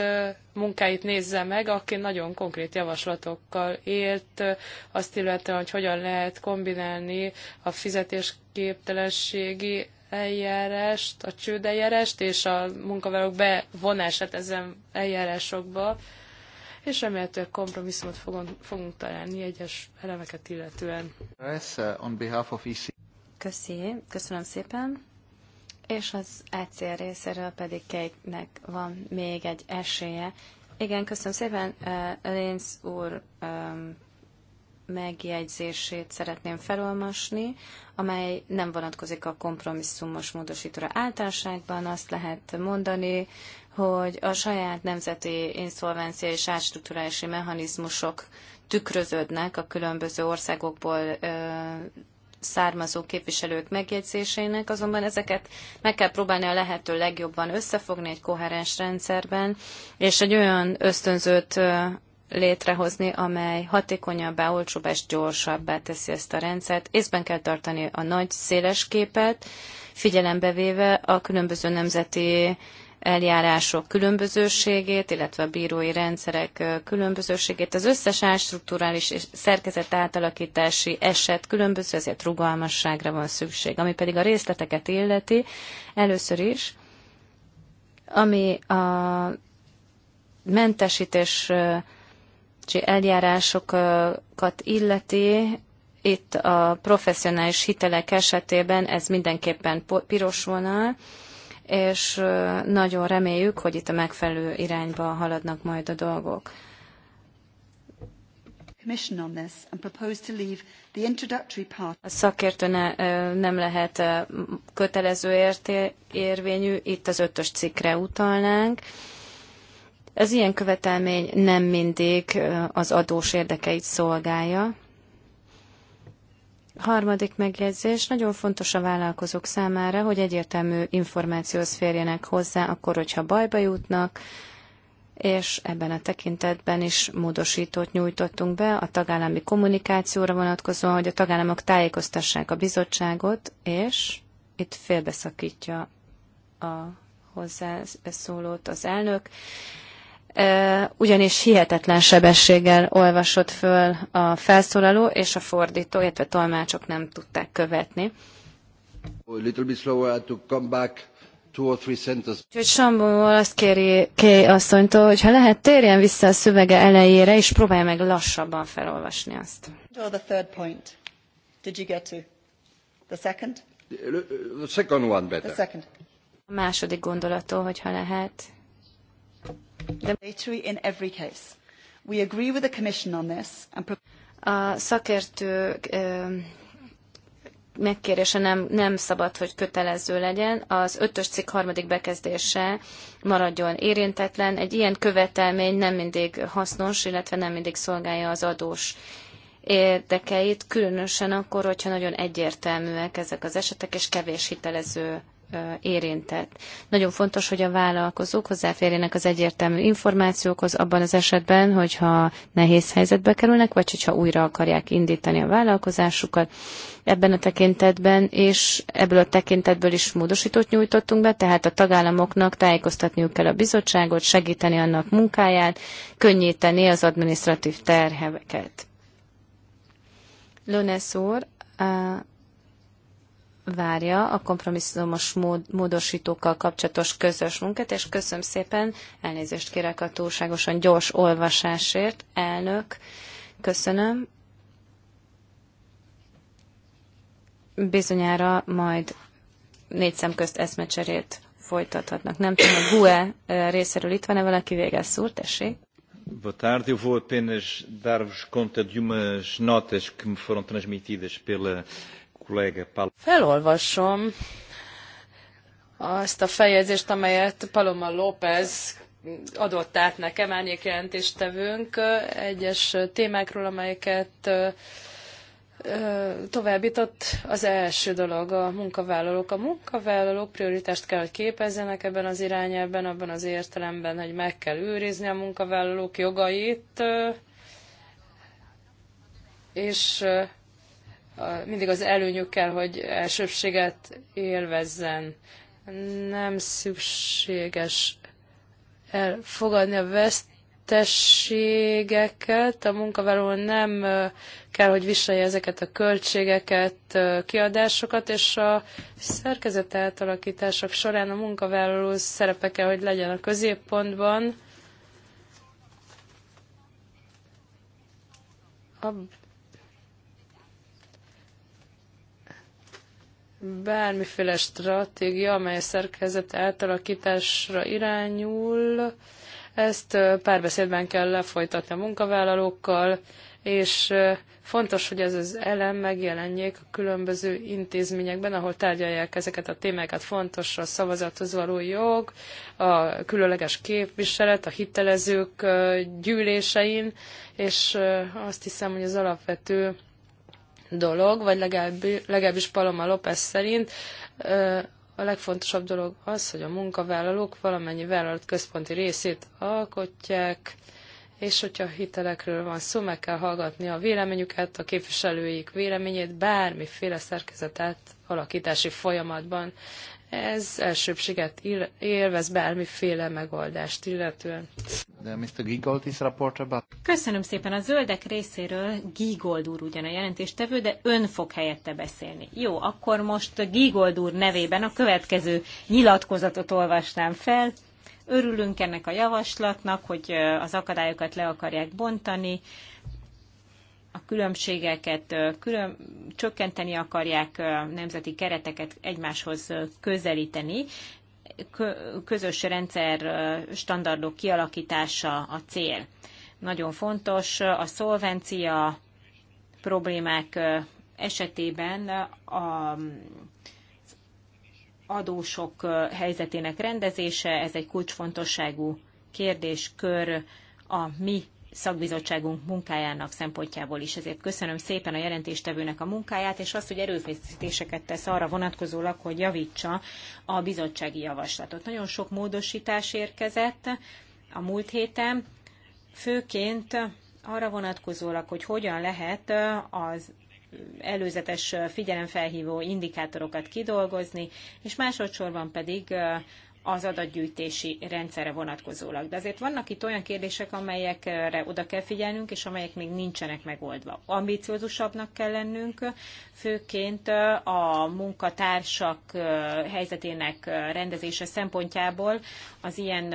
munkáit nézze meg, aki nagyon konkrét javaslatokkal élt, azt illetően, hogy hogyan lehet kombinálni a fizetésképtelenségi eljárást, a csődeljárást és a munkavállalók bevonását ezen eljárásokba, és remélhetőleg kompromisszumot fogunk, fogunk találni egyes elemeket illetően. Uh, e Köszi, köszönöm szépen és az ECR részéről pedig kéknek van még egy esélye. Igen, köszönöm szépen. Lénz úr megjegyzését szeretném felolvasni, amely nem vonatkozik a kompromisszumos módosítóra általánosságban. Azt lehet mondani, hogy a saját nemzeti inszolvencia és átstruktúrási mechanizmusok tükröződnek a különböző országokból származó képviselők megjegyzésének, azonban ezeket meg kell próbálni a lehető legjobban összefogni egy koherens rendszerben, és egy olyan ösztönzőt létrehozni, amely hatékonyabbá, olcsóbbá és gyorsabbá teszi ezt a rendszert. Észben kell tartani a nagy, széles képet, figyelembe véve a különböző nemzeti eljárások különbözőségét, illetve a bírói rendszerek különbözőségét. Az összes átstruktúrális és szerkezet átalakítási eset különböző, ezért rugalmasságra van szükség. Ami pedig a részleteket illeti, először is, ami a mentesítés eljárásokat illeti, itt a professzionális hitelek esetében ez mindenképpen piros vonal, és nagyon reméljük, hogy itt a megfelelő irányba haladnak majd a dolgok. A szakértő ne, nem lehet kötelező érté, érvényű, itt az ötös cikkre utalnánk. Az ilyen követelmény nem mindig az adós érdekeit szolgálja, Harmadik megjegyzés, nagyon fontos a vállalkozók számára, hogy egyértelmű információhoz férjenek hozzá, akkor, hogyha bajba jutnak, és ebben a tekintetben is módosítót nyújtottunk be a tagállami kommunikációra vonatkozóan, hogy a tagállamok tájékoztassák a bizottságot, és itt félbeszakítja a hozzászólót az elnök ugyanis hihetetlen sebességgel olvasott föl a felszólaló, és a fordító, illetve tolmácsok nem tudták követni. Úgyhogy Sambó azt kéri Kay asszonytól, hogy ha lehet, térjen vissza a szövege elejére, és próbálja meg lassabban felolvasni azt. The third point. Did you get to? The second? The, uh, second one better. The second. A második gondolattól, hogyha lehet a szakértő megkérése nem, nem szabad, hogy kötelező legyen. Az ötös cikk harmadik bekezdése maradjon érintetlen. Egy ilyen követelmény nem mindig hasznos, illetve nem mindig szolgálja az adós érdekeit, különösen akkor, hogyha nagyon egyértelműek ezek az esetek, és kevés hitelező érintett. Nagyon fontos, hogy a vállalkozók hozzáférjenek az egyértelmű információkhoz abban az esetben, hogyha nehéz helyzetbe kerülnek, vagy hogyha újra akarják indítani a vállalkozásukat. Ebben a tekintetben és ebből a tekintetből is módosítót nyújtottunk be, tehát a tagállamoknak tájékoztatniuk kell a bizottságot, segíteni annak munkáját, könnyíteni az adminisztratív terheveket. Lönes úr, várja a kompromisszumos mód, módosítókkal kapcsolatos közös munkát, és köszönöm szépen, elnézést kérek a túlságosan gyors olvasásért, elnök, köszönöm. Bizonyára majd négy szem közt eszmecserét folytathatnak. Nem tudom, a GUE részéről itt van-e valaki végez szúr, tessék. Boa tarde, eu vou apenas dar-vos conta de umas notas que me foram transmitidas pela Felolvasom azt a fejezést, amelyet Paloma López adott át nekem, árnyékjelentéstevőnk egyes témákról, amelyeket továbbított. Az első dolog a munkavállalók. A munkavállalók prioritást kell, hogy képezzenek ebben az irányában, abban az értelemben, hogy meg kell őrizni a munkavállalók jogait, és mindig az előnyükkel, hogy elsőbséget élvezzen. Nem szükséges elfogadni a vesztességeket, a munkavállaló nem kell, hogy viselje ezeket a költségeket, kiadásokat, és a szerkezet átalakítások során a munkavállaló szerepe kell, hogy legyen a középpontban, bármiféle stratégia, amely szerkezet átalakításra irányul, ezt párbeszédben kell lefolytatni a munkavállalókkal, és fontos, hogy ez az elem megjelenjék a különböző intézményekben, ahol tárgyalják ezeket a témákat. Fontos a szavazathoz való jog, a különleges képviselet, a hitelezők gyűlésein, és azt hiszem, hogy az alapvető dolog, vagy legalábbis, legalábbis Paloma López szerint a legfontosabb dolog az, hogy a munkavállalók valamennyi vállalat központi részét alkotják, és hogyha hitelekről van szó, meg kell hallgatni a véleményüket, a képviselőik véleményét bármiféle szerkezetet alakítási folyamatban ez elsőbséget élvez bármiféle megoldást illetően. De Mr. Giegold is report about... Köszönöm szépen a zöldek részéről. Giegold úr ugyan a jelentéstevő, de ön fog helyette beszélni. Jó, akkor most Giegold úr nevében a következő nyilatkozatot olvastam fel. Örülünk ennek a javaslatnak, hogy az akadályokat le akarják bontani, a különbségeket külön, csökkenteni akarják, nemzeti kereteket egymáshoz közelíteni, közös rendszer standardok kialakítása a cél. Nagyon fontos a szolvencia problémák esetében a adósok helyzetének rendezése, ez egy kulcsfontosságú kérdéskör a mi szakbizottságunk munkájának szempontjából is. Ezért köszönöm szépen a jelentéstevőnek a munkáját, és azt, hogy erőfeszítéseket tesz arra vonatkozólag, hogy javítsa a bizottsági javaslatot. Nagyon sok módosítás érkezett a múlt héten, főként arra vonatkozólag, hogy hogyan lehet az előzetes figyelemfelhívó indikátorokat kidolgozni, és másodszorban pedig az adatgyűjtési rendszerre vonatkozólag. De azért vannak itt olyan kérdések, amelyekre oda kell figyelnünk, és amelyek még nincsenek megoldva. Ambiciózusabbnak kell lennünk, főként a munkatársak helyzetének rendezése szempontjából az ilyen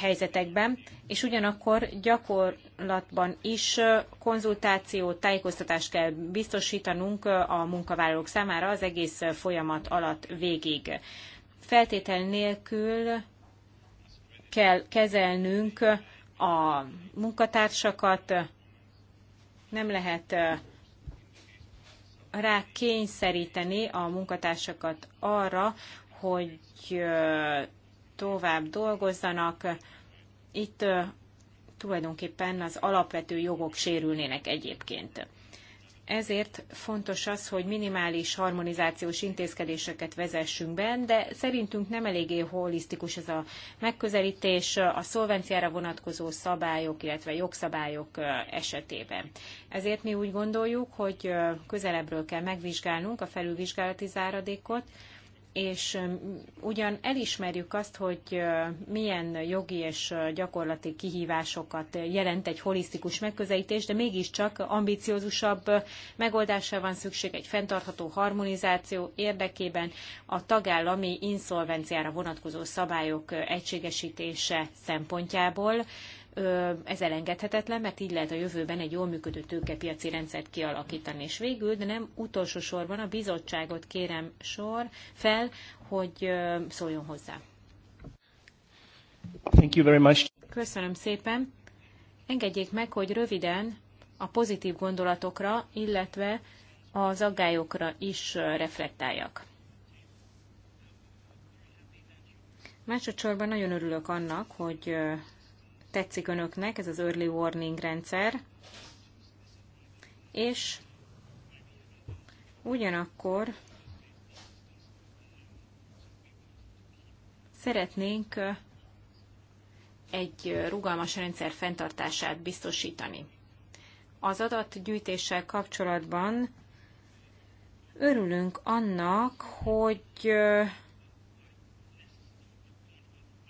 helyzetekben, és ugyanakkor gyakorlatban is konzultáció, tájékoztatást kell biztosítanunk a munkavállalók számára az egész folyamat alatt végig feltétel nélkül kell kezelnünk a munkatársakat, nem lehet rá kényszeríteni a munkatársakat arra, hogy tovább dolgozzanak. Itt tulajdonképpen az alapvető jogok sérülnének egyébként. Ezért fontos az, hogy minimális harmonizációs intézkedéseket vezessünk be, de szerintünk nem eléggé holisztikus ez a megközelítés a szolvenciára vonatkozó szabályok, illetve jogszabályok esetében. Ezért mi úgy gondoljuk, hogy közelebbről kell megvizsgálnunk a felülvizsgálati záradékot, és ugyan elismerjük azt, hogy milyen jogi és gyakorlati kihívásokat jelent egy holisztikus megközelítés, de mégiscsak ambiciózusabb megoldásra van szükség egy fenntartható harmonizáció érdekében a tagállami inszolvenciára vonatkozó szabályok egységesítése szempontjából ez elengedhetetlen, mert így lehet a jövőben egy jól működő tőkepiaci rendszert kialakítani. És végül, de nem utolsó sorban a bizottságot kérem sor fel, hogy szóljon hozzá. Thank you very much. Köszönöm szépen. Engedjék meg, hogy röviden a pozitív gondolatokra, illetve az aggályokra is reflektáljak. Másodszorban nagyon örülök annak, hogy tetszik önöknek ez az early warning rendszer, és ugyanakkor szeretnénk egy rugalmas rendszer fenntartását biztosítani. Az adatgyűjtéssel kapcsolatban örülünk annak, hogy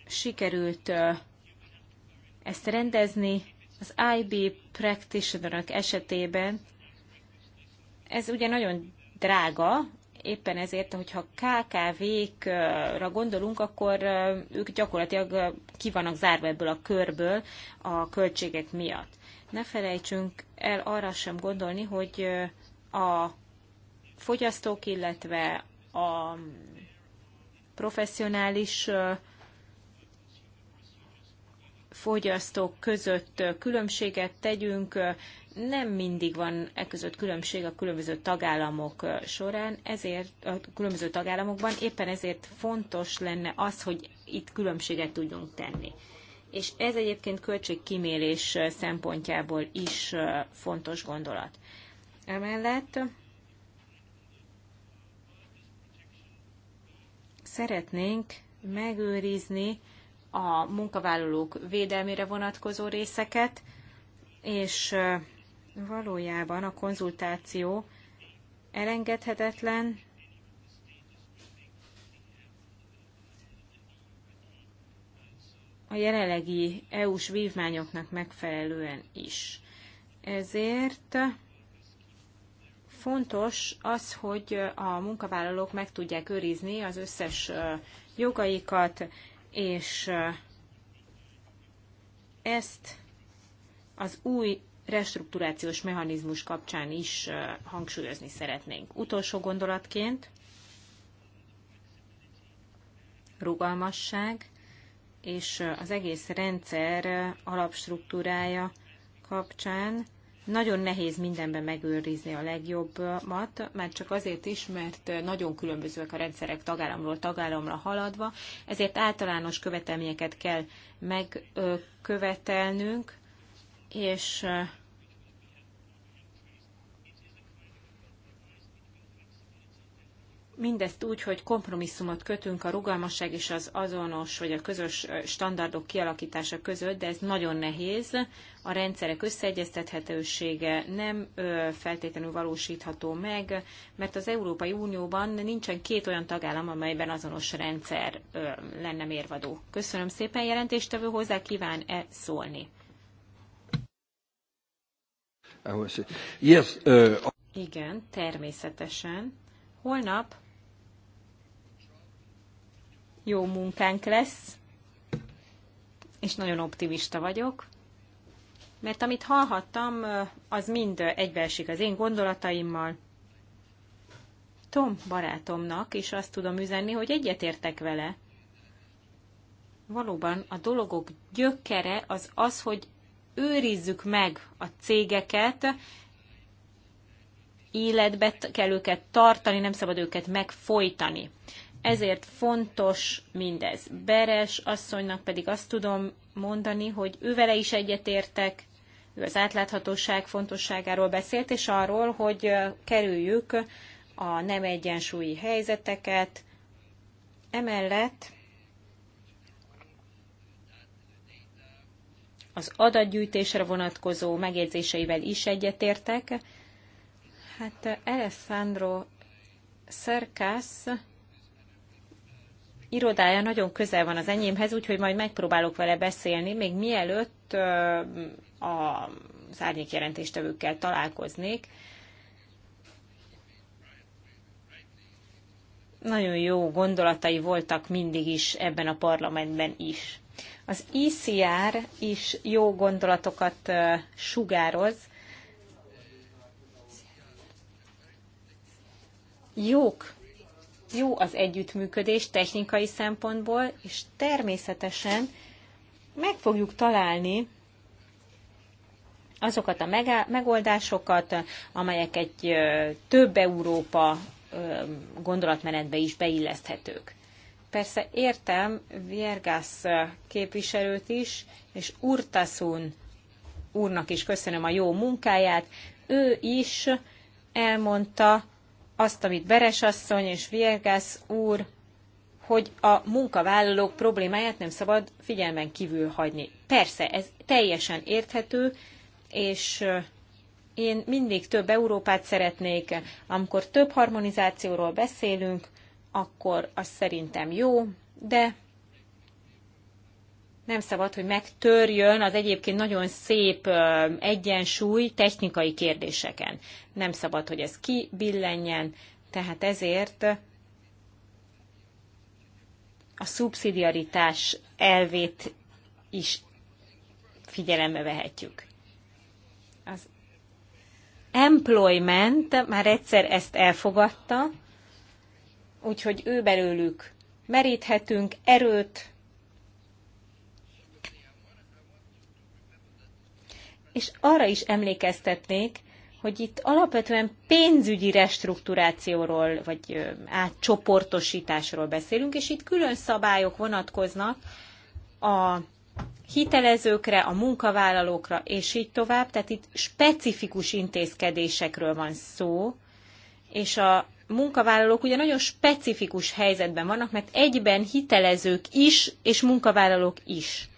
sikerült ezt rendezni az IB practitioner esetében. Ez ugye nagyon drága, éppen ezért, hogyha KKV-kra gondolunk, akkor ők gyakorlatilag ki vannak zárva ebből a körből a költségek miatt. Ne felejtsünk el arra sem gondolni, hogy a fogyasztók, illetve a professzionális fogyasztók között különbséget tegyünk, nem mindig van e között különbség a különböző tagállamok során, ezért a különböző tagállamokban éppen ezért fontos lenne az, hogy itt különbséget tudjunk tenni. És ez egyébként költségkimélés szempontjából is fontos gondolat. Emellett szeretnénk megőrizni a munkavállalók védelmére vonatkozó részeket, és valójában a konzultáció elengedhetetlen, a jelenlegi EU-s vívmányoknak megfelelően is. Ezért fontos az, hogy a munkavállalók meg tudják őrizni az összes jogaikat, és ezt az új restrukturációs mechanizmus kapcsán is hangsúlyozni szeretnénk. Utolsó gondolatként rugalmasság és az egész rendszer alapstruktúrája kapcsán nagyon nehéz mindenben megőrizni a legjobbat, már csak azért is, mert nagyon különbözőek a rendszerek tagállamról tagállamra haladva, ezért általános követelményeket kell megkövetelnünk, és mindezt úgy, hogy kompromisszumot kötünk a rugalmasság és az azonos vagy a közös standardok kialakítása között, de ez nagyon nehéz. A rendszerek összeegyeztethetősége nem feltétlenül valósítható meg, mert az Európai Unióban nincsen két olyan tagállam, amelyben azonos rendszer lenne mérvadó. Köszönöm szépen, jelentéstevő hozzá kíván-e szólni? Igen, természetesen. Holnap jó munkánk lesz, és nagyon optimista vagyok, mert amit hallhattam, az mind egybeesik az én gondolataimmal. Tom barátomnak is azt tudom üzenni, hogy egyetértek vele. Valóban a dologok gyökere az az, hogy őrizzük meg a cégeket, életbe kell őket tartani, nem szabad őket megfojtani. Ezért fontos mindez. Beres asszonynak pedig azt tudom mondani, hogy vele is egyetértek, ő az átláthatóság fontosságáról beszélt, és arról, hogy kerüljük a nem egyensúlyi helyzeteket. Emellett az adatgyűjtésre vonatkozó megjegyzéseivel is egyetértek. Hát Alessandro Szerkász irodája nagyon közel van az enyémhez, úgyhogy majd megpróbálok vele beszélni, még mielőtt az jelentéstevőkkel találkoznék. Nagyon jó gondolatai voltak mindig is ebben a parlamentben is. Az ICR is jó gondolatokat sugároz, jók jó az együttműködés technikai szempontból, és természetesen meg fogjuk találni azokat a megoldásokat, amelyek egy több Európa gondolatmenetbe is beilleszthetők. Persze értem Viergas képviselőt is, és Urtasun úrnak is köszönöm a jó munkáját. Ő is elmondta, azt, amit Beres asszony és Viergász úr, hogy a munkavállalók problémáját nem szabad figyelmen kívül hagyni. Persze, ez teljesen érthető, és én mindig több Európát szeretnék, amikor több harmonizációról beszélünk, akkor az szerintem jó, de nem szabad, hogy megtörjön az egyébként nagyon szép egyensúly technikai kérdéseken. Nem szabad, hogy ez kibillenjen, tehát ezért a szubszidiaritás elvét is figyelembe vehetjük. Az employment már egyszer ezt elfogadta, úgyhogy ő belőlük meríthetünk erőt, és arra is emlékeztetnék, hogy itt alapvetően pénzügyi restrukturációról, vagy átcsoportosításról beszélünk, és itt külön szabályok vonatkoznak a hitelezőkre, a munkavállalókra, és így tovább. Tehát itt specifikus intézkedésekről van szó, és a munkavállalók ugye nagyon specifikus helyzetben vannak, mert egyben hitelezők is, és munkavállalók is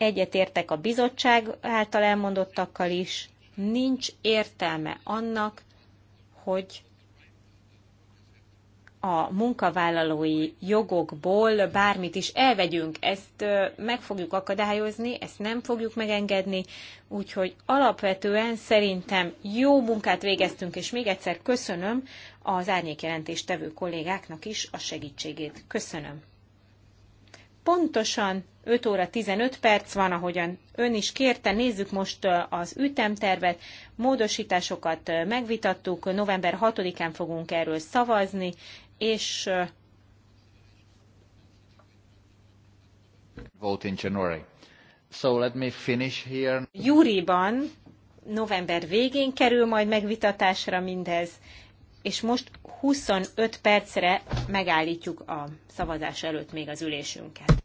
egyetértek a bizottság által elmondottakkal is, nincs értelme annak, hogy a munkavállalói jogokból bármit is elvegyünk. Ezt meg fogjuk akadályozni, ezt nem fogjuk megengedni, úgyhogy alapvetően szerintem jó munkát végeztünk, és még egyszer köszönöm az árnyékjelentést tevő kollégáknak is a segítségét. Köszönöm. Pontosan 5 óra 15 perc van, ahogyan ön is kérte. Nézzük most az ütemtervet. Módosításokat megvitattuk, november 6-án fogunk erről szavazni, és Vote in January. So let me finish here. Júriban november végén kerül majd megvitatásra mindez, és most 25 percre megállítjuk a szavazás előtt még az ülésünket.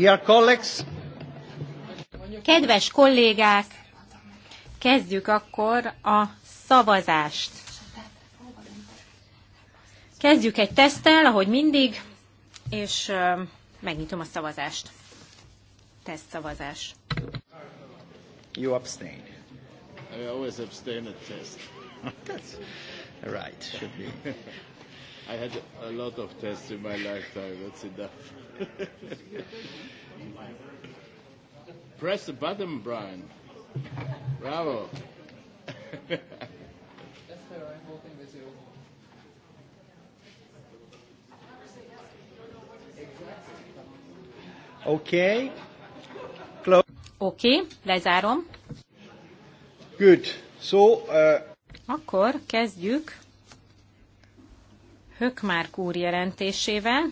Dear colleagues. Kedves kollégák, kezdjük akkor a szavazást. Kezdjük egy teszttel, ahogy mindig, és megnyitom a szavazást. Teszt szavazás. You abstain. I always abstain at test. That's right, should be. I had a lot of tests in my lifetime, that's enough. Press the button, Brian. Bravo. Esther, I'm hoping this is. Okay. Oké, okay, lezárom. Good. So, uh... Akkor kezdjük Hökmárk úr jelentésével.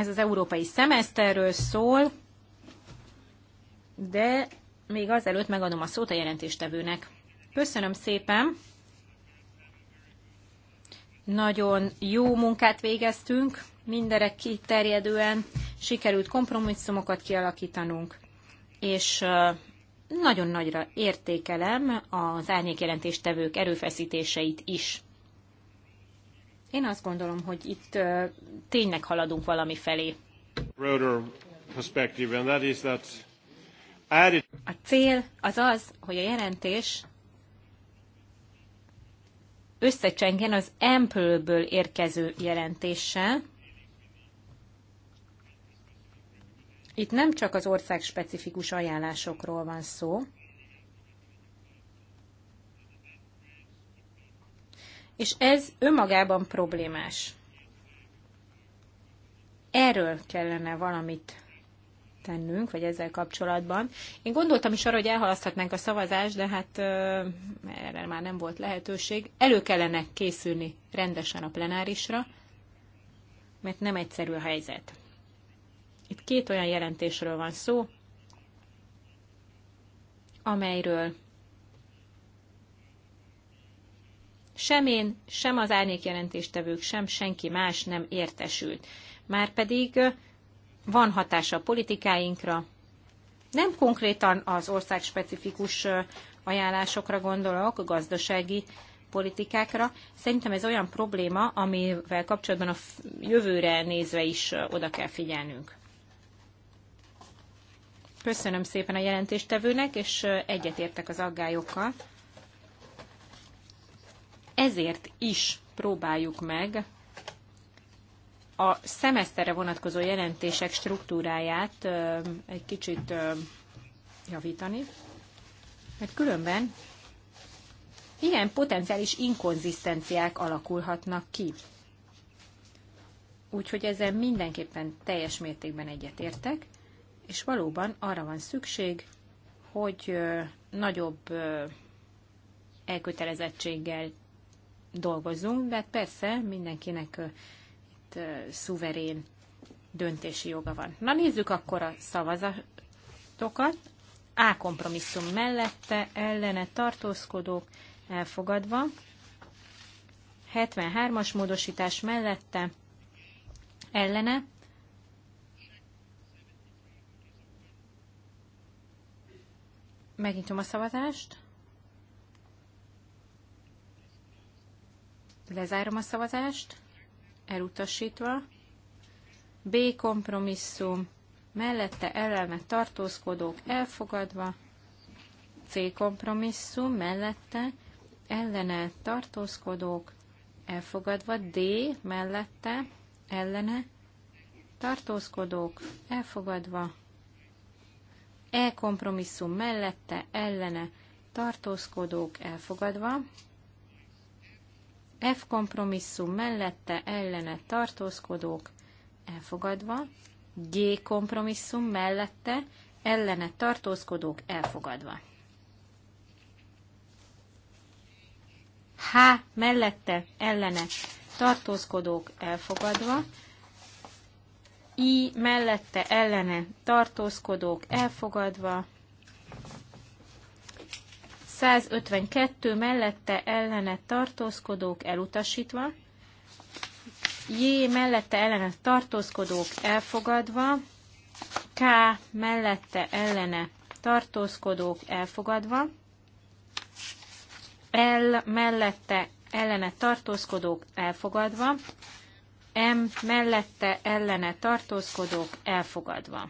Ez az európai szemeszterről szól, de még azelőtt megadom a szót a jelentéstevőnek. Köszönöm szépen! Nagyon jó munkát végeztünk, mindenre kiterjedően sikerült kompromisszumokat kialakítanunk, és nagyon nagyra értékelem az árnyékjelentéstevők erőfeszítéseit is. Én azt gondolom, hogy itt tényleg haladunk valami felé. A cél az az, hogy a jelentés összecsengjen az Ample-ből érkező jelentéssel. Itt nem csak az ország specifikus ajánlásokról van szó, és ez önmagában problémás. Erről kellene valamit tennünk, vagy ezzel kapcsolatban. Én gondoltam is arra, hogy elhalaszthatnánk a szavazást, de hát ö, erre már nem volt lehetőség. Elő kellene készülni rendesen a plenárisra, mert nem egyszerű a helyzet. Itt két olyan jelentésről van szó, amelyről Sem én, sem az árnyékjelentéstevők, sem senki más nem értesült. Márpedig van hatása a politikáinkra. Nem konkrétan az ország specifikus ajánlásokra gondolok, a gazdasági politikákra. Szerintem ez olyan probléma, amivel kapcsolatban a jövőre nézve is oda kell figyelnünk. Köszönöm szépen a jelentéstevőnek, és egyetértek az aggályokkal ezért is próbáljuk meg a szemeszterre vonatkozó jelentések struktúráját egy kicsit javítani, mert különben ilyen potenciális inkonzisztenciák alakulhatnak ki. Úgyhogy ezzel mindenképpen teljes mértékben egyetértek, és valóban arra van szükség, hogy nagyobb elkötelezettséggel dolgozunk, de hát persze mindenkinek itt szuverén döntési joga van. Na nézzük akkor a szavazatokat. A kompromisszum mellette, ellene tartózkodók elfogadva. 73-as módosítás mellette, ellene megnyitom a szavazást. Lezárom a szavazást, elutasítva. B kompromisszum, mellette ellene tartózkodók elfogadva. C kompromisszum, mellette ellene tartózkodók elfogadva. D mellette ellene tartózkodók elfogadva. E kompromisszum mellette ellene tartózkodók elfogadva. F kompromisszum mellette ellene tartózkodók elfogadva, G kompromisszum mellette ellene tartózkodók elfogadva. H mellette ellene tartózkodók elfogadva, I mellette ellene tartózkodók elfogadva, 152 mellette ellene tartózkodók elutasítva, J mellette ellene tartózkodók elfogadva, K mellette ellene tartózkodók elfogadva, L mellette ellene tartózkodók elfogadva, M mellette ellene tartózkodók elfogadva.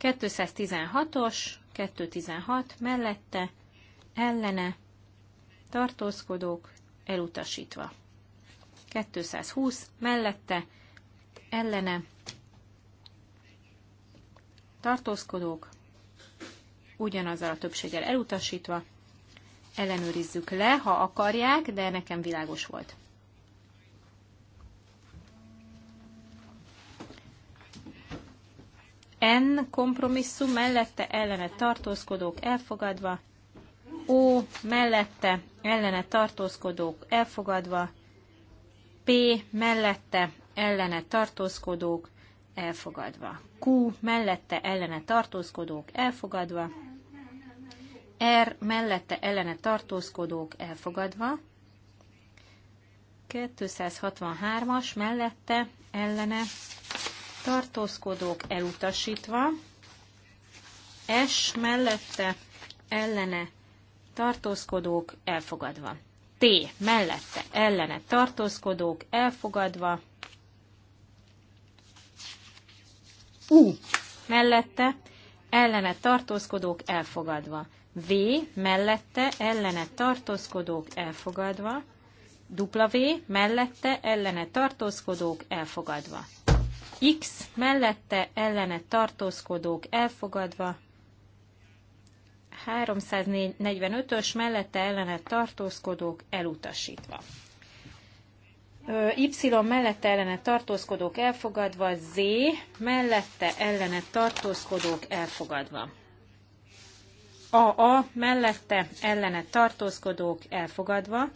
216-os 216 mellette, ellene, tartózkodók, elutasítva. 220 mellette, ellene, tartózkodók, ugyanazzal a többséggel elutasítva, ellenőrizzük le, ha akarják, de nekem világos volt. N kompromisszum mellette ellene tartózkodók elfogadva, O mellette ellene tartózkodók elfogadva, P mellette ellene tartózkodók elfogadva, Q mellette ellene tartózkodók elfogadva, R mellette ellene tartózkodók elfogadva, 263-as mellette ellene tartózkodók elutasítva, S mellette ellene tartózkodók elfogadva. T mellette ellene tartózkodók elfogadva. U mellette ellene tartózkodók elfogadva. V mellette ellene tartózkodók elfogadva. W mellette ellene tartózkodók elfogadva. X mellette ellene tartózkodók elfogadva, 345-ös mellette ellene tartózkodók elutasítva. Y mellette ellene tartózkodók elfogadva, Z mellette ellene tartózkodók elfogadva. AA mellette ellene tartózkodók elfogadva,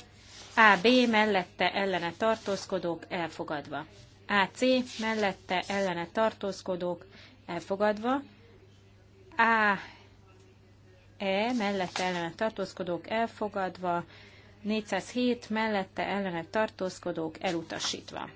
AB mellette ellene tartózkodók elfogadva. AC mellette ellene tartózkodók elfogadva, AE mellette ellene tartózkodók elfogadva, 407 mellette ellene tartózkodók elutasítva.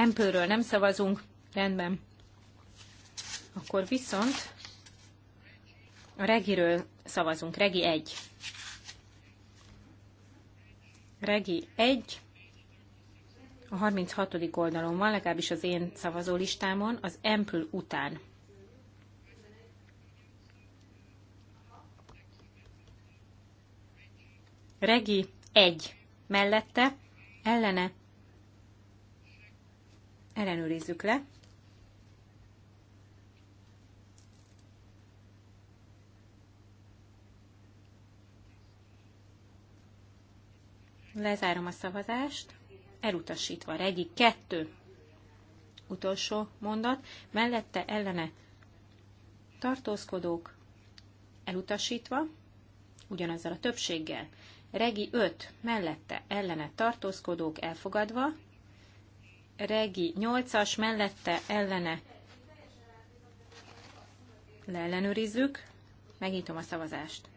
Empőről nem szavazunk, rendben. Akkor viszont a regiről szavazunk. Regi 1. Regi 1. A 36. oldalon van, legalábbis az én szavazólistámon, az Empül után. Regi 1. Mellette, ellene, Ellenőrizzük le. Lezárom a szavazást. Elutasítva. Regi kettő. Utolsó mondat. Mellette ellene tartózkodók elutasítva, ugyanazzal a többséggel. Regi 5 mellette ellene tartózkodók elfogadva, regi 8-as mellette ellene leellenőrizzük. Megnyitom a szavazást.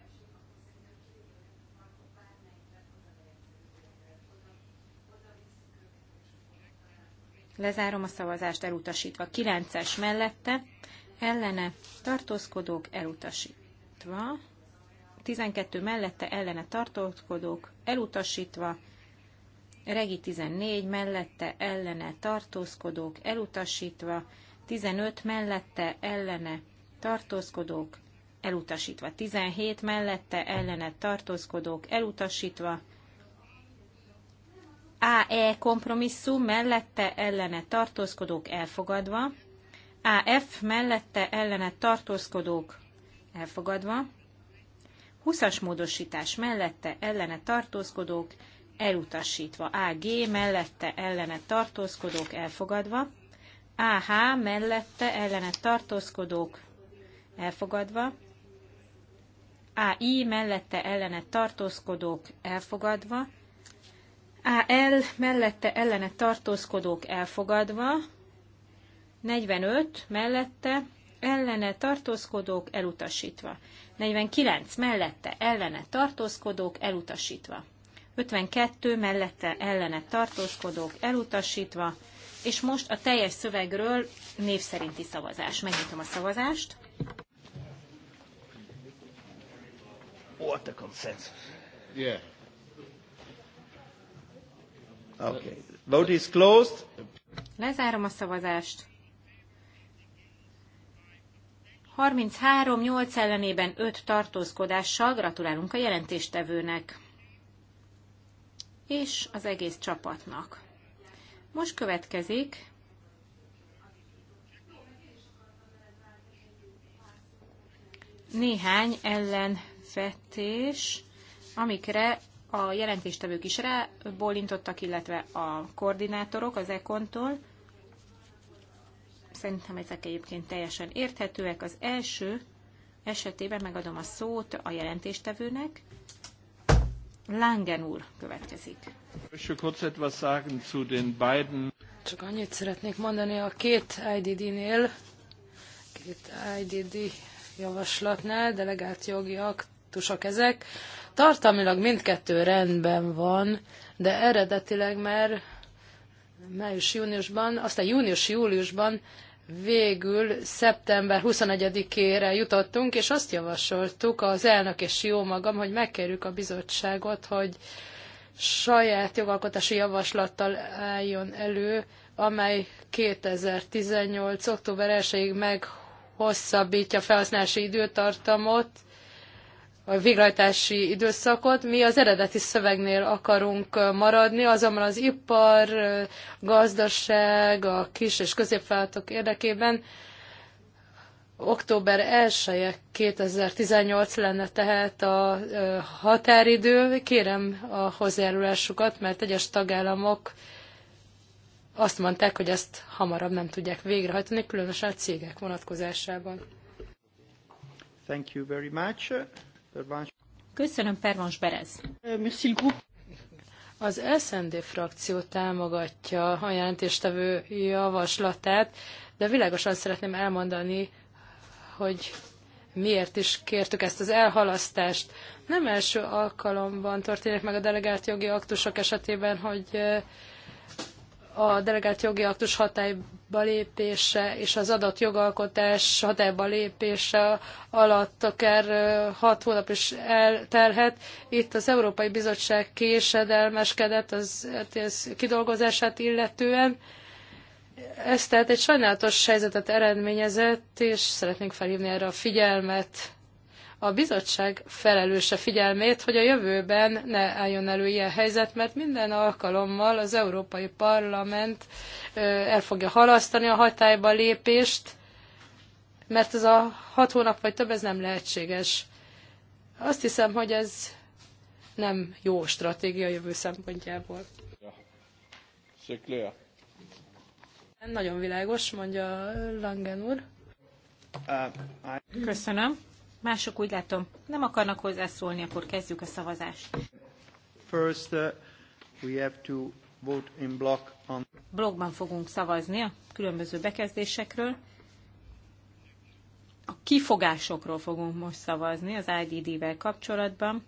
Lezárom a szavazást elutasítva. 9-es mellette ellene tartózkodók elutasítva. 12 mellette ellene tartózkodók elutasítva. Regi 14 mellette ellene tartózkodók elutasítva, 15 mellette ellene tartózkodók elutasítva, 17 mellette ellene tartózkodók elutasítva, AE kompromisszum mellette ellene tartózkodók elfogadva, AF mellette ellene tartózkodók elfogadva, 20-as módosítás mellette ellene tartózkodók elutasítva. AG mellette ellene tartózkodók elfogadva. AH mellette ellene tartózkodók elfogadva. AI mellette ellene tartózkodók elfogadva. AL mellette ellene tartózkodók elfogadva. 45 mellette ellene tartózkodók elutasítva. 49 mellette ellene tartózkodók elutasítva. 52 mellette ellene tartózkodók elutasítva, és most a teljes szövegről név szerinti szavazás. Megnyitom a szavazást. What a consensus. Yeah. Okay. Vote is closed. Lezárom a szavazást. 33-8 ellenében 5 tartózkodással gratulálunk a jelentéstevőnek és az egész csapatnak. Most következik néhány ellenvetés, amikre a jelentéstevők is rábólintottak, illetve a koordinátorok az ekontól. Szerintem ezek egyébként teljesen érthetőek. Az első esetében megadom a szót a jelentéstevőnek, Langen úr következik. Csak annyit szeretnék mondani a két IDD-nél, két IDD javaslatnál, delegált jogi aktusok ezek. Tartalmilag mindkettő rendben van, de eredetileg már május-júniusban, aztán június-júliusban végül szeptember 21-ére jutottunk, és azt javasoltuk az elnök és jó magam, hogy megkérjük a bizottságot, hogy saját jogalkotási javaslattal álljon elő, amely 2018. október 1-ig meghosszabbítja felhasználási időtartamot, a végrehajtási időszakot. Mi az eredeti szövegnél akarunk maradni, azonban az ipar, gazdaság, a kis és középvállalatok érdekében október 1 -e 2018 lenne tehát a határidő. Kérem a hozzájárulásukat, mert egyes tagállamok azt mondták, hogy ezt hamarabb nem tudják végrehajtani, különösen a cégek vonatkozásában. Thank you very much. Köszönöm, Pervans Berez. Merci, az SND frakció támogatja a jelentéstevő javaslatát, de világosan szeretném elmondani, hogy miért is kértük ezt az elhalasztást. Nem első alkalomban történik meg a delegált jogi aktusok esetében, hogy eh, a delegált jogi aktus hatály lépése és az adott jogalkotás hatályba lépése alatt akár hat hónap is eltelhet. Itt az Európai Bizottság késedelmeskedett az ETS kidolgozását illetően. Ez tehát egy sajnálatos helyzetet eredményezett, és szeretnénk felhívni erre a figyelmet a bizottság felelőse figyelmét, hogy a jövőben ne álljon elő ilyen helyzet, mert minden alkalommal az Európai Parlament el fogja halasztani a hatályba lépést, mert ez a hat hónap vagy több, ez nem lehetséges. Azt hiszem, hogy ez nem jó stratégia jövő szempontjából. Nagyon világos, mondja Langen úr. Köszönöm Mások úgy látom nem akarnak hozzászólni, akkor kezdjük a szavazást. First, uh, we have to vote in block on... Blogban fogunk szavazni a különböző bekezdésekről. A kifogásokról fogunk most szavazni az IDD-vel kapcsolatban.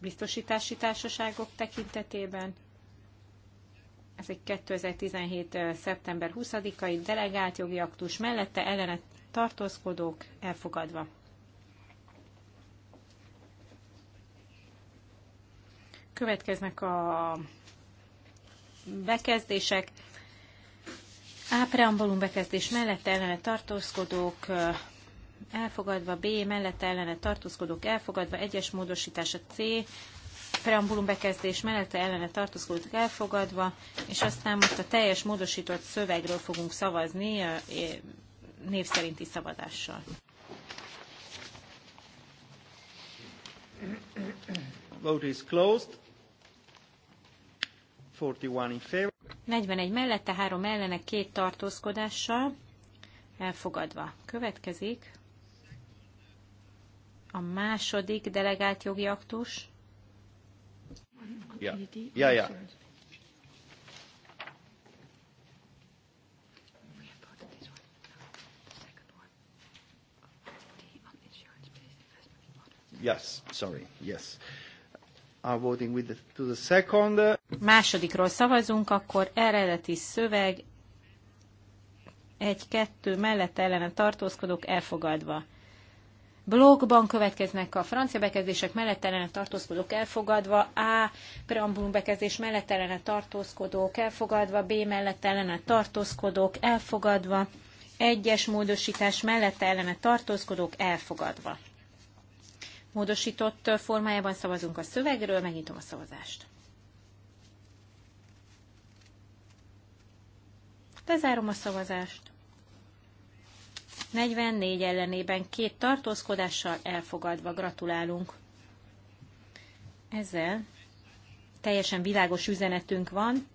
Biztosítási társaságok tekintetében ez egy 2017. szeptember 20-ai delegált jogi aktus mellette ellenet tartózkodók elfogadva. Következnek a bekezdések. A preambulum bekezdés mellett ellene tartózkodók elfogadva, B mellett ellene tartózkodók elfogadva, egyes módosítása C preambulum bekezdés mellette ellene tartózkodtak elfogadva, és aztán most a teljes módosított szövegről fogunk szavazni név szerinti szavazással. Vote is closed. 41 in favor. 41 mellette, 3 ellene, két tartózkodással elfogadva. Következik a második delegált jogi aktus. Yeah. Yeah, yeah. Yes, sorry, yes. Are voting with the, to the second. Másodikról szavazunk, akkor eredeti szöveg egy-kettő mellett ellene tartózkodók elfogadva blogban következnek a francia bekezdések mellett ellene tartózkodók elfogadva, A preambulum bekezdés mellett ellene tartózkodók elfogadva, B mellett ellene tartózkodók elfogadva, egyes módosítás mellett ellene tartózkodók elfogadva. Módosított formájában szavazunk a szövegről, megnyitom a szavazást. Lezárom a szavazást. 44 ellenében két tartózkodással elfogadva gratulálunk. Ezzel teljesen világos üzenetünk van.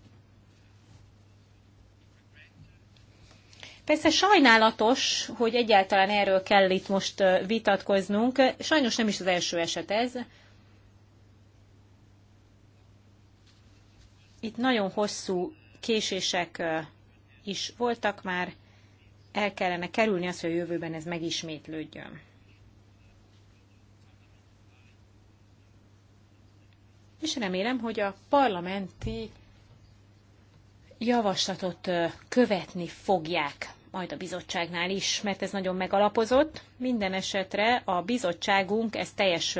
Persze sajnálatos, hogy egyáltalán erről kell itt most vitatkoznunk. Sajnos nem is az első eset ez. Itt nagyon hosszú késések is voltak már el kellene kerülni azt, hogy a jövőben ez megismétlődjön. És remélem, hogy a parlamenti javaslatot követni fogják majd a bizottságnál is, mert ez nagyon megalapozott. Minden esetre a bizottságunk ezt teljes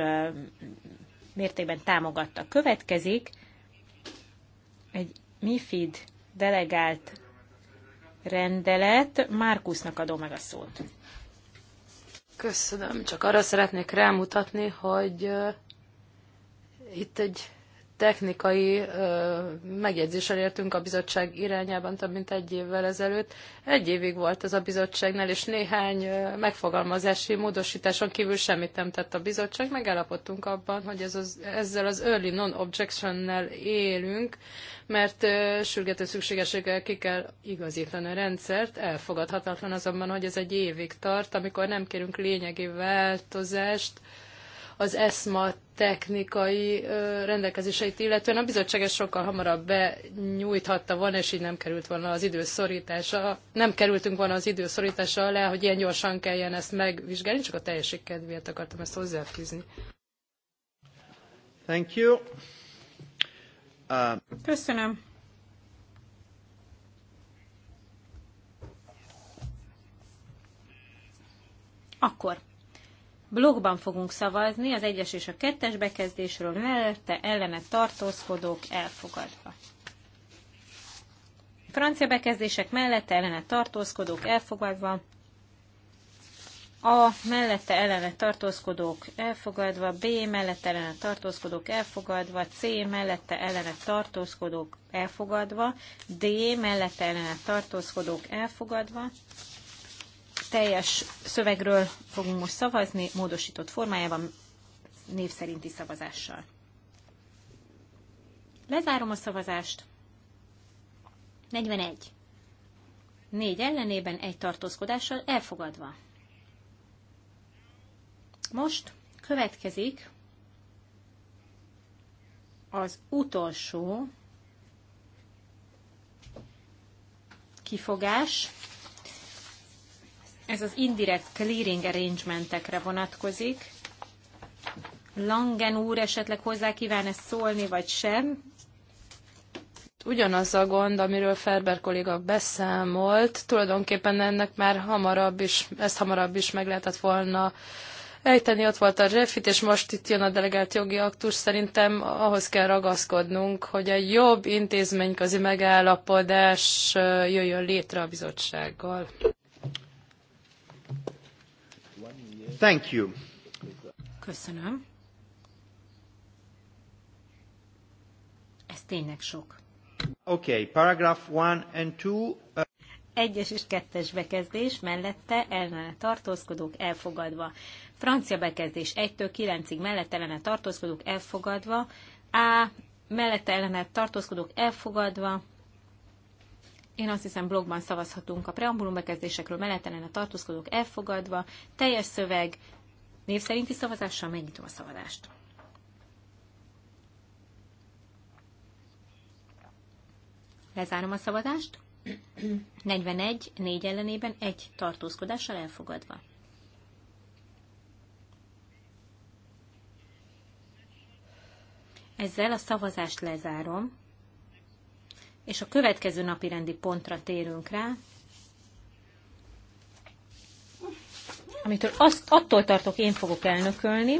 mértékben támogatta. Következik egy MIFID delegált rendelet. Márkusznak adom meg a szót. Köszönöm. Csak arra szeretnék rámutatni, hogy itt egy technikai megjegyzéssel értünk a bizottság irányában több mint egy évvel ezelőtt. Egy évig volt ez a bizottságnál, és néhány megfogalmazási módosításon kívül semmit nem tett a bizottság. Megállapodtunk abban, hogy ez az, ezzel az early non-objection-nel élünk, mert sürgető szükségességgel ki kell igazítani a rendszert. Elfogadhatatlan azonban, hogy ez egy évig tart, amikor nem kérünk lényegi változást, az ESMA technikai rendelkezéseit illetően a bizottság ezt sokkal hamarabb benyújthatta volna, és így nem került volna az időszorítása, nem kerültünk volna az időszorítása alá, hogy ilyen gyorsan kelljen ezt megvizsgálni, csak a teljesség kedvéért akartam ezt hozzáfűzni. Thank you. Uh... Köszönöm. Akkor Blogban fogunk szavazni az egyes és a kettes bekezdésről mellette ellene tartózkodók elfogadva. Francia bekezdések mellette ellene tartózkodók elfogadva. A mellette ellene tartózkodók elfogadva, B mellette ellene tartózkodók elfogadva, C mellette ellene tartózkodók elfogadva, D mellette ellene tartózkodók elfogadva, teljes szövegről fogunk most szavazni, módosított formájában, név szerinti szavazással. Lezárom a szavazást. 41. Négy ellenében egy tartózkodással elfogadva. Most következik az utolsó kifogás, ez az indirect clearing arrangementekre vonatkozik. Langen úr esetleg hozzá kíván ezt szólni, vagy sem? Ugyanaz a gond, amiről Ferber kolléga beszámolt, tulajdonképpen ennek már hamarabb is, ezt hamarabb is meg lehetett volna ejteni, ott volt a refit, és most itt jön a delegált jogi aktus, szerintem ahhoz kell ragaszkodnunk, hogy egy jobb intézményközi megállapodás jöjjön létre a bizottsággal. Thank you. Köszönöm. Ez tényleg sok. Okay, paragraph one and two. Uh... Egyes és kettes bekezdés mellette ellene tartózkodók elfogadva. Francia bekezdés 1-től 9-ig mellette ellene tartózkodók elfogadva. A mellette ellene tartózkodók elfogadva. Én azt hiszem, blogban szavazhatunk a preambulum bekezdésekről, menetelen a tartózkodók elfogadva, teljes szöveg, név szerinti szavazással megnyitom a szavazást. Lezárom a szavazást. 41, 4 ellenében egy tartózkodással elfogadva. Ezzel a szavazást lezárom és a következő napi rendi pontra térünk rá, amitől azt, attól tartok, én fogok elnökölni.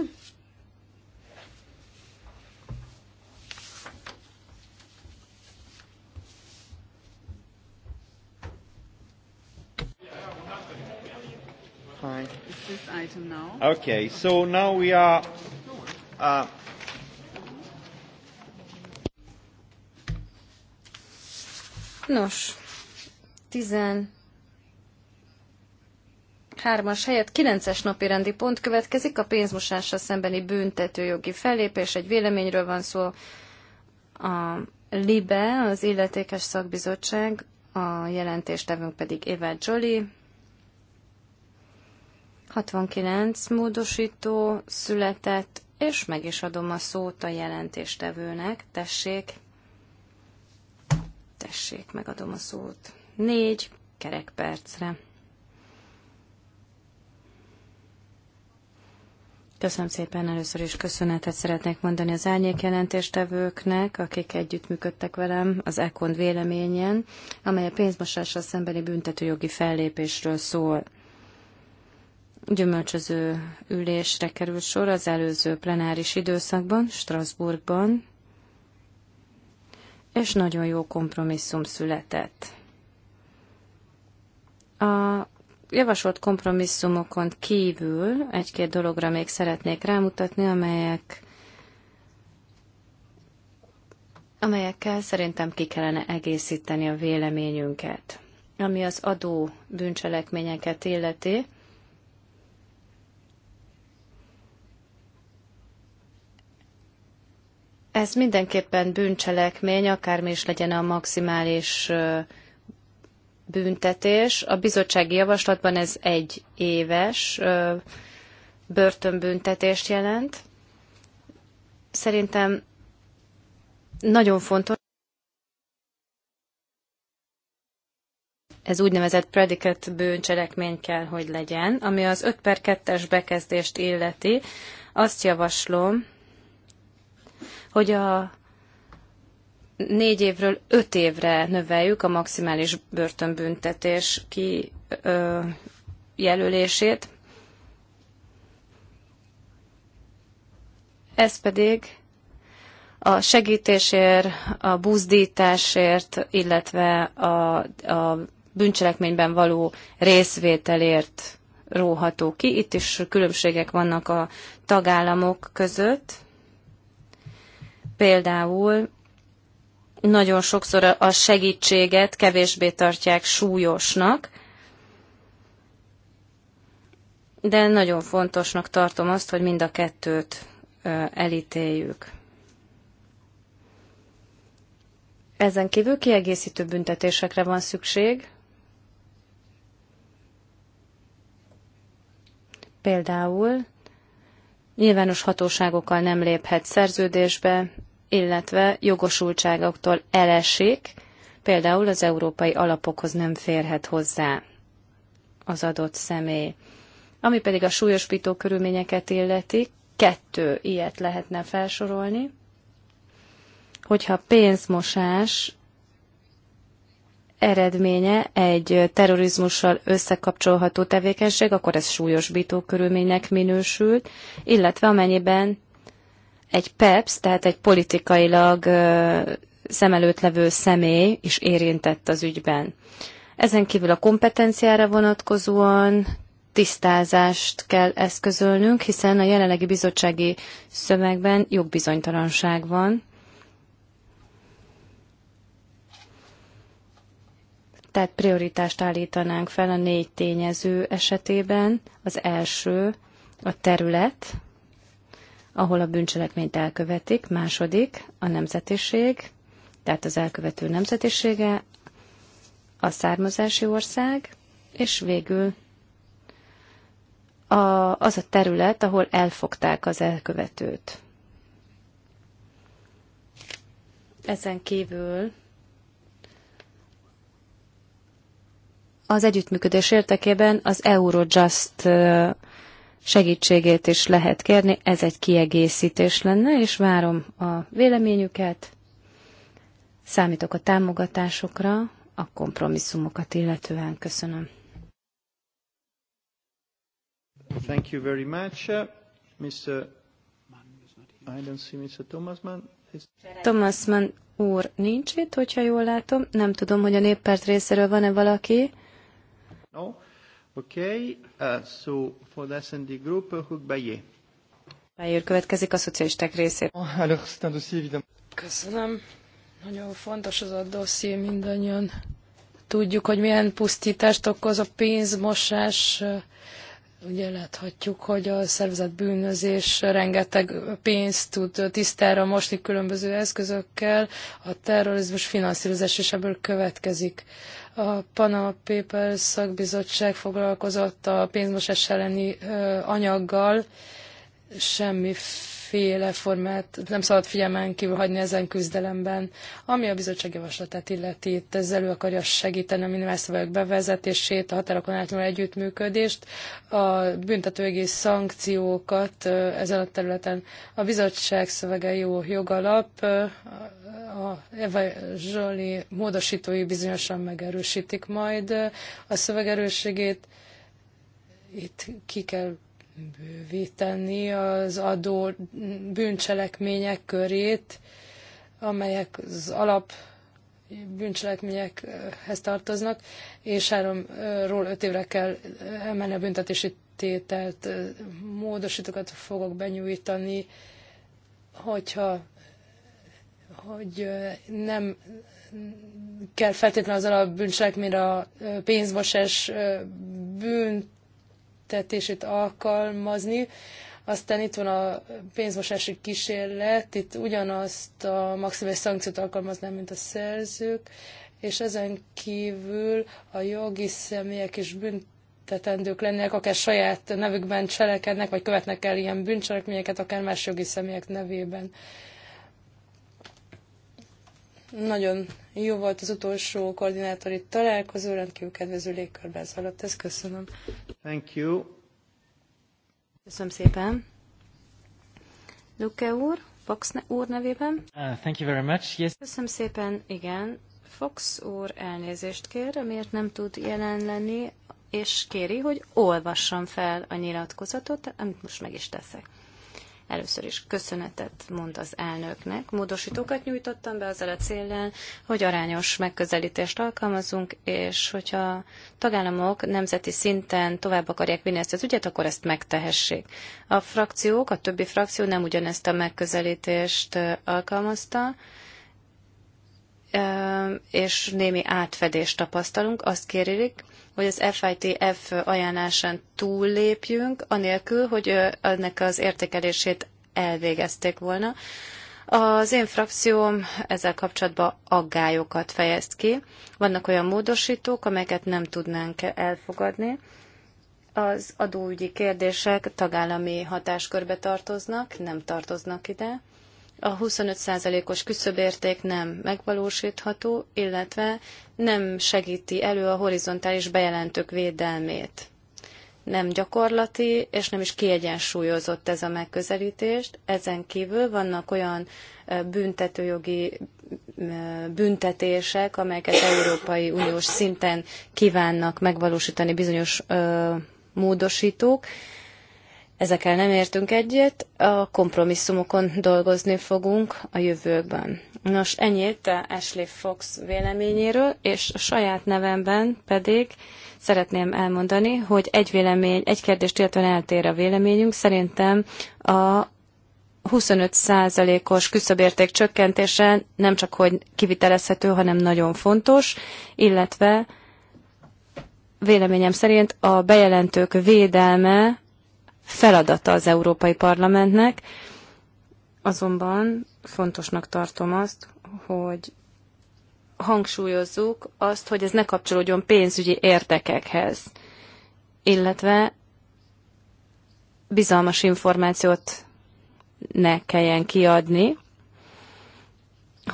Fine. Okay, so now we are uh, Nos, 13-as helyett 9-es napi rendi pont következik, a pénzmosással szembeni büntetőjogi fellépés, egy véleményről van szó a LIBE, az illetékes szakbizottság, a jelentéstevünk pedig Eva Jolie. 69 módosító született, és meg is adom a szót a jelentéstevőnek. Tessék! tessék, megadom a szót. Négy kerek percre. Köszönöm szépen, először is köszönetet szeretnék mondani az árnyék jelentéstevőknek, akik együttműködtek velem az ECON véleményen, amely a pénzmosással szembeni büntetőjogi fellépésről szól. Gyümölcsöző ülésre kerül sor az előző plenáris időszakban, Strasbourgban, és nagyon jó kompromisszum született. A javasolt kompromisszumokon kívül egy-két dologra még szeretnék rámutatni, amelyek amelyekkel szerintem ki kellene egészíteni a véleményünket. Ami az adó bűncselekményeket illeti, Ez mindenképpen bűncselekmény, akármi is legyen a maximális büntetés. A bizottsági javaslatban ez egy éves börtönbüntetést jelent. Szerintem nagyon fontos, ez úgynevezett predikett bűncselekmény kell, hogy legyen, ami az 5 per 2-es bekezdést illeti. Azt javaslom, hogy a négy évről öt évre növeljük a maximális börtönbüntetés ki ö, jelölését. Ez pedig a segítésért, a buzdításért, illetve a, a bűncselekményben való részvételért róható ki. Itt is különbségek vannak a tagállamok között. Például nagyon sokszor a segítséget kevésbé tartják súlyosnak, de nagyon fontosnak tartom azt, hogy mind a kettőt elítéljük. Ezen kívül kiegészítő büntetésekre van szükség. Például nyilvános hatóságokkal nem léphet szerződésbe, illetve jogosultságoktól elesik, például az európai alapokhoz nem férhet hozzá az adott személy. Ami pedig a súlyosbító körülményeket illeti, kettő ilyet lehetne felsorolni. Hogyha pénzmosás eredménye egy terrorizmussal összekapcsolható tevékenység, akkor ez súlyosbító körülménynek minősült, illetve amennyiben egy PEPS, tehát egy politikailag szem előtt levő személy is érintett az ügyben. Ezen kívül a kompetenciára vonatkozóan tisztázást kell eszközölnünk, hiszen a jelenlegi bizottsági szövegben jogbizonytalanság van. Tehát prioritást állítanánk fel a négy tényező esetében. Az első a terület, ahol a bűncselekményt elkövetik, második a nemzetiség, tehát az elkövető nemzetisége, a származási ország, és végül a, az a terület, ahol elfogták az elkövetőt. Ezen kívül az együttműködés értekében az Eurojust segítségét is lehet kérni. Ez egy kiegészítés lenne, és várom a véleményüket. Számítok a támogatásokra, a kompromisszumokat illetően. Köszönöm. Thank you very much. Uh, Mr. I don't see Mr. Thomas Mann. Thomas Mann úr nincs itt, hogyha jól látom. Nem tudom, hogy a néppárt részéről van-e valaki. No. Okay, uh, so for the SND group, Hug Bayé. következik a szocialisták részéről. Oh, Köszönöm. Nagyon fontos az a dosszié, mindannyian tudjuk, hogy milyen pusztítást okoz a pénzmosás, Ugye láthatjuk, hogy a szervezett bűnözés rengeteg pénzt tud tisztára mosni különböző eszközökkel, a terrorizmus finanszírozás is ebből következik. A Panama Papers szakbizottság foglalkozott a pénzmosás elleni anyaggal, semmi semmiféle formát nem szabad figyelmen kívül hagyni ezen küzdelemben. Ami a bizottság javaslatát illeti, itt ez elő akarja segíteni a minimálszabályok bevezetését, a határokon átnyúló együttműködést, a büntetőjogi szankciókat ezen a területen. A bizottság szövege jó jogalap, a Eva Zsoli módosítói bizonyosan megerősítik majd a szövegerősségét. Itt ki kell bővíteni az adó bűncselekmények körét, amelyek az alap bűncselekményekhez tartoznak, és háromról öt évre kell emelni a büntetési tételt, módosítókat fogok benyújtani, hogyha hogy nem kell feltétlenül az alap bűncselekményre a pénzmosás bűnt büntetését alkalmazni. Aztán itt van a pénzmosási kísérlet, itt ugyanazt a maximális szankciót alkalmaznám, mint a szerzők, és ezen kívül a jogi személyek is büntetendők lennének, akár saját nevükben cselekednek, vagy követnek el ilyen bűncselekményeket, akár más jogi személyek nevében. Nagyon jó volt az utolsó koordinátori találkozó, rendkívül kedvező légkörben zajlott. Ezt köszönöm. Thank you. Köszönöm szépen. Luke úr, Fox úr nevében. Uh, thank you very much. Yes. Köszönöm szépen, igen. Fox úr elnézést kér, amiért nem tud jelen lenni, és kéri, hogy olvassam fel a nyilatkozatot, amit most meg is teszek. Először is köszönetet mond az elnöknek. Módosítókat nyújtottam be azzal a céllal, hogy arányos megközelítést alkalmazunk, és hogyha tagállamok nemzeti szinten tovább akarják vinni ezt az ügyet, akkor ezt megtehessék. A frakciók, a többi frakció nem ugyanezt a megközelítést alkalmazta, és némi átfedést tapasztalunk. Azt kérjük hogy az FITF ajánlásán túllépjünk, anélkül, hogy ennek az értékelését elvégezték volna. Az én frakcióm ezzel kapcsolatban aggályokat fejezt ki. Vannak olyan módosítók, amelyeket nem tudnánk elfogadni. Az adóügyi kérdések tagállami hatáskörbe tartoznak, nem tartoznak ide a 25%-os küszöbérték nem megvalósítható, illetve nem segíti elő a horizontális bejelentők védelmét. Nem gyakorlati, és nem is kiegyensúlyozott ez a megközelítést. Ezen kívül vannak olyan büntetőjogi büntetések, amelyeket Európai Uniós szinten kívánnak megvalósítani bizonyos módosítók, Ezekkel nem értünk egyet, a kompromisszumokon dolgozni fogunk a jövőkben. Nos, ennyit a Ashley Fox véleményéről, és a saját nevemben pedig szeretném elmondani, hogy egy vélemény, egy kérdést illetően eltér a véleményünk. Szerintem a 25%-os küszöbérték csökkentése nem csak hogy kivitelezhető, hanem nagyon fontos, illetve véleményem szerint a bejelentők védelme feladata az Európai Parlamentnek, azonban fontosnak tartom azt, hogy hangsúlyozzuk azt, hogy ez ne kapcsolódjon pénzügyi érdekekhez, illetve bizalmas információt ne kelljen kiadni.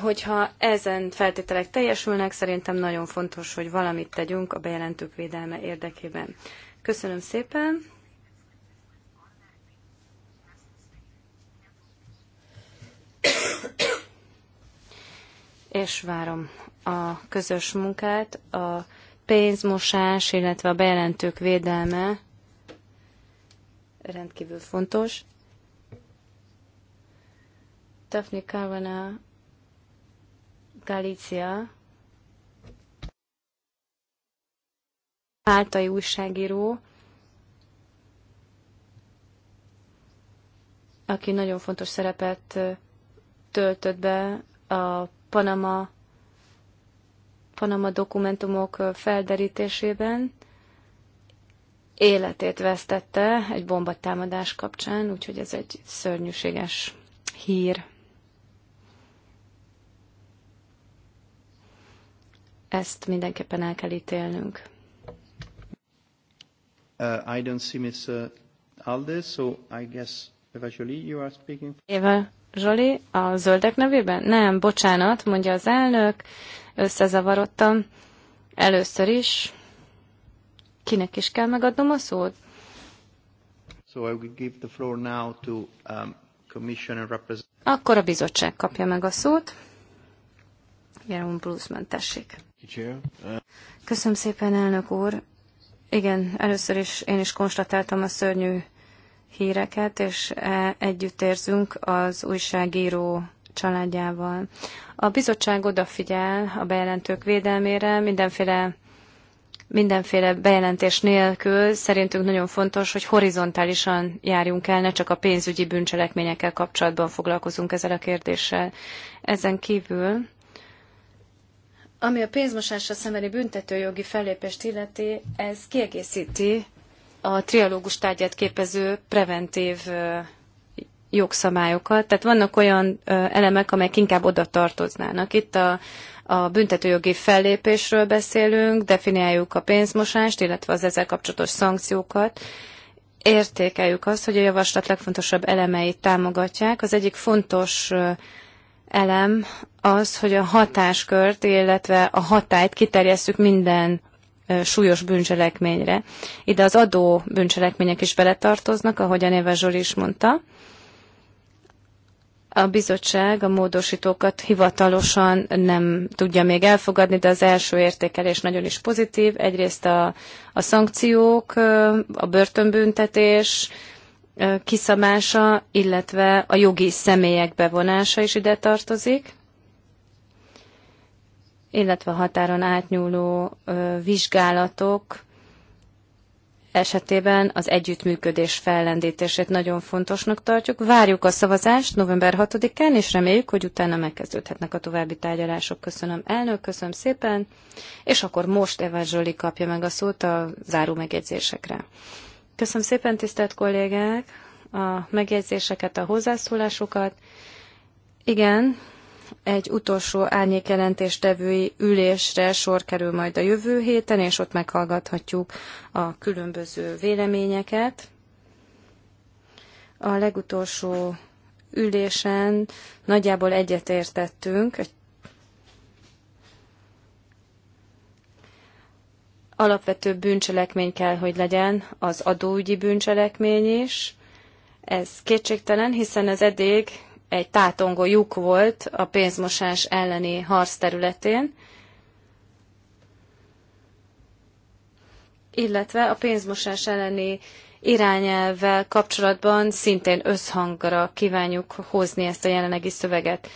Hogyha ezen feltételek teljesülnek, szerintem nagyon fontos, hogy valamit tegyünk a bejelentők védelme érdekében. Köszönöm szépen! és várom a közös munkát. A pénzmosás, illetve a bejelentők védelme rendkívül fontos. Daphne Caruana Galícia Máltai újságíró, aki nagyon fontos szerepet töltött be a Panama, Panama dokumentumok felderítésében. Életét vesztette egy bombatámadás kapcsán, úgyhogy ez egy szörnyűséges hír. Ezt mindenképpen el kell ítélnünk. Uh, I don't see Mr. Uh, Alde, so I guess eventually you are speaking. Eva. Zsoli, a zöldek nevében? Nem, bocsánat, mondja az elnök, összezavarodtam. Először is, kinek is kell megadnom a szót? So I will give the floor now to um, and represent... Akkor a bizottság kapja meg a szót. Jerome Bruce tessék. Köszönöm szépen, elnök úr. Igen, először is én is konstatáltam a szörnyű híreket, és e, együtt érzünk az újságíró családjával. A bizottság odafigyel a bejelentők védelmére, mindenféle mindenféle bejelentés nélkül szerintünk nagyon fontos, hogy horizontálisan járjunk el, ne csak a pénzügyi bűncselekményekkel kapcsolatban foglalkozunk ezzel a kérdéssel. Ezen kívül, ami a pénzmosásra szemeli büntetőjogi fellépést illeti, ez kiegészíti a trialógus tárgyát képező preventív jogszabályokat. Tehát vannak olyan elemek, amelyek inkább oda tartoznának. Itt a, a büntetőjogi fellépésről beszélünk, definiáljuk a pénzmosást, illetve az ezzel kapcsolatos szankciókat. Értékeljük azt, hogy a javaslat legfontosabb elemeit támogatják. Az egyik fontos elem az, hogy a hatáskört, illetve a hatályt kiterjesszük minden súlyos bűncselekményre. Ide az adó bűncselekmények is beletartoznak, a Éva Zsoli is mondta. A bizottság a módosítókat hivatalosan nem tudja még elfogadni, de az első értékelés nagyon is pozitív. Egyrészt a, a szankciók, a börtönbüntetés, kiszabása, illetve a jogi személyek bevonása is ide tartozik illetve határon átnyúló vizsgálatok esetében az együttműködés fellendítését nagyon fontosnak tartjuk. Várjuk a szavazást november 6-án, és reméljük, hogy utána megkezdődhetnek a további tárgyalások. Köszönöm elnök, köszönöm szépen, és akkor most Eva Zsoli kapja meg a szót a záró megjegyzésekre. Köszönöm szépen, tisztelt kollégák, a megjegyzéseket, a hozzászólásokat. Igen, egy utolsó árnyékjelentéstevői ülésre sor kerül majd a jövő héten, és ott meghallgathatjuk a különböző véleményeket. A legutolsó ülésen nagyjából egyetértettünk, egy alapvető bűncselekmény kell, hogy legyen az adóügyi bűncselekmény is. Ez kétségtelen, hiszen ez eddig egy tátongó lyuk volt a pénzmosás elleni harc területén, illetve a pénzmosás elleni irányelvvel kapcsolatban szintén összhangra kívánjuk hozni ezt a jelenlegi szöveget.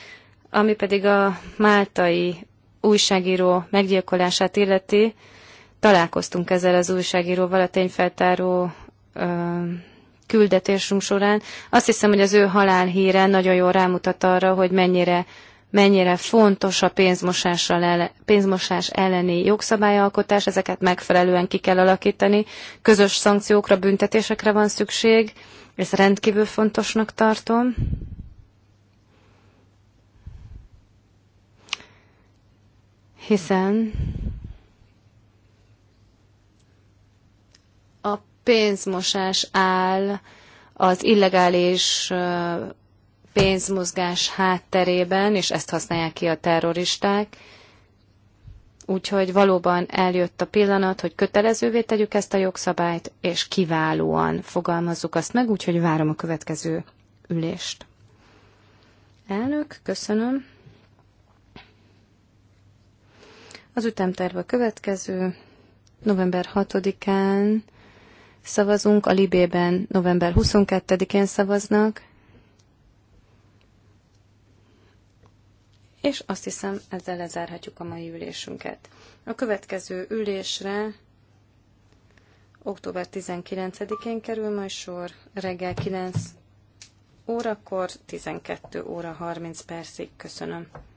Ami pedig a máltai újságíró meggyilkolását illeti, találkoztunk ezzel az újságíróval a tényfeltáró küldetésünk során. Azt hiszem, hogy az ő halálhíre nagyon jól rámutat arra, hogy mennyire mennyire fontos a ele, pénzmosás elleni jogszabályalkotás, ezeket megfelelően ki kell alakítani, közös szankciókra, büntetésekre van szükség, ezt rendkívül fontosnak tartom. Hiszen pénzmosás áll az illegális pénzmozgás hátterében, és ezt használják ki a terroristák. Úgyhogy valóban eljött a pillanat, hogy kötelezővé tegyük ezt a jogszabályt, és kiválóan fogalmazzuk azt meg, úgyhogy várom a következő ülést. Elnök, köszönöm. Az ütemterve következő. November 6-án szavazunk, a Libében november 22-én szavaznak, és azt hiszem ezzel lezárhatjuk a mai ülésünket. A következő ülésre október 19-én kerül majd sor, reggel 9 órakor, 12 óra 30 percig. Köszönöm.